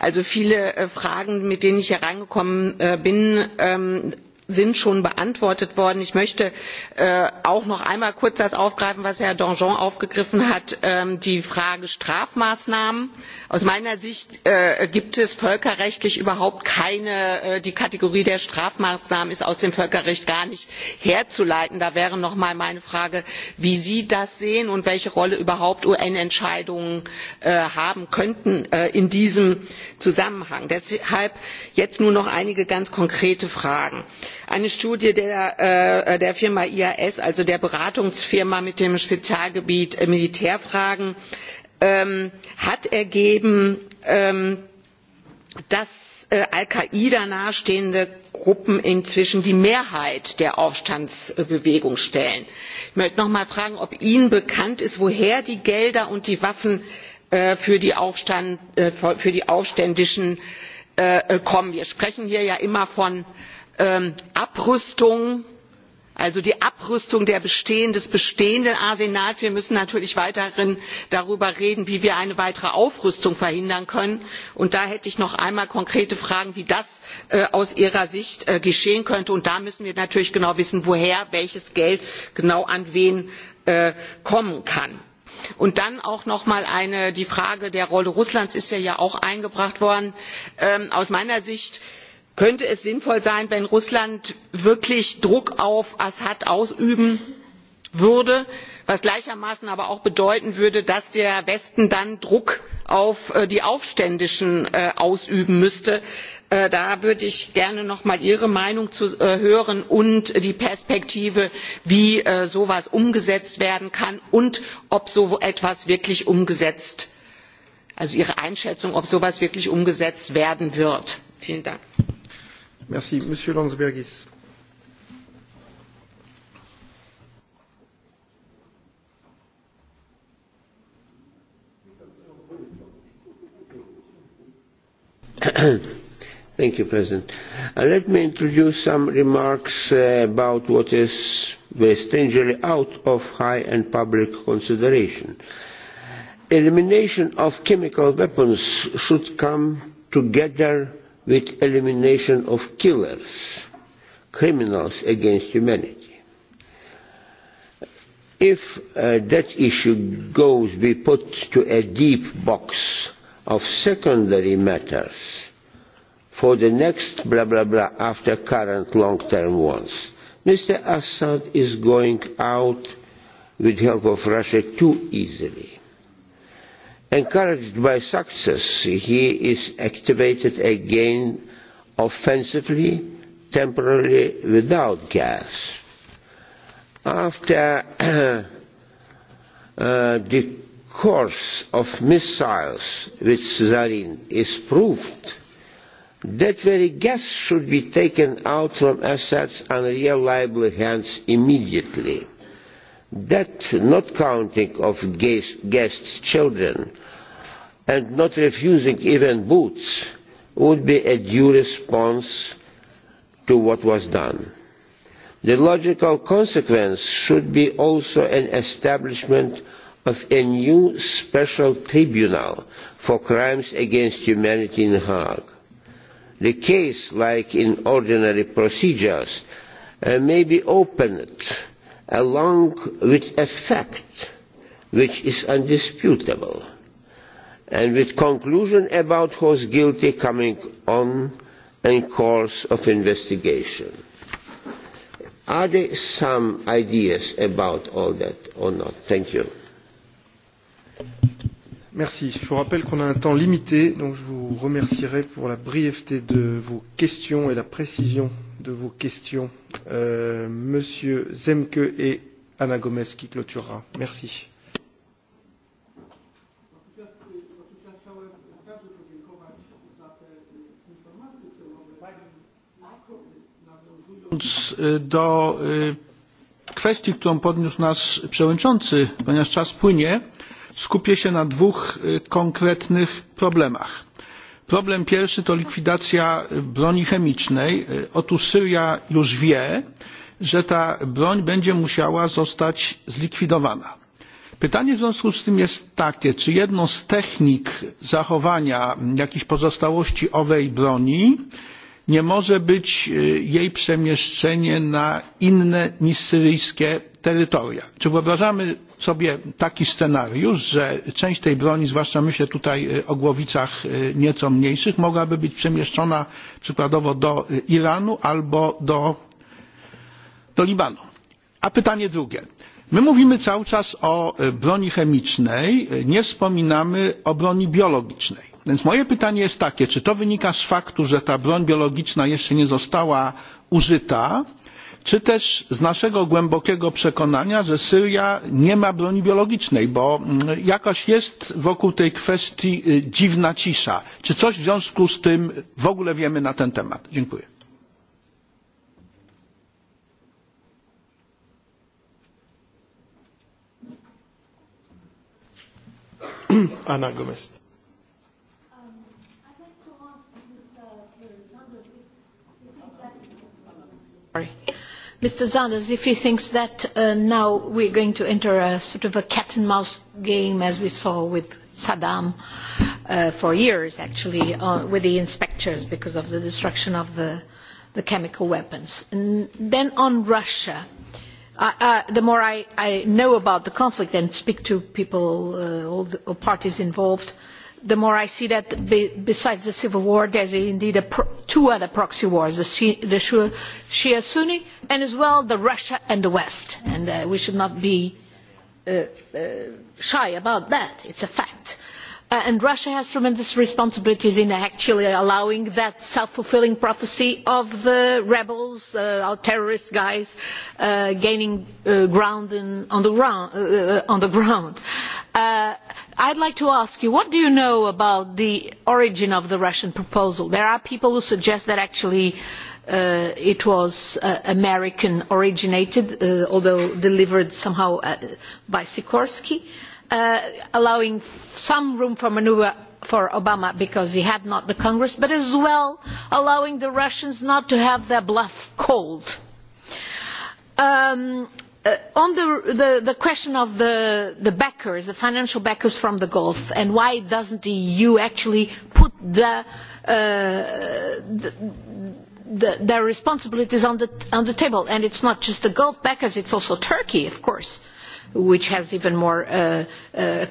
also viele fragen mit denen ich hier reingekommen bin ähm, sind schon beantwortet worden. ich möchte äh, auch noch einmal kurz das aufgreifen was herr danjean aufgegriffen hat ähm, die frage strafmaßnahmen. aus meiner sicht äh, gibt es völkerrechtlich überhaupt keine äh, die kategorie der strafmaßnahmen ist aus dem völkerrecht gar nicht herzuleiten. da wäre noch einmal meine frage wie sie das sehen und welche rolle überhaupt un entscheidungen äh, haben könnten in diesem zusammenhang. deshalb jetzt nur noch einige ganz konkrete fragen eine studie der, äh, firma ias also der beratungsfirma mit dem spezialgebiet äh, militärfragen ähm, hat ergeben ähm, dass äh, al qaida nahestehende gruppen inzwischen die mehrheit der aufstandsbewegung stellen. ich möchte noch einmal fragen ob ihnen bekannt ist woher die gelder und die waffen für die aufständischen kommen. wir sprechen hier ja immer von Ähm, abrüstung also die abrüstung des bestehenden arsenals wir müssen natürlich weiterhin darüber reden wie wir eine weitere aufrüstung verhindern können und da hätte ich noch einmal konkrete fragen wie das äh, aus ihrer sicht äh, geschehen könnte und da müssen wir natürlich genau wissen woher welches geld genau an wen äh, kommen kann. und dann auch noch mal die frage der rolle russlands ist ja hier auch eingebracht worden. Ähm, aus meiner sicht könnte es sinnvoll sein wenn russland wirklich druck auf assad ausüben würde was gleichermaßen aber auch bedeuten würde dass der westen dann druck auf äh, die aufständischen äh, ausüben müsste. Äh, da würde ich gerne noch mal ihre meinung zu hören und die perspektive wie so etwas umgesetzt werden kann und ob so etwas wirklich umgesetzt also ihre einschätzung ob so etwas wirklich umgesetzt werden wird. vielen dank. Thank you, President. Uh, let me introduce some remarks uh, about what is very strangely out of high and public consideration. Elimination of chemical weapons should come together with elimination of killers, criminals against humanity. If uh, that issue goes be put to a deep box of secondary matters for the next blah blah blah after current long term ones, Mr. Assad is going out with help of Russia too easily Encouraged by success, he is activated again offensively, temporarily without gas. After uh, the course of missiles with Cesarin is proved, that very gas should be taken out from Assad's unreliable hands immediately That not counting of guests' children and not refusing even boots would be a due response to what was done. The logical consequence should be also an establishment of a new special tribunal for crimes against humanity in Hague. The case, like in ordinary procedures, uh, may be opened along with a fact which is undisputable and with conclusion about who's guilty coming on in course of investigation. Are there some ideas about all that or not? Thank you. Merci. Je vous rappelle qu'on a un temps limité, donc je vous remercierai pour la brièveté de vos questions et la précision de vos questions. Euh, Monsieur Zemke et Anna Gomez qui clôturera. Merci. E, do e, kwestii którą podniósł nasz przewodniczący ponieważ czas płynie chciałbym skupię się na dwóch konkretnych problemach. problem pierwszy to likwidacja broni chemicznej. otóż syria już wie że ta broń będzie musiała zostać zlikwidowana. pytanie w związku z tym jest takie czy jedną z technik zachowania jakichś pozostałości owej broni nie może być jej przemieszczenie na inne niż syryjskie terytoria. czy wyobrażamy sobie taki scenariusz, że część tej broni, zwłaszcza myślę tutaj o głowicach nieco mniejszych, mogłaby być przemieszczona przykładowo do Iranu albo do, do Libanu. A pytanie drugie. My mówimy cały czas o broni chemicznej, nie wspominamy o broni biologicznej. Więc moje pytanie jest takie, czy to wynika z faktu, że ta broń biologiczna jeszcze nie została użyta, czy też z naszego głębokiego przekonania że syria nie ma broni biologicznej bo mm, jakaś jest wokół tej kwestii dziwna cisza. czy coś w związku z tym w ogóle wiemy na ten temat? dziękuję. Mr. Zanders, if he thinks that uh, now we are going to enter a sort of cat and mouse game, as we saw with Saddam uh, for years, actually, uh, with the inspectors because of the destruction of the, chemical weapons. then on Russia, the more I, know about the conflict and speak to people, all the parties involved, the more i see that besides the civil war there are indeed two other proxy wars the, shia sunni and as well the russia and the west and uh, we should not be uh, uh, shy about that it is a fact. and russia has tremendous responsibilities in actually allowing that self fulfilling prophecy of the rebels our terrorist guys gaining ground. On the ground i would like to ask you what do you know about the origin of the russian proposal? there are people who suggest that actually uh, it was uh, american originated uh, although delivered somehow by sikorsky allowing some room for manoeuvre for obama because he had not the congress but as well allowing the russians not to have their bluff called. Um, Uh, on the, question of the, backers the financial backers from the gulf and why does the eu actually put uh, their responsibilities on, the table and it is not just the gulf backers it is also turkey of course which has an even more, uh,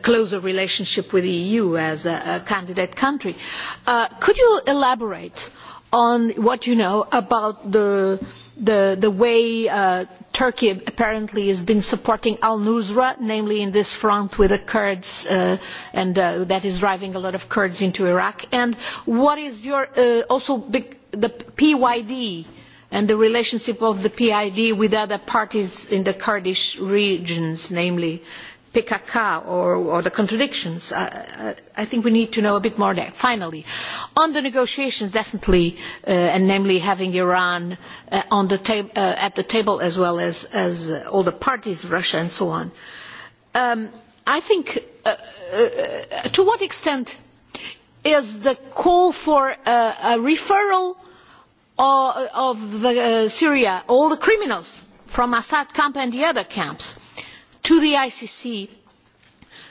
closer relationship with the eu as a, candidate country. could you elaborate on what you know about the the, way turkey apparently has been supporting al nusra namely in this front with the kurds uh, and uh, that is driving a lot of kurds into iraq and what is your uh, also the pyd and the relationship of the pyd with other parties in the kurdish regions namely pkk or, the contradictions uh, uh, I, think we need to know a bit more finally on the negotiations definitely uh, and namely having iran at the table as well as, all the parties russia and so on um, i think to what extent is the call for a, referral of, syria all the criminals from assad camp and the other camps to the icc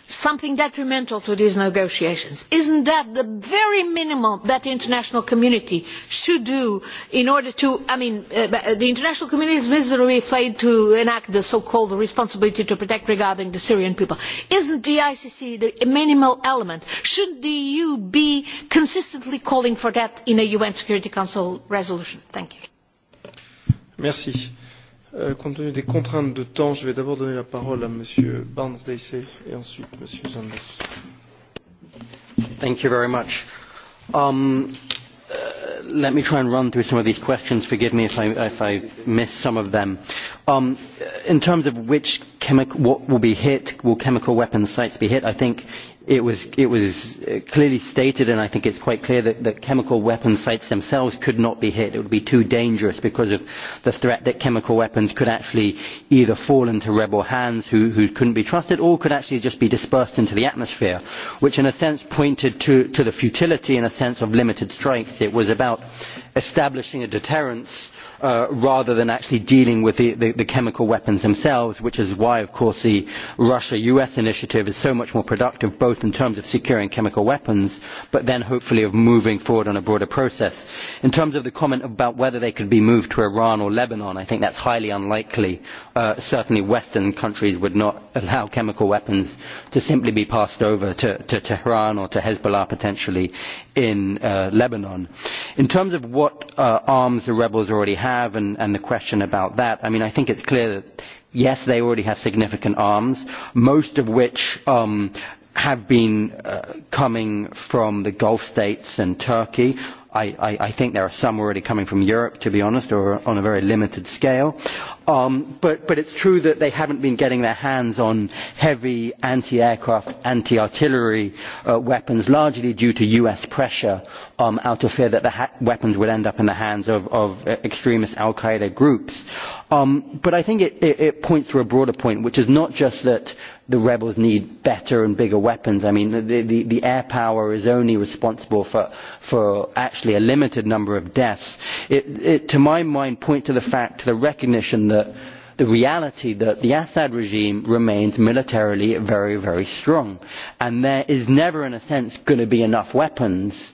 something detrimental to these negotiations. is that not the very minimum that the international community should do in order to i mean uh, uh, the international community has miserably failed to enact the so called responsibility to protect regarding the syrian people. is not the icc the minimal element? should the eu be consistently calling for that in a un security council resolution? Euh, compte tenu des contraintes de temps, je vais d'abord donner la parole à Monsieur Barnes Daisy et ensuite Monsieur Sanders. Thank you very much. Um, uh, let me try and run through some of these questions. Forgive me if I, if I miss some of them. Um, in terms of which chemical, what will be hit, will chemical weapons sites be hit? I think it was, it was uh, clearly stated, and I think it's quite clear, that, that chemical weapon sites themselves could not be hit. It would be too dangerous because of the threat that chemical weapons could actually either fall into rebel hands who, who couldn't be trusted or could actually just be dispersed into the atmosphere, which in a sense pointed to, to the futility, in a sense, of limited strikes. It was about establishing a deterrence Uh, rather than actually dealing with the, chemical weapons themselves, which is why, of course, the Russia-US initiative is so much more productive, both in terms of securing chemical weapons, but then hopefully of moving forward on a broader process. In terms of the comment about whether they could be moved to Iran or Lebanon, I think that is highly unlikely. Uh, certainly Western countries would not allow chemical weapons to simply be passed over to, to Tehran or to Hezbollah potentially in uh, Lebanon. In terms of what uh, arms the rebels already have, have and, and the question about that, I mean, I think it's clear that yes, they already have significant arms, most of which um, have been uh, coming from the Gulf states and Turkey I, I, I think there are some already coming from Europe, to be honest, or on a very limited scale. Um, but, but it's true that they haven't been getting their hands on heavy anti-aircraft, anti-artillery uh, weapons, largely due to US pressure um, out of fear that the ha- weapons would end up in the hands of, of uh, extremist Al-Qaeda groups. Um, but I think it, it, it points to a broader point, which is not just that the rebels need better and bigger weapons. I mean, the, the, the air power is only responsible for, for actually a limited number of deaths. It, it, to my mind, points to the fact, to the recognition that the reality that the Assad regime remains militarily very, very strong. And there is never, in a sense, going to be enough weapons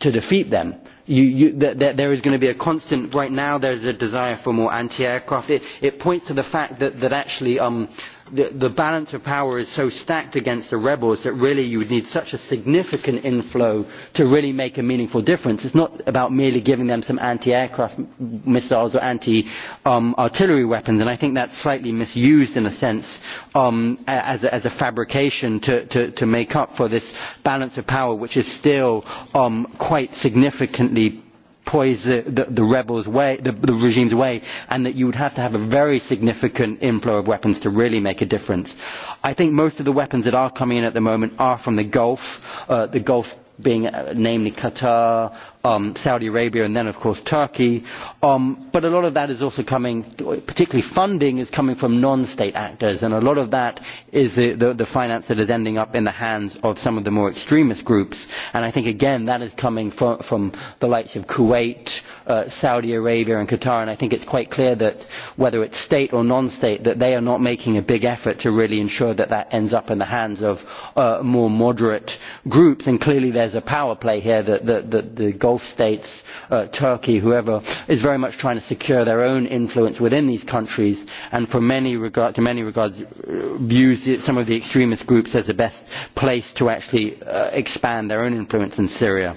to defeat them. You, you, th th there is going to be a constant, right now there is a desire for more anti-aircraft. It, it points to the fact that, that actually um, the, balance of power is so stacked against the rebels that really you would need such a significant inflow to really make a meaningful difference. it is not about merely giving them some anti-aircraft missiles or anti-artillery um, weapons, and I think that is slightly misused in a sense um, as, a, as a fabrication to, to, to make up for this balance of power, which is still um, quite significantly poise the, the rebels' way, the, the regime's way, and that you would have to have a very significant inflow of weapons to really make a difference. I think most of the weapons that are coming in at the moment are from the Gulf, uh, the Gulf being uh, namely Qatar, um, Saudi Arabia and then of course Turkey. Um, but a lot of that is also coming, particularly funding is coming from non-state actors and a lot of that is the, the, the finance that is ending up in the hands of some of the more extremist groups. And I think again that is coming from, from the likes of Kuwait, uh, Saudi Arabia and Qatar and I think it's quite clear that whether it's state or non-state that they are not making a big effort to really ensure that that ends up in the hands of uh, more moderate groups and clearly there's a power play here that, that, that the goal Gulf states, uh, Turkey, whoever, is very much trying to secure their own influence within these countries and for many regard, to many regards uh, views some of the extremist groups as the best place to actually uh, expand their own influence in Syria.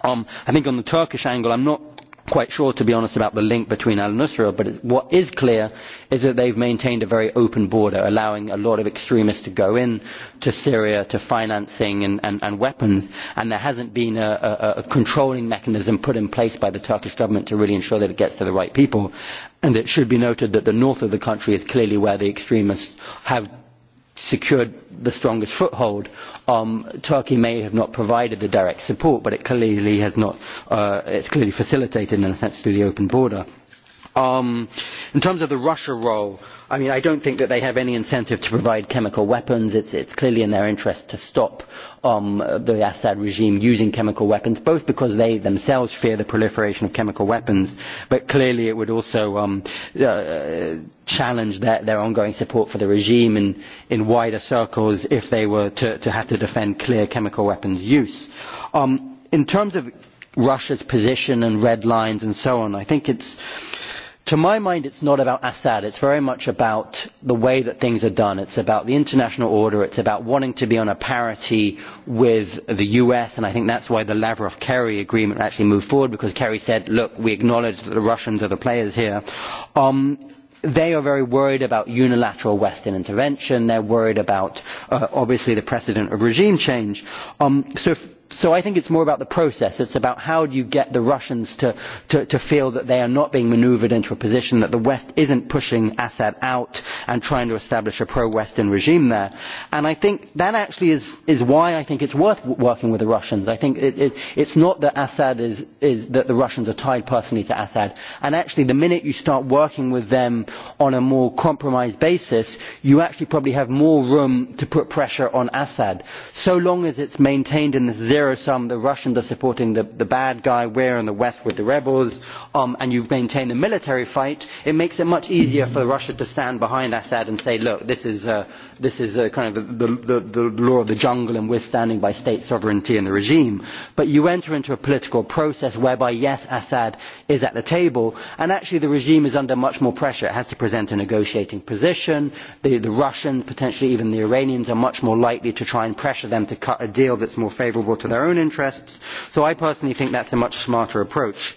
Um, I think on the Turkish angle, I'm not quite sure, to be honest, about the link between al Nusra, but what is clear is that they've maintained a very open border, allowing a lot of extremists to go in to Syria, to financing and, and, and weapons, and there hasn't been a, a, a controlling mechanism put in place by the Turkish government to really ensure that it gets to the right people. And it should be noted that the north of the country is clearly where the extremists have secured the strongest foothold. Um, Turkey may have not provided the direct support, but it clearly has not, uh, it's clearly facilitated in a sense through the open border Um, in terms of the Russia role, I mean, I don't think that they have any incentive to provide chemical weapons. It's, it's clearly in their interest to stop um, the Assad regime using chemical weapons, both because they themselves fear the proliferation of chemical weapons, but clearly it would also um, uh, challenge their, their ongoing support for the regime in, in wider circles if they were to, to have to defend clear chemical weapons use. Um, in terms of Russia's position and red lines and so on, I think it's to my mind it is not about assad it is very much about the way that things are done it is about the international order it is about wanting to be on a parity with the us and i think that is why the lavrov kerry agreement actually moved forward because kerry said look we acknowledge that the russians are the players here. Um, they are very worried about unilateral western intervention they are worried about uh, obviously the precedent of regime change. Um, so so i think it's more about the process It's about how do you get the russians to, to, to feel that they are not being maneuvered into a position that the west isn't pushing assad out and trying to establish a pro western regime there and i think that actually is, is why i think it's worth working with the russians i think it, it, it's not that assad is, is that the russians are tied personally to assad and actually the minute you start working with them on a more compromised basis you actually probably have more room to put pressure on assad so long as it's maintained in this there are some the russians are supporting the, bad guy we're in the west with the rebels um, and you maintain a military fight it makes it much easier for russia to stand behind assad and say look this is, uh, this is uh, kind of the, law of the jungle and we're standing by state sovereignty and the regime but you enter into a political process whereby yes assad is at the table and actually the regime is under much more pressure it has to present a negotiating position the, the russians potentially even the iranians are much more likely to try and pressure them to cut a deal that's more favourable to their own interests so i personally think that is a much smarter approach.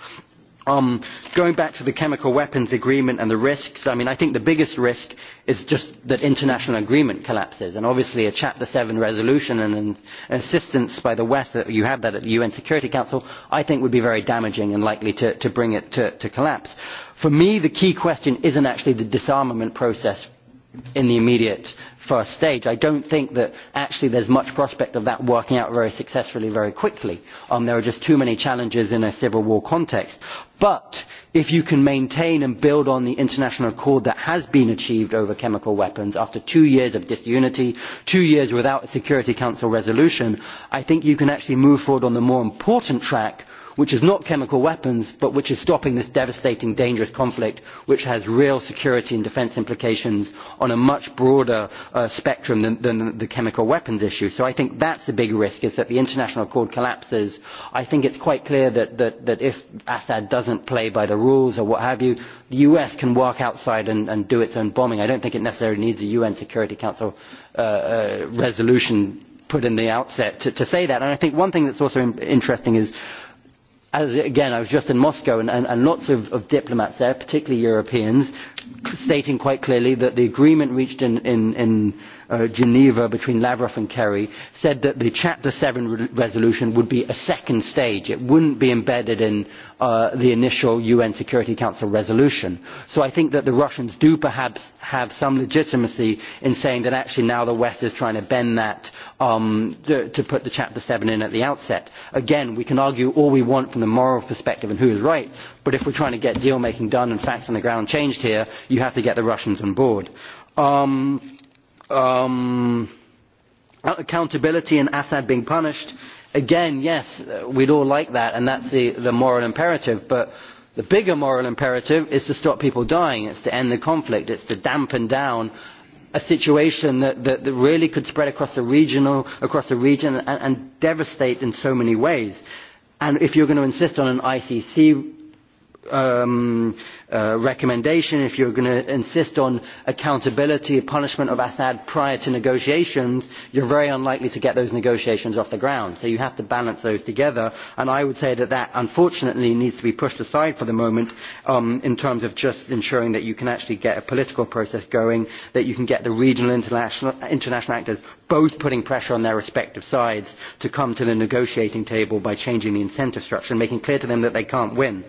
Um, going back to the chemical weapons agreement and the risks, I, mean, I think the biggest risk is just that international agreement collapses. And obviously a Chapter 7 resolution and an assistance by the West, that you have that at the UN Security Council, I think would be very damaging and likely to, to bring it to, to collapse. For me, the key question isn't actually the disarmament process in the immediate first stage, I don't think that actually there's much prospect of that working out very successfully very quickly. Um, there are just too many challenges in a civil war context. But if you can maintain and build on the international accord that has been achieved over chemical weapons after two years of disunity, two years without a Security Council resolution, I think you can actually move forward on the more important track which is not chemical weapons but which is stopping this devastating dangerous conflict which has real security and defence implications on a much broader uh, spectrum than, than the chemical weapons issue. so i think that is big risk is that the international accord collapses. i think it is quite clear that, that, that if assad does not play by the rules or what have you the us can walk outside and, and do its own bombing. i do not think it necessarily needs a un security council uh, uh, resolution put in the outset to, to say that. And I think one thing that's also in, interesting is as again, I was just in Moscow and, lots of, of diplomats there, particularly Europeans, stating quite clearly that the agreement reached in, in, in uh, Geneva between Lavrov and Kerry said that the Chapter 7 re resolution would be a second stage. It wouldn't be embedded in uh, the initial UN Security Council resolution. So I think that the Russians do perhaps have some legitimacy in saying that actually now the West is trying to bend that um, to, to put the Chapter 7 in at the outset. Again, we can argue all we want from the moral perspective and who is right, but if we are trying to get deal making done and facts on the ground changed here you have to get the russians on board. Um, um, accountability and assad being punished again yes we would all like that and that is the, the moral imperative but the bigger moral imperative is to stop people dying it is to end the conflict it is to dampen down a situation that, that, that really could spread across the, regional, across the region and, and devastate in so many ways. And if you are going to insist on an icc um, uh, recommendation, if you're going to insist on accountability, and punishment of Assad prior to negotiations, you're very unlikely to get those negotiations off the ground. So you have to balance those together. And I would say that that, unfortunately, needs to be pushed aside for the moment um, in terms of just ensuring that you can actually get a political process going, that you can get the regional international, international actors both putting pressure on their respective sides to come to the negotiating table by changing the incentive structure and making clear to them that they can't win.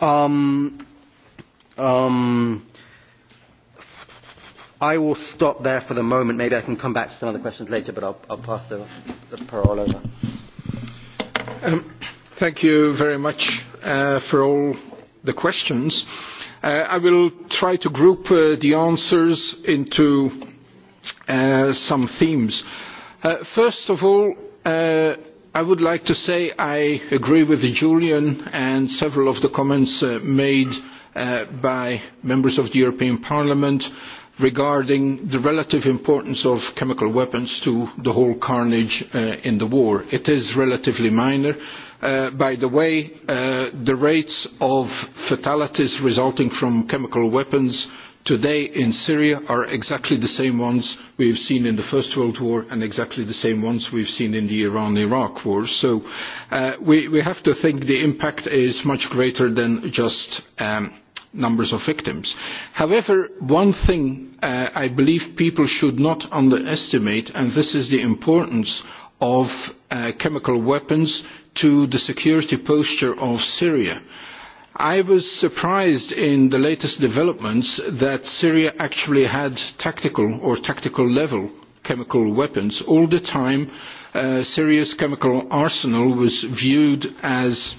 Um, um, I will stop there for the moment. Maybe I can come back to some other questions later, but I'll, I'll pass the, the parole over. Um, thank you very much uh, for all the questions. Uh, I will try to group uh, the answers into uh, some themes. Uh, first of all, uh, I would like to say I agree with Julian and several of the comments uh, made uh, by members of the European Parliament regarding the relative importance of chemical weapons to the whole carnage uh, in the war. It is relatively minor. Uh, by the way, uh, the rates of fatalities resulting from chemical weapons today in Syria are exactly the same ones we have seen in the First World War and exactly the same ones we have seen in the Iran-Iraq war. So uh, we, we, have to think the impact is much greater than just um, numbers of victims. However, one thing uh, I believe people should not underestimate, and this is the importance of uh, chemical weapons to the security posture of Syria. Uh, I was surprised in the latest developments that Syria actually had tactical or tactical level chemical weapons. All the time, uh, Syria's chemical arsenal was viewed as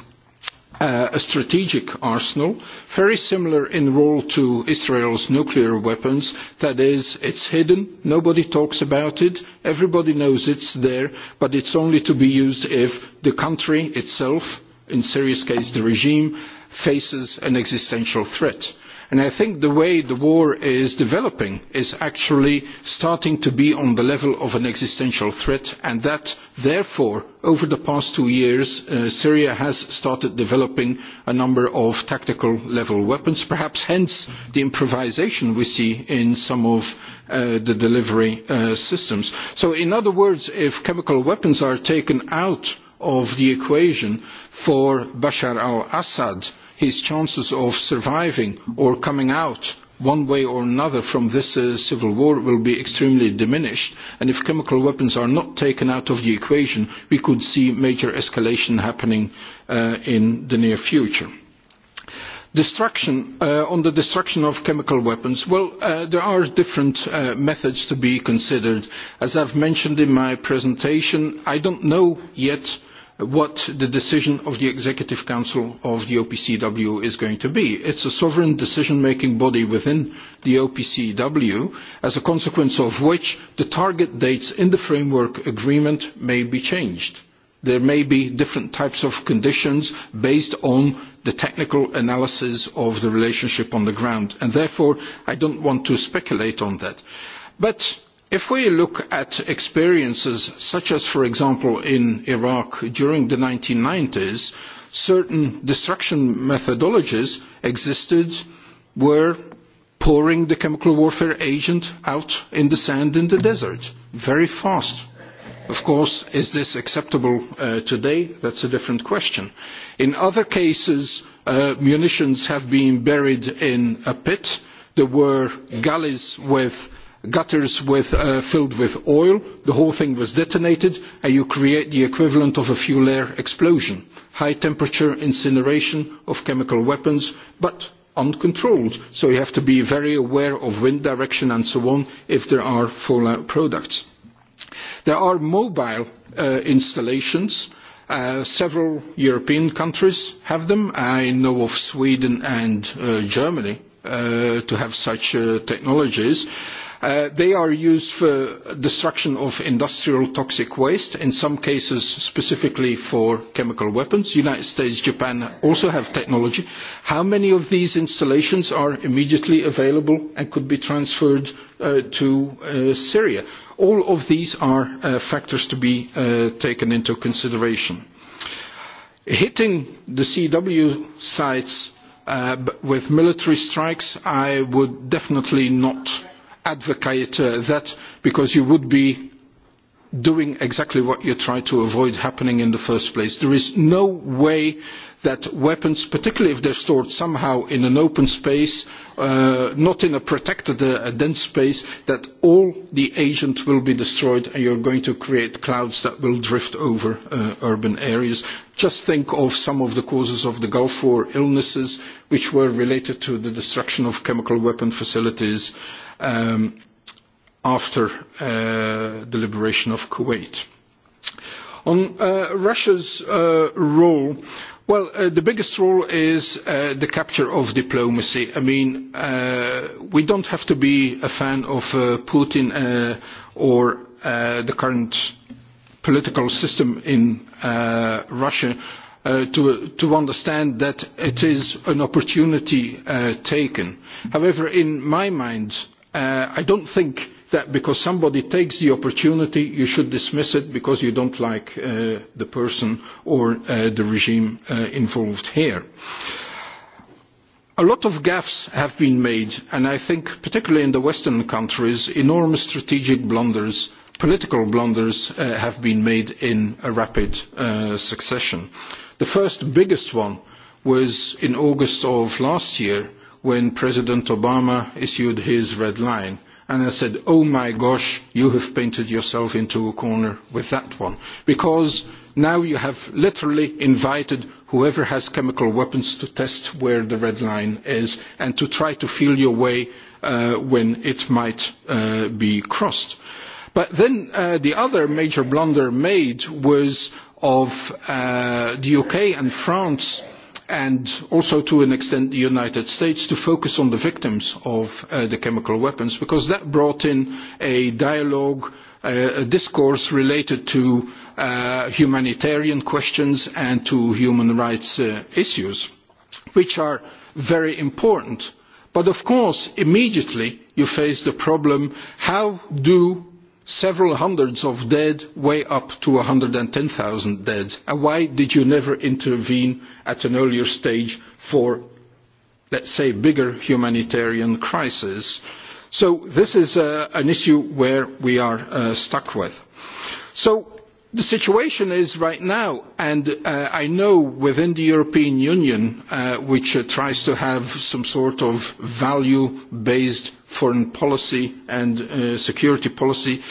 uh, a strategic arsenal, very similar in role to Israel's nuclear weapons. That is, it's hidden, nobody talks about it, everybody knows it's there, but it's only to be used if the country itself, in Syria's case the regime, faces an existential threat. And I think the way the war is developing is actually starting to be on the level of an existential threat and that therefore over the past two years uh, Syria has started developing a number of tactical level weapons, perhaps hence the improvisation we see in some of uh, the delivery uh, systems. So in other words, if chemical weapons are taken out of the equation for Bashar al-Assad, his chances of surviving or coming out one way or another from this uh, civil war will be extremely diminished. And if chemical weapons are not taken out of the equation, we could see major escalation happening uh, in the near future. Destruction, uh, on the destruction of chemical weapons, well, uh, there are different uh, methods to be considered. As I've mentioned in my presentation, I don't know yet what the decision of the Executive Council of the OPCW is going to be. It's a sovereign decision-making body within the OPCW, as a consequence of which the target dates in the framework agreement may be changed. There may be different types of conditions based on the technical analysis of the relationship on the ground, and therefore I don't want to speculate on that. But If we look at experiences such as, for example, in Iraq during the 1990s, certain destruction methodologies existed were pouring the chemical warfare agent out in the sand in the desert very fast. Of course, is this acceptable uh, today? That's a different question. In other cases, uh, munitions have been buried in a pit. There were gullies with gutters with, uh, filled with oil, the whole thing was detonated, and you create the equivalent of a fuel air explosion. High temperature incineration of chemical weapons, but uncontrolled. So you have to be very aware of wind direction and so on if there are fallout products. There are mobile uh, installations. Uh, several European countries have them. I know of Sweden and uh, Germany uh, to have such uh, technologies. Uh, Uh, they are used for destruction of industrial toxic waste, in some cases specifically for chemical weapons. United States, Japan also have technology. How many of these installations are immediately available and could be transferred uh, to uh, Syria? All of these are uh, factors to be uh, taken into consideration. Hitting the CW sites uh, with military strikes, I would definitely not advocate uh, that because you would be doing exactly what you try to avoid happening in the first place. There is no way that weapons, particularly if they're stored somehow in an open space, uh, not in a protected, uh, dense space, that all the agent will be destroyed and you're going to create clouds that will drift over uh, urban areas. Just think of some of the causes of the Gulf War illnesses, which were related to the destruction of chemical weapon facilities, um, after uh, the liberation of Kuwait. On uh, Russia's uh, role, well, uh, the biggest role is uh, the capture of diplomacy. I mean, uh, we don't have to be a fan of uh, Putin uh, or uh, the current political system in uh, Russia Uh, to, to understand that it is an opportunity uh, taken. However, in my mind, uh, I don't think that because somebody takes the opportunity, you should dismiss it because you don't like uh, the person or uh, the regime uh, involved here. A lot of gaffes have been made, and I think particularly in the Western countries, enormous strategic blunders, political blunders uh, have been made in a rapid uh, succession. The first biggest one was in August of last year when President Obama issued his red line and I said, oh my gosh, you have painted yourself into a corner with that one. Because now you have literally invited whoever has chemical weapons to test where the red line is and to try to feel your way uh, when it might uh, be crossed. But then uh, the other major blunder made was of uh, the UK and France and also to an extent the United States to focus on the victims of uh, the chemical weapons because that brought in a dialogue, uh, a discourse related to uh, humanitarian questions and to human rights uh, issues, which are very important. But of course, immediately you face the problem, how do several hundreds of dead way up to 110,000 dead? And why did you never intervene at an earlier stage for, let's say, bigger humanitarian crisis? So this is uh, an issue where we are uh, stuck with. So the situation is right now, and uh, I know within the European Union, uh, which uh, tries to have some sort of value-based foreign policy and uh, security policy,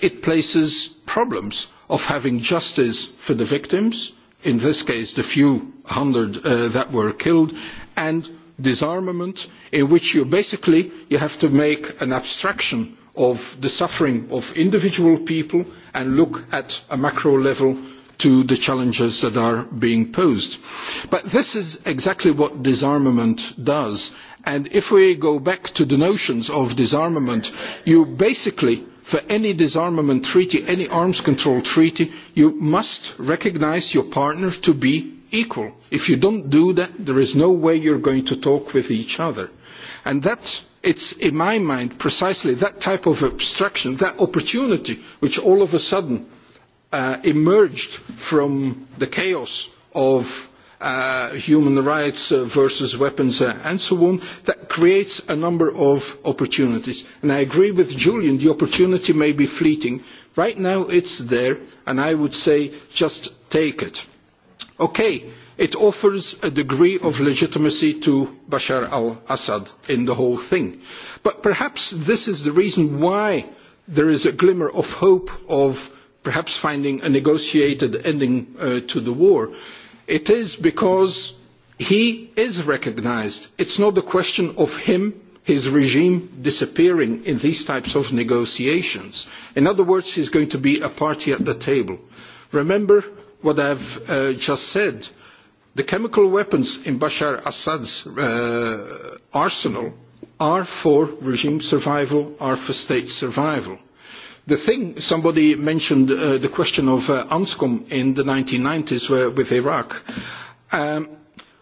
it places problems of having justice for the victims, in this case the few hundred uh, that were killed, and disarmament, in which you basically you have to make an abstraction of the suffering of individual people and look at a macro level to the challenges that are being posed. But this is exactly what disarmament does. And if we go back to the notions of disarmament, you basically, for any disarmament treaty, any arms control treaty, you must recognise your partner to be equal. If you don't do that, there is no way you're going to talk with each other. And that it's in my mind precisely that type of obstruction, that opportunity which all of a sudden uh, emerged from the chaos of uh, human rights uh, versus weapons uh, and so on, that creates a number of opportunities. And I agree with Julian, the opportunity may be fleeting. Right now it's there, and I would say just take it. Okay It offers a degree of legitimacy to Bashar al-Assad in the whole thing. But perhaps this is the reason why there is a glimmer of hope of perhaps finding a negotiated ending uh, to the war. It is because he is recognised. It's not a question of him, his regime disappearing in these types of negotiations. In other words, he's going to be a party at the table. Remember what I've uh, just said the chemical weapons in bashar assad's uh, arsenal are for regime survival, are for state survival. The thing, somebody mentioned uh, the question of uh, in the 1990s where, uh, with Iraq. Um,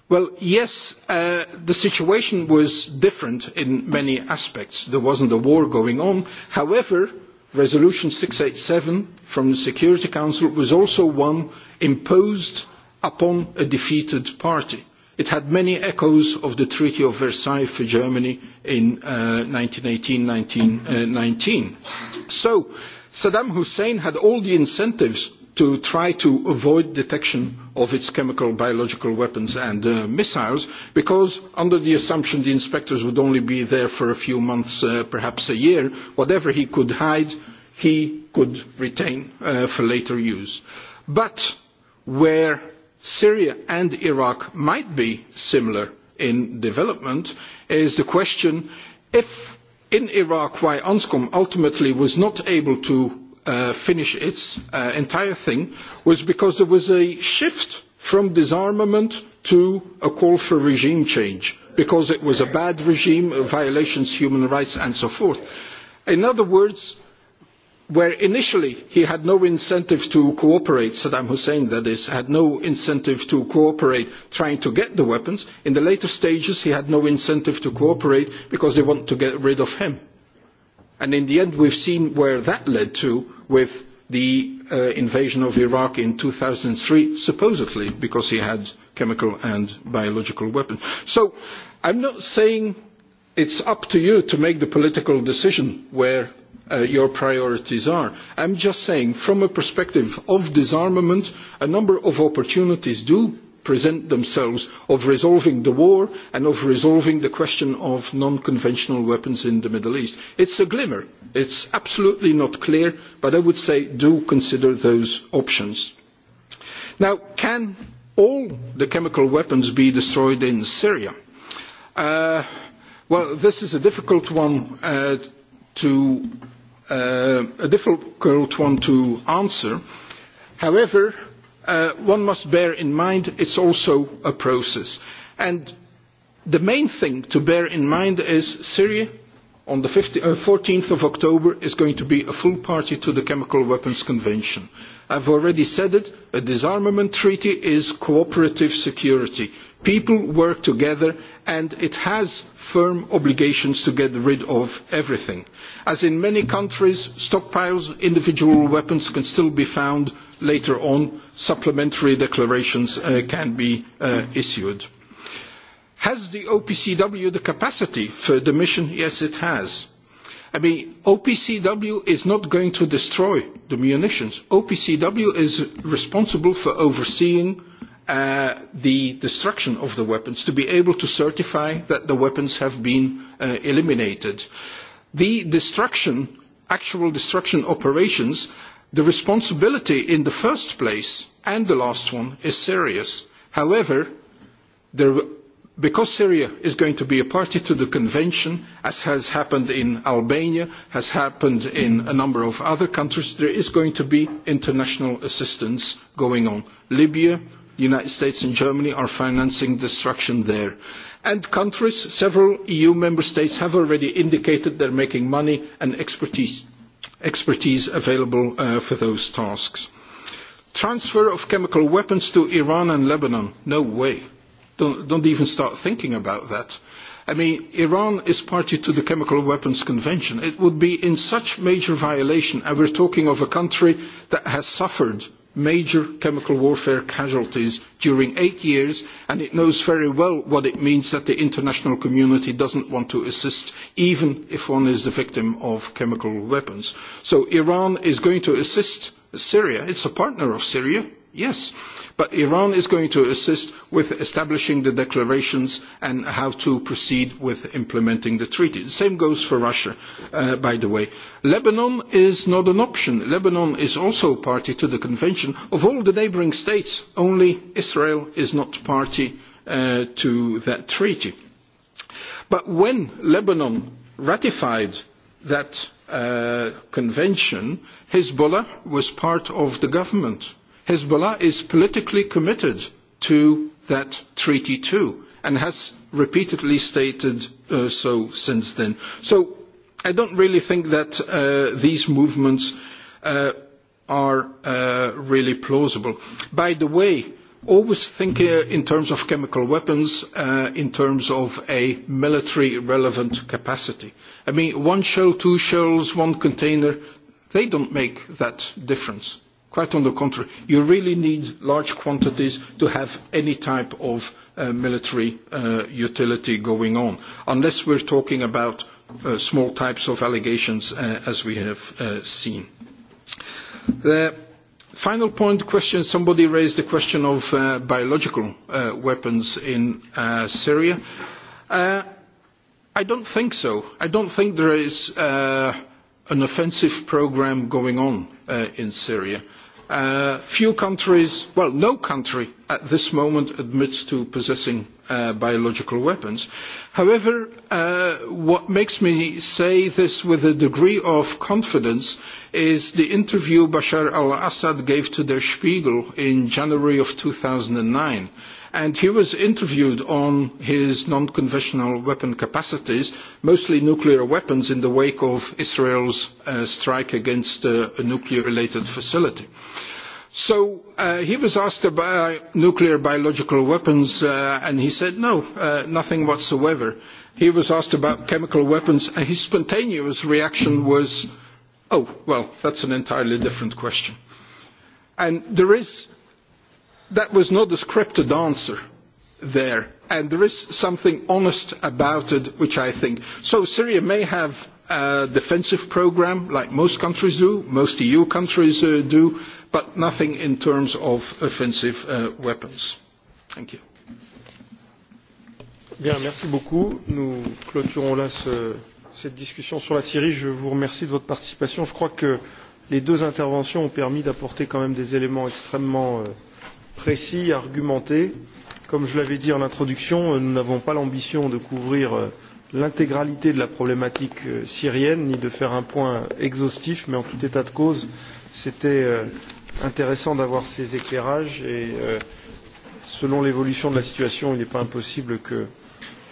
well, yes, uh, the situation was different in many aspects. There wasn't a war going on. However, Resolution 687 from the Security Council was also one imposed upon a defeated party. It had many echoes of the Treaty of Versailles for Germany in 1918-1919. Uh, so Saddam Hussein had all the incentives to try to avoid detection of its chemical, biological weapons and uh, missiles, because under the assumption the inspectors would only be there for a few months, uh, perhaps a year, whatever he could hide, he could retain uh, for later use. But where Syria and Iraq might be similar in development is the question if in Iraq why ONSCOM ultimately was not able to uh, finish its uh, entire thing was because there was a shift from disarmament to a call for regime change because it was a bad regime, violations human rights and so forth. In other words, where initially he had no incentive to cooperate, Saddam Hussein that is, had no incentive to cooperate trying to get the weapons, in the later stages he had no incentive to cooperate because they want to get rid of him. And in the end we've seen where that led to with the uh, invasion of Iraq in 2003, supposedly because he had chemical and biological weapons. So I'm not saying it's up to you to make the political decision where uh, your priorities are. I'm just saying, from a perspective of disarmament, a number of opportunities do present themselves of resolving the war and of resolving the question of non-conventional weapons in the Middle East. It's a glimmer. It's absolutely not clear, but I would say do consider those options. Now, can all the chemical weapons be destroyed in Syria? Uh, well, this is a difficult one uh, to uh, a difficult one to answer. However, uh, one must bear in mind it's also a process. And the main thing to bear in mind is Syria on the 15, uh, 14th of October is going to be a full party to the Chemical Weapons Convention. I've already said it, a disarmament treaty is cooperative security people work together and it has firm obligations to get rid of everything. as in many countries stockpiles of individual weapons can still be found later on supplementary declarations uh, can be uh, issued. has the opcw the capacity for the mission? yes it has. I mean, OPCW is not going to destroy the munitions. OPCW is responsible for overseeing uh, the destruction of the weapons to be able to certify that the weapons have been uh, eliminated. The destruction, actual destruction operations, the responsibility in the first place and the last one is serious. However, there, because Syria is going to be a party to the convention, as has happened in Albania, has happened in a number of other countries, there is going to be international assistance going on. Libya, United States and Germany are financing destruction there. And countries, several EU member states have already indicated they're making money and expertise, expertise available uh, for those tasks. Transfer of chemical weapons to Iran and Lebanon. No way. Don't, don't even start thinking about that. I mean, Iran is party to the Chemical Weapons Convention. It would be in such major violation, and we're talking of a country that has suffered major chemical warfare casualties during eight years and it knows very well what it means that the international community does not want to assist even if one is the victim of chemical weapons. So Iran is going to assist Syria. It's a partner of Syria Yes, but Iran is going to assist with establishing the declarations and how to proceed with implementing the treaty. The same goes for Russia, uh, by the way. Lebanon is not an option. Lebanon is also party to the convention. Of all the neighbouring states, only Israel is not party uh, to that treaty. But when Lebanon ratified that uh, convention, Hezbollah was part of the government Hezbollah is politically committed to that treaty too and has repeatedly stated uh, so since then. So I don't really think that uh, these movements uh, are uh, really plausible. By the way, always think uh, in terms of chemical weapons, uh, in terms of a military relevant capacity. I mean, one shell, two shells, one container, they don't make that difference. Quite on the contrary, you really need large quantities to have any type of uh, military uh, utility going on, unless we're talking about uh, small types of allegations uh, as we have uh, seen. The final point question, somebody raised the question of uh, biological uh, weapons in uh, Syria. Uh, I don't think so. I don't think there is uh, an offensive program going on uh, in Syria. Uh, few countries, well, no country at this moment admits to possessing uh, biological weapons. However, uh, what makes me say this with a degree of confidence is the interview Bashar al-Assad gave to Der Spiegel in January of 2009. And he was interviewed on his non-conventional weapon capacities, mostly nuclear weapons in the wake of Israel's uh, strike against uh, a nuclear-related facility. Uh, So uh, he was asked about nuclear biological weapons, uh, and he said no, uh, nothing whatsoever. He was asked about chemical weapons, and his spontaneous reaction was, oh, well, that's an entirely different question. And there is, that was not a scripted answer there. And there is something honest about it, which I think. So Syria may have a defensive program, like most countries do, most EU countries uh, do but nothing in terms of offensive uh, weapons. Thank you. Bien, merci beaucoup. Nous clôturons là ce, cette discussion sur la Syrie. Je vous remercie de votre participation. Je crois que les deux interventions ont permis d'apporter quand même des éléments extrêmement euh, précis, argumentés. Comme je l'avais dit en introduction, euh, nous n'avons pas l'ambition de couvrir euh, l'intégralité de la problématique syrienne ni de faire un point exhaustif mais en tout état de cause c'était intéressant d'avoir ces éclairages et euh, selon l'évolution de la situation, il n'est pas impossible que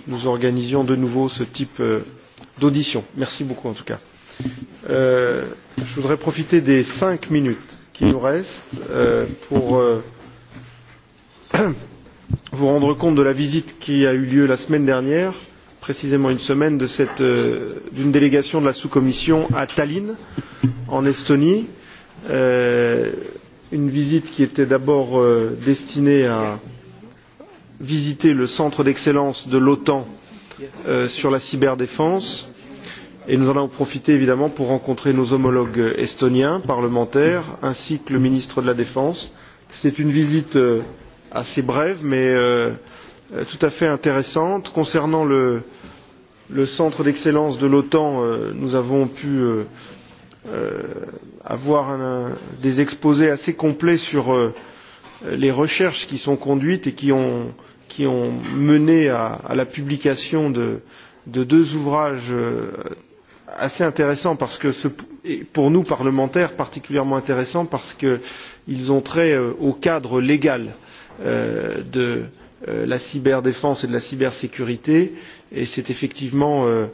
nous organisions de nouveau ce type euh, d'audition. Merci beaucoup en tout cas. Euh, je voudrais profiter des cinq minutes qui nous restent euh, pour euh, vous rendre compte de la visite qui a eu lieu la semaine dernière, précisément une semaine, euh, d'une euh, délégation de la sous-commission à Tallinn, en Estonie. Euh, euh, une visite qui était d'abord euh, destinée à visiter le centre d'excellence de l'OTAN euh, sur la cyberdéfense et nous en avons profité évidemment pour rencontrer nos homologues estoniens parlementaires ainsi que le ministre de la défense. c'est une visite euh, assez brève mais euh, euh tout à fait intéressante. concernant le, le centre d'excellence de l'otan euh, nous avons pu euh, euh, avoir un, des exposés assez complets sur euh, les recherches qui sont conduites et qui ont, qui ont mené à, à la publication de, de deux ouvrages euh, assez intéressants parce que ce, pour nous parlementaires particulièrement intéressants parce qu'ils ont trait euh, au cadre légal euh, de euh, la cyberdéfense et de la cybersécurité et c'est effectivement euh,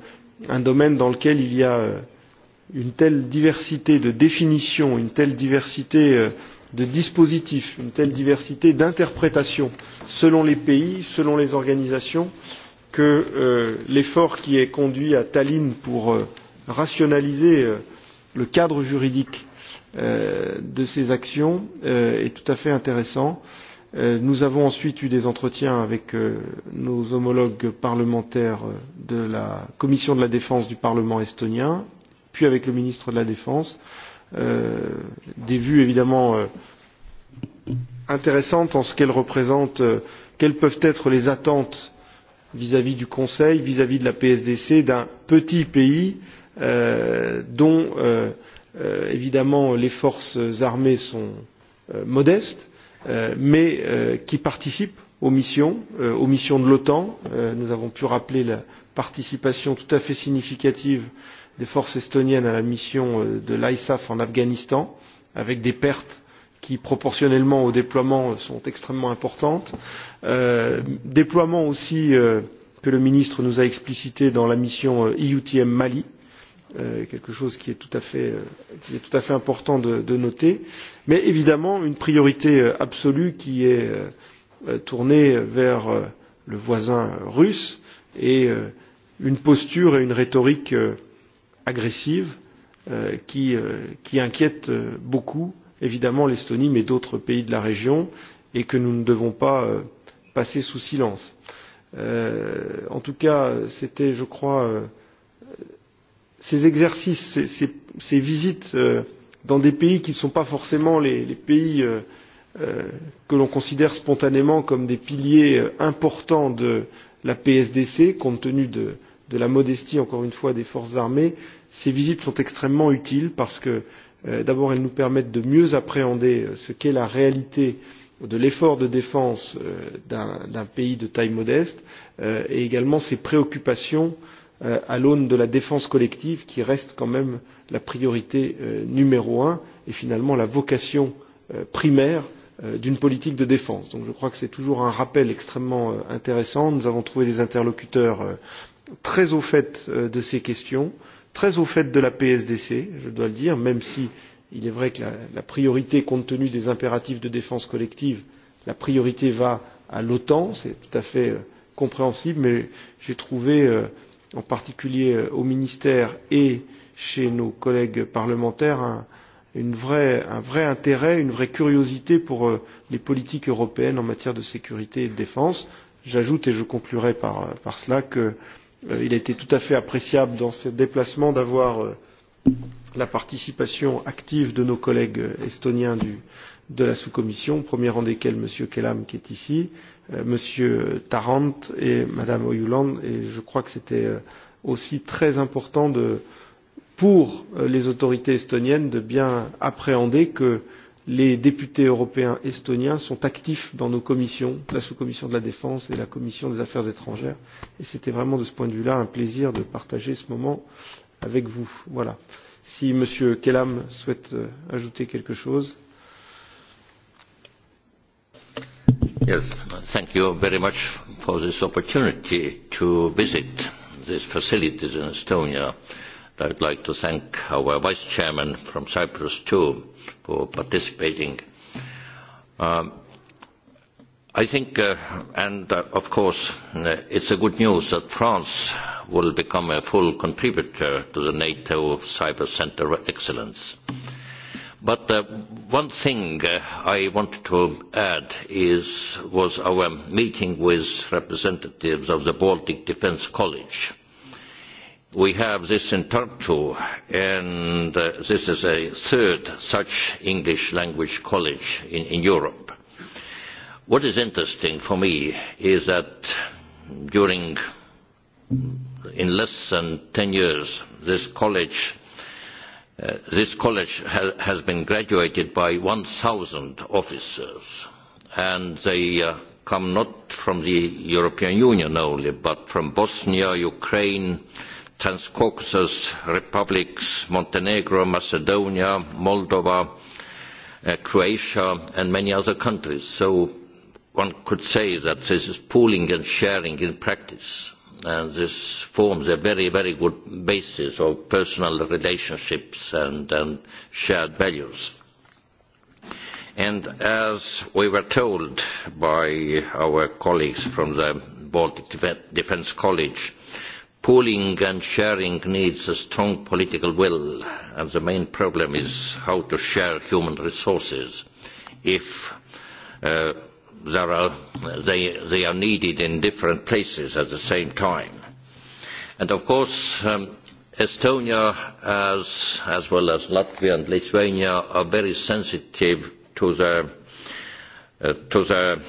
un domaine dans lequel il y a euh, une telle diversité de définitions, une telle diversité euh, de dispositifs, une telle diversité d'interprétations selon les pays, selon les organisations, que euh, l'effort qui est conduit à Tallinn pour euh, rationaliser euh, le cadre juridique euh, de ces actions euh, est tout à fait intéressant. Euh, nous avons ensuite eu des entretiens avec euh, nos homologues parlementaires euh, de la Commission de la défense du Parlement estonien puis avec le ministre de la Défense. Euh, des vues évidemment euh, intéressantes en ce qu'elles représentent, euh, quelles peuvent être les attentes vis-à-vis -vis du Conseil, vis-à-vis -vis de la PSDC, d'un petit pays euh, dont euh, euh, évidemment les forces armées sont euh, modestes, euh, mais euh, qui participent aux missions, euh, aux missions de l'OTAN. Euh, nous avons pu rappeler la participation tout à fait significative euh, des forces estoniennes à la mission euh, de l'ISAF en Afghanistan, avec des pertes qui, proportionnellement au déploiement, sont extrêmement importantes. Euh, déploiement aussi euh, que le ministre nous a explicité dans la mission EUTM e Mali, euh, quelque chose qui est tout à fait, euh, qui est tout à fait important de, de noter, mais évidemment une priorité euh, absolue qui est euh, euh, tournée vers euh, le voisin russe et euh, une posture et une rhétorique euh, agressive euh, qui, euh, qui inquiète euh, beaucoup évidemment l'Estonie mais d'autres pays de la région et que nous ne devons pas euh, passer sous silence. Euh, en tout cas, c'était, je crois, euh, ces exercices, ces, ces, ces visites euh, dans des pays qui ne sont pas forcément les, les pays euh, euh, que l'on considère spontanément comme des piliers euh, importants de la PSDC, compte tenu de, de la modestie, encore une fois, des forces armées, ces visites sont extrêmement utiles parce que, euh, d'abord, elles nous permettent de mieux appréhender euh, ce qu'est la réalité de l'effort de défense euh, d'un pays de taille modeste et également ses préoccupations à l'aune de la défense collective qui reste quand même la priorité numéro un et finalement la vocation primaire d'une politique de défense. Donc je crois que c'est toujours un rappel extrêmement intéressant. Nous avons trouvé des interlocuteurs très au fait euh, de ces questions, très au fait de la PSDC, je dois le dire, même si il est vrai que la, la priorité, compte tenu des impératifs de défense collective, la priorité va à l'OTAN, c'est tout à fait euh, compréhensible, mais j'ai trouvé, euh, en particulier euh, au ministère et chez nos collègues parlementaires, un, une vraie, un vrai intérêt, une vraie curiosité pour euh, les politiques européennes en matière de sécurité et de défense. J'ajoute, et je conclurai par, euh, par cela, que euh, Euh, il a été tout à fait appréciable dans ses déplacements d'avoir euh, la participation active de nos collègues euh, estoniens du, de la sous-commission, au premier rang desquels M. Kellam qui est ici, M. Tarant et Mme Oyuland. Et je crois que c'était aussi très important de, pour les autorités estoniennes de bien appréhender que euh, les députés européens estoniens sont actifs dans nos commissions, la sous-commission de la défense et la commission des affaires étrangères. Et c'était vraiment de ce point de vue-là un plaisir de partager ce moment avec vous. Voilà. Si M. Kellam souhaite euh, ajouter quelque chose. Yes, thank you very much for this opportunity to visit these facilities in Estonia. I'd like to thank our vice chairman from Cyprus too for participating. Um, I think, uh, and uh, of course, uh, it's a good news that France will become a full contributor to the NATO Cyber Centre of Excellence. But uh, one thing uh, I wanted to add is, was our meeting with representatives of the Baltic Defence College we have this in Tartu, and uh, this is a third such English language college in, in Europe. What is interesting for me is that during, in less than 10 years, this college, uh, this college ha has been graduated by 1,000 officers, and they uh, come not from the European Union only, but from Bosnia, Ukraine, uh, Transcaucasus republics, Montenegro, Macedonia, Moldova, uh, Croatia, and many other countries. So one could say that this is pooling and sharing in practice. And this forms a very, very good basis of personal relationships and, and shared values. And as we were told by our colleagues from the Baltic Defence College, pooling and sharing needs a strong political will and the main problem is how to share human resources if uh, there are, they, they are needed in different places at the same time. And of course um, Estonia as, as well as Latvia and Lithuania are very sensitive to the, uh, to the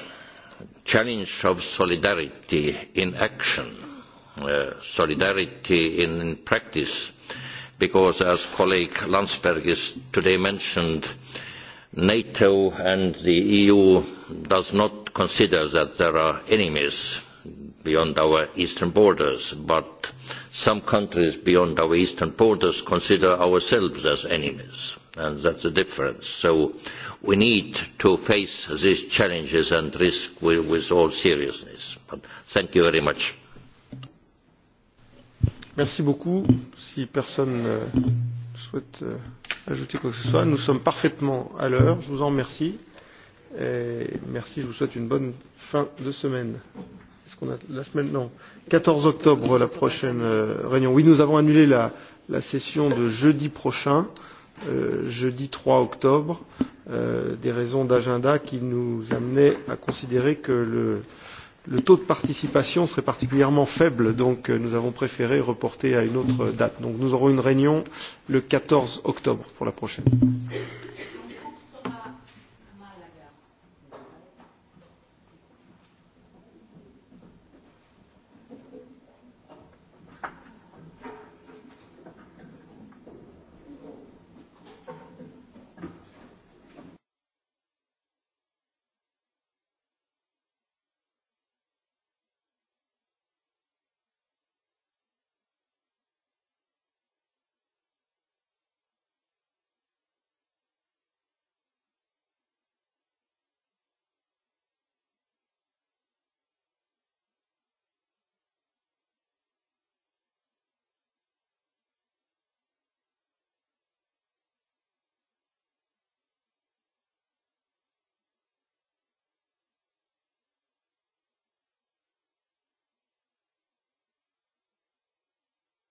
challenge of solidarity in action Uh, solidarity in, practice because as colleague Landsbergis today mentioned, NATO and the EU does not consider that there are enemies beyond our eastern borders, but some countries beyond our eastern borders consider ourselves as enemies, and that's the difference. So we need to face these challenges and risks with, with all seriousness. But thank you very much. Merci beaucoup. Si personne ne euh, souhaite euh, ajouter quoi que ce soit, nous sommes parfaitement à l'heure. Je vous en remercie. Et merci, je vous souhaite une bonne fin de semaine. Est-ce qu'on a la semaine Non. 14 octobre, la prochaine euh, réunion. Oui, nous avons annulé la, la session de jeudi prochain, euh, jeudi 3 octobre, euh, des raisons d'agenda qui nous amenaient à considérer que le le taux de participation serait particulièrement faible, donc euh, nous avons préféré reporter à une autre date. Donc nous aurons une réunion le 14 octobre pour la prochaine.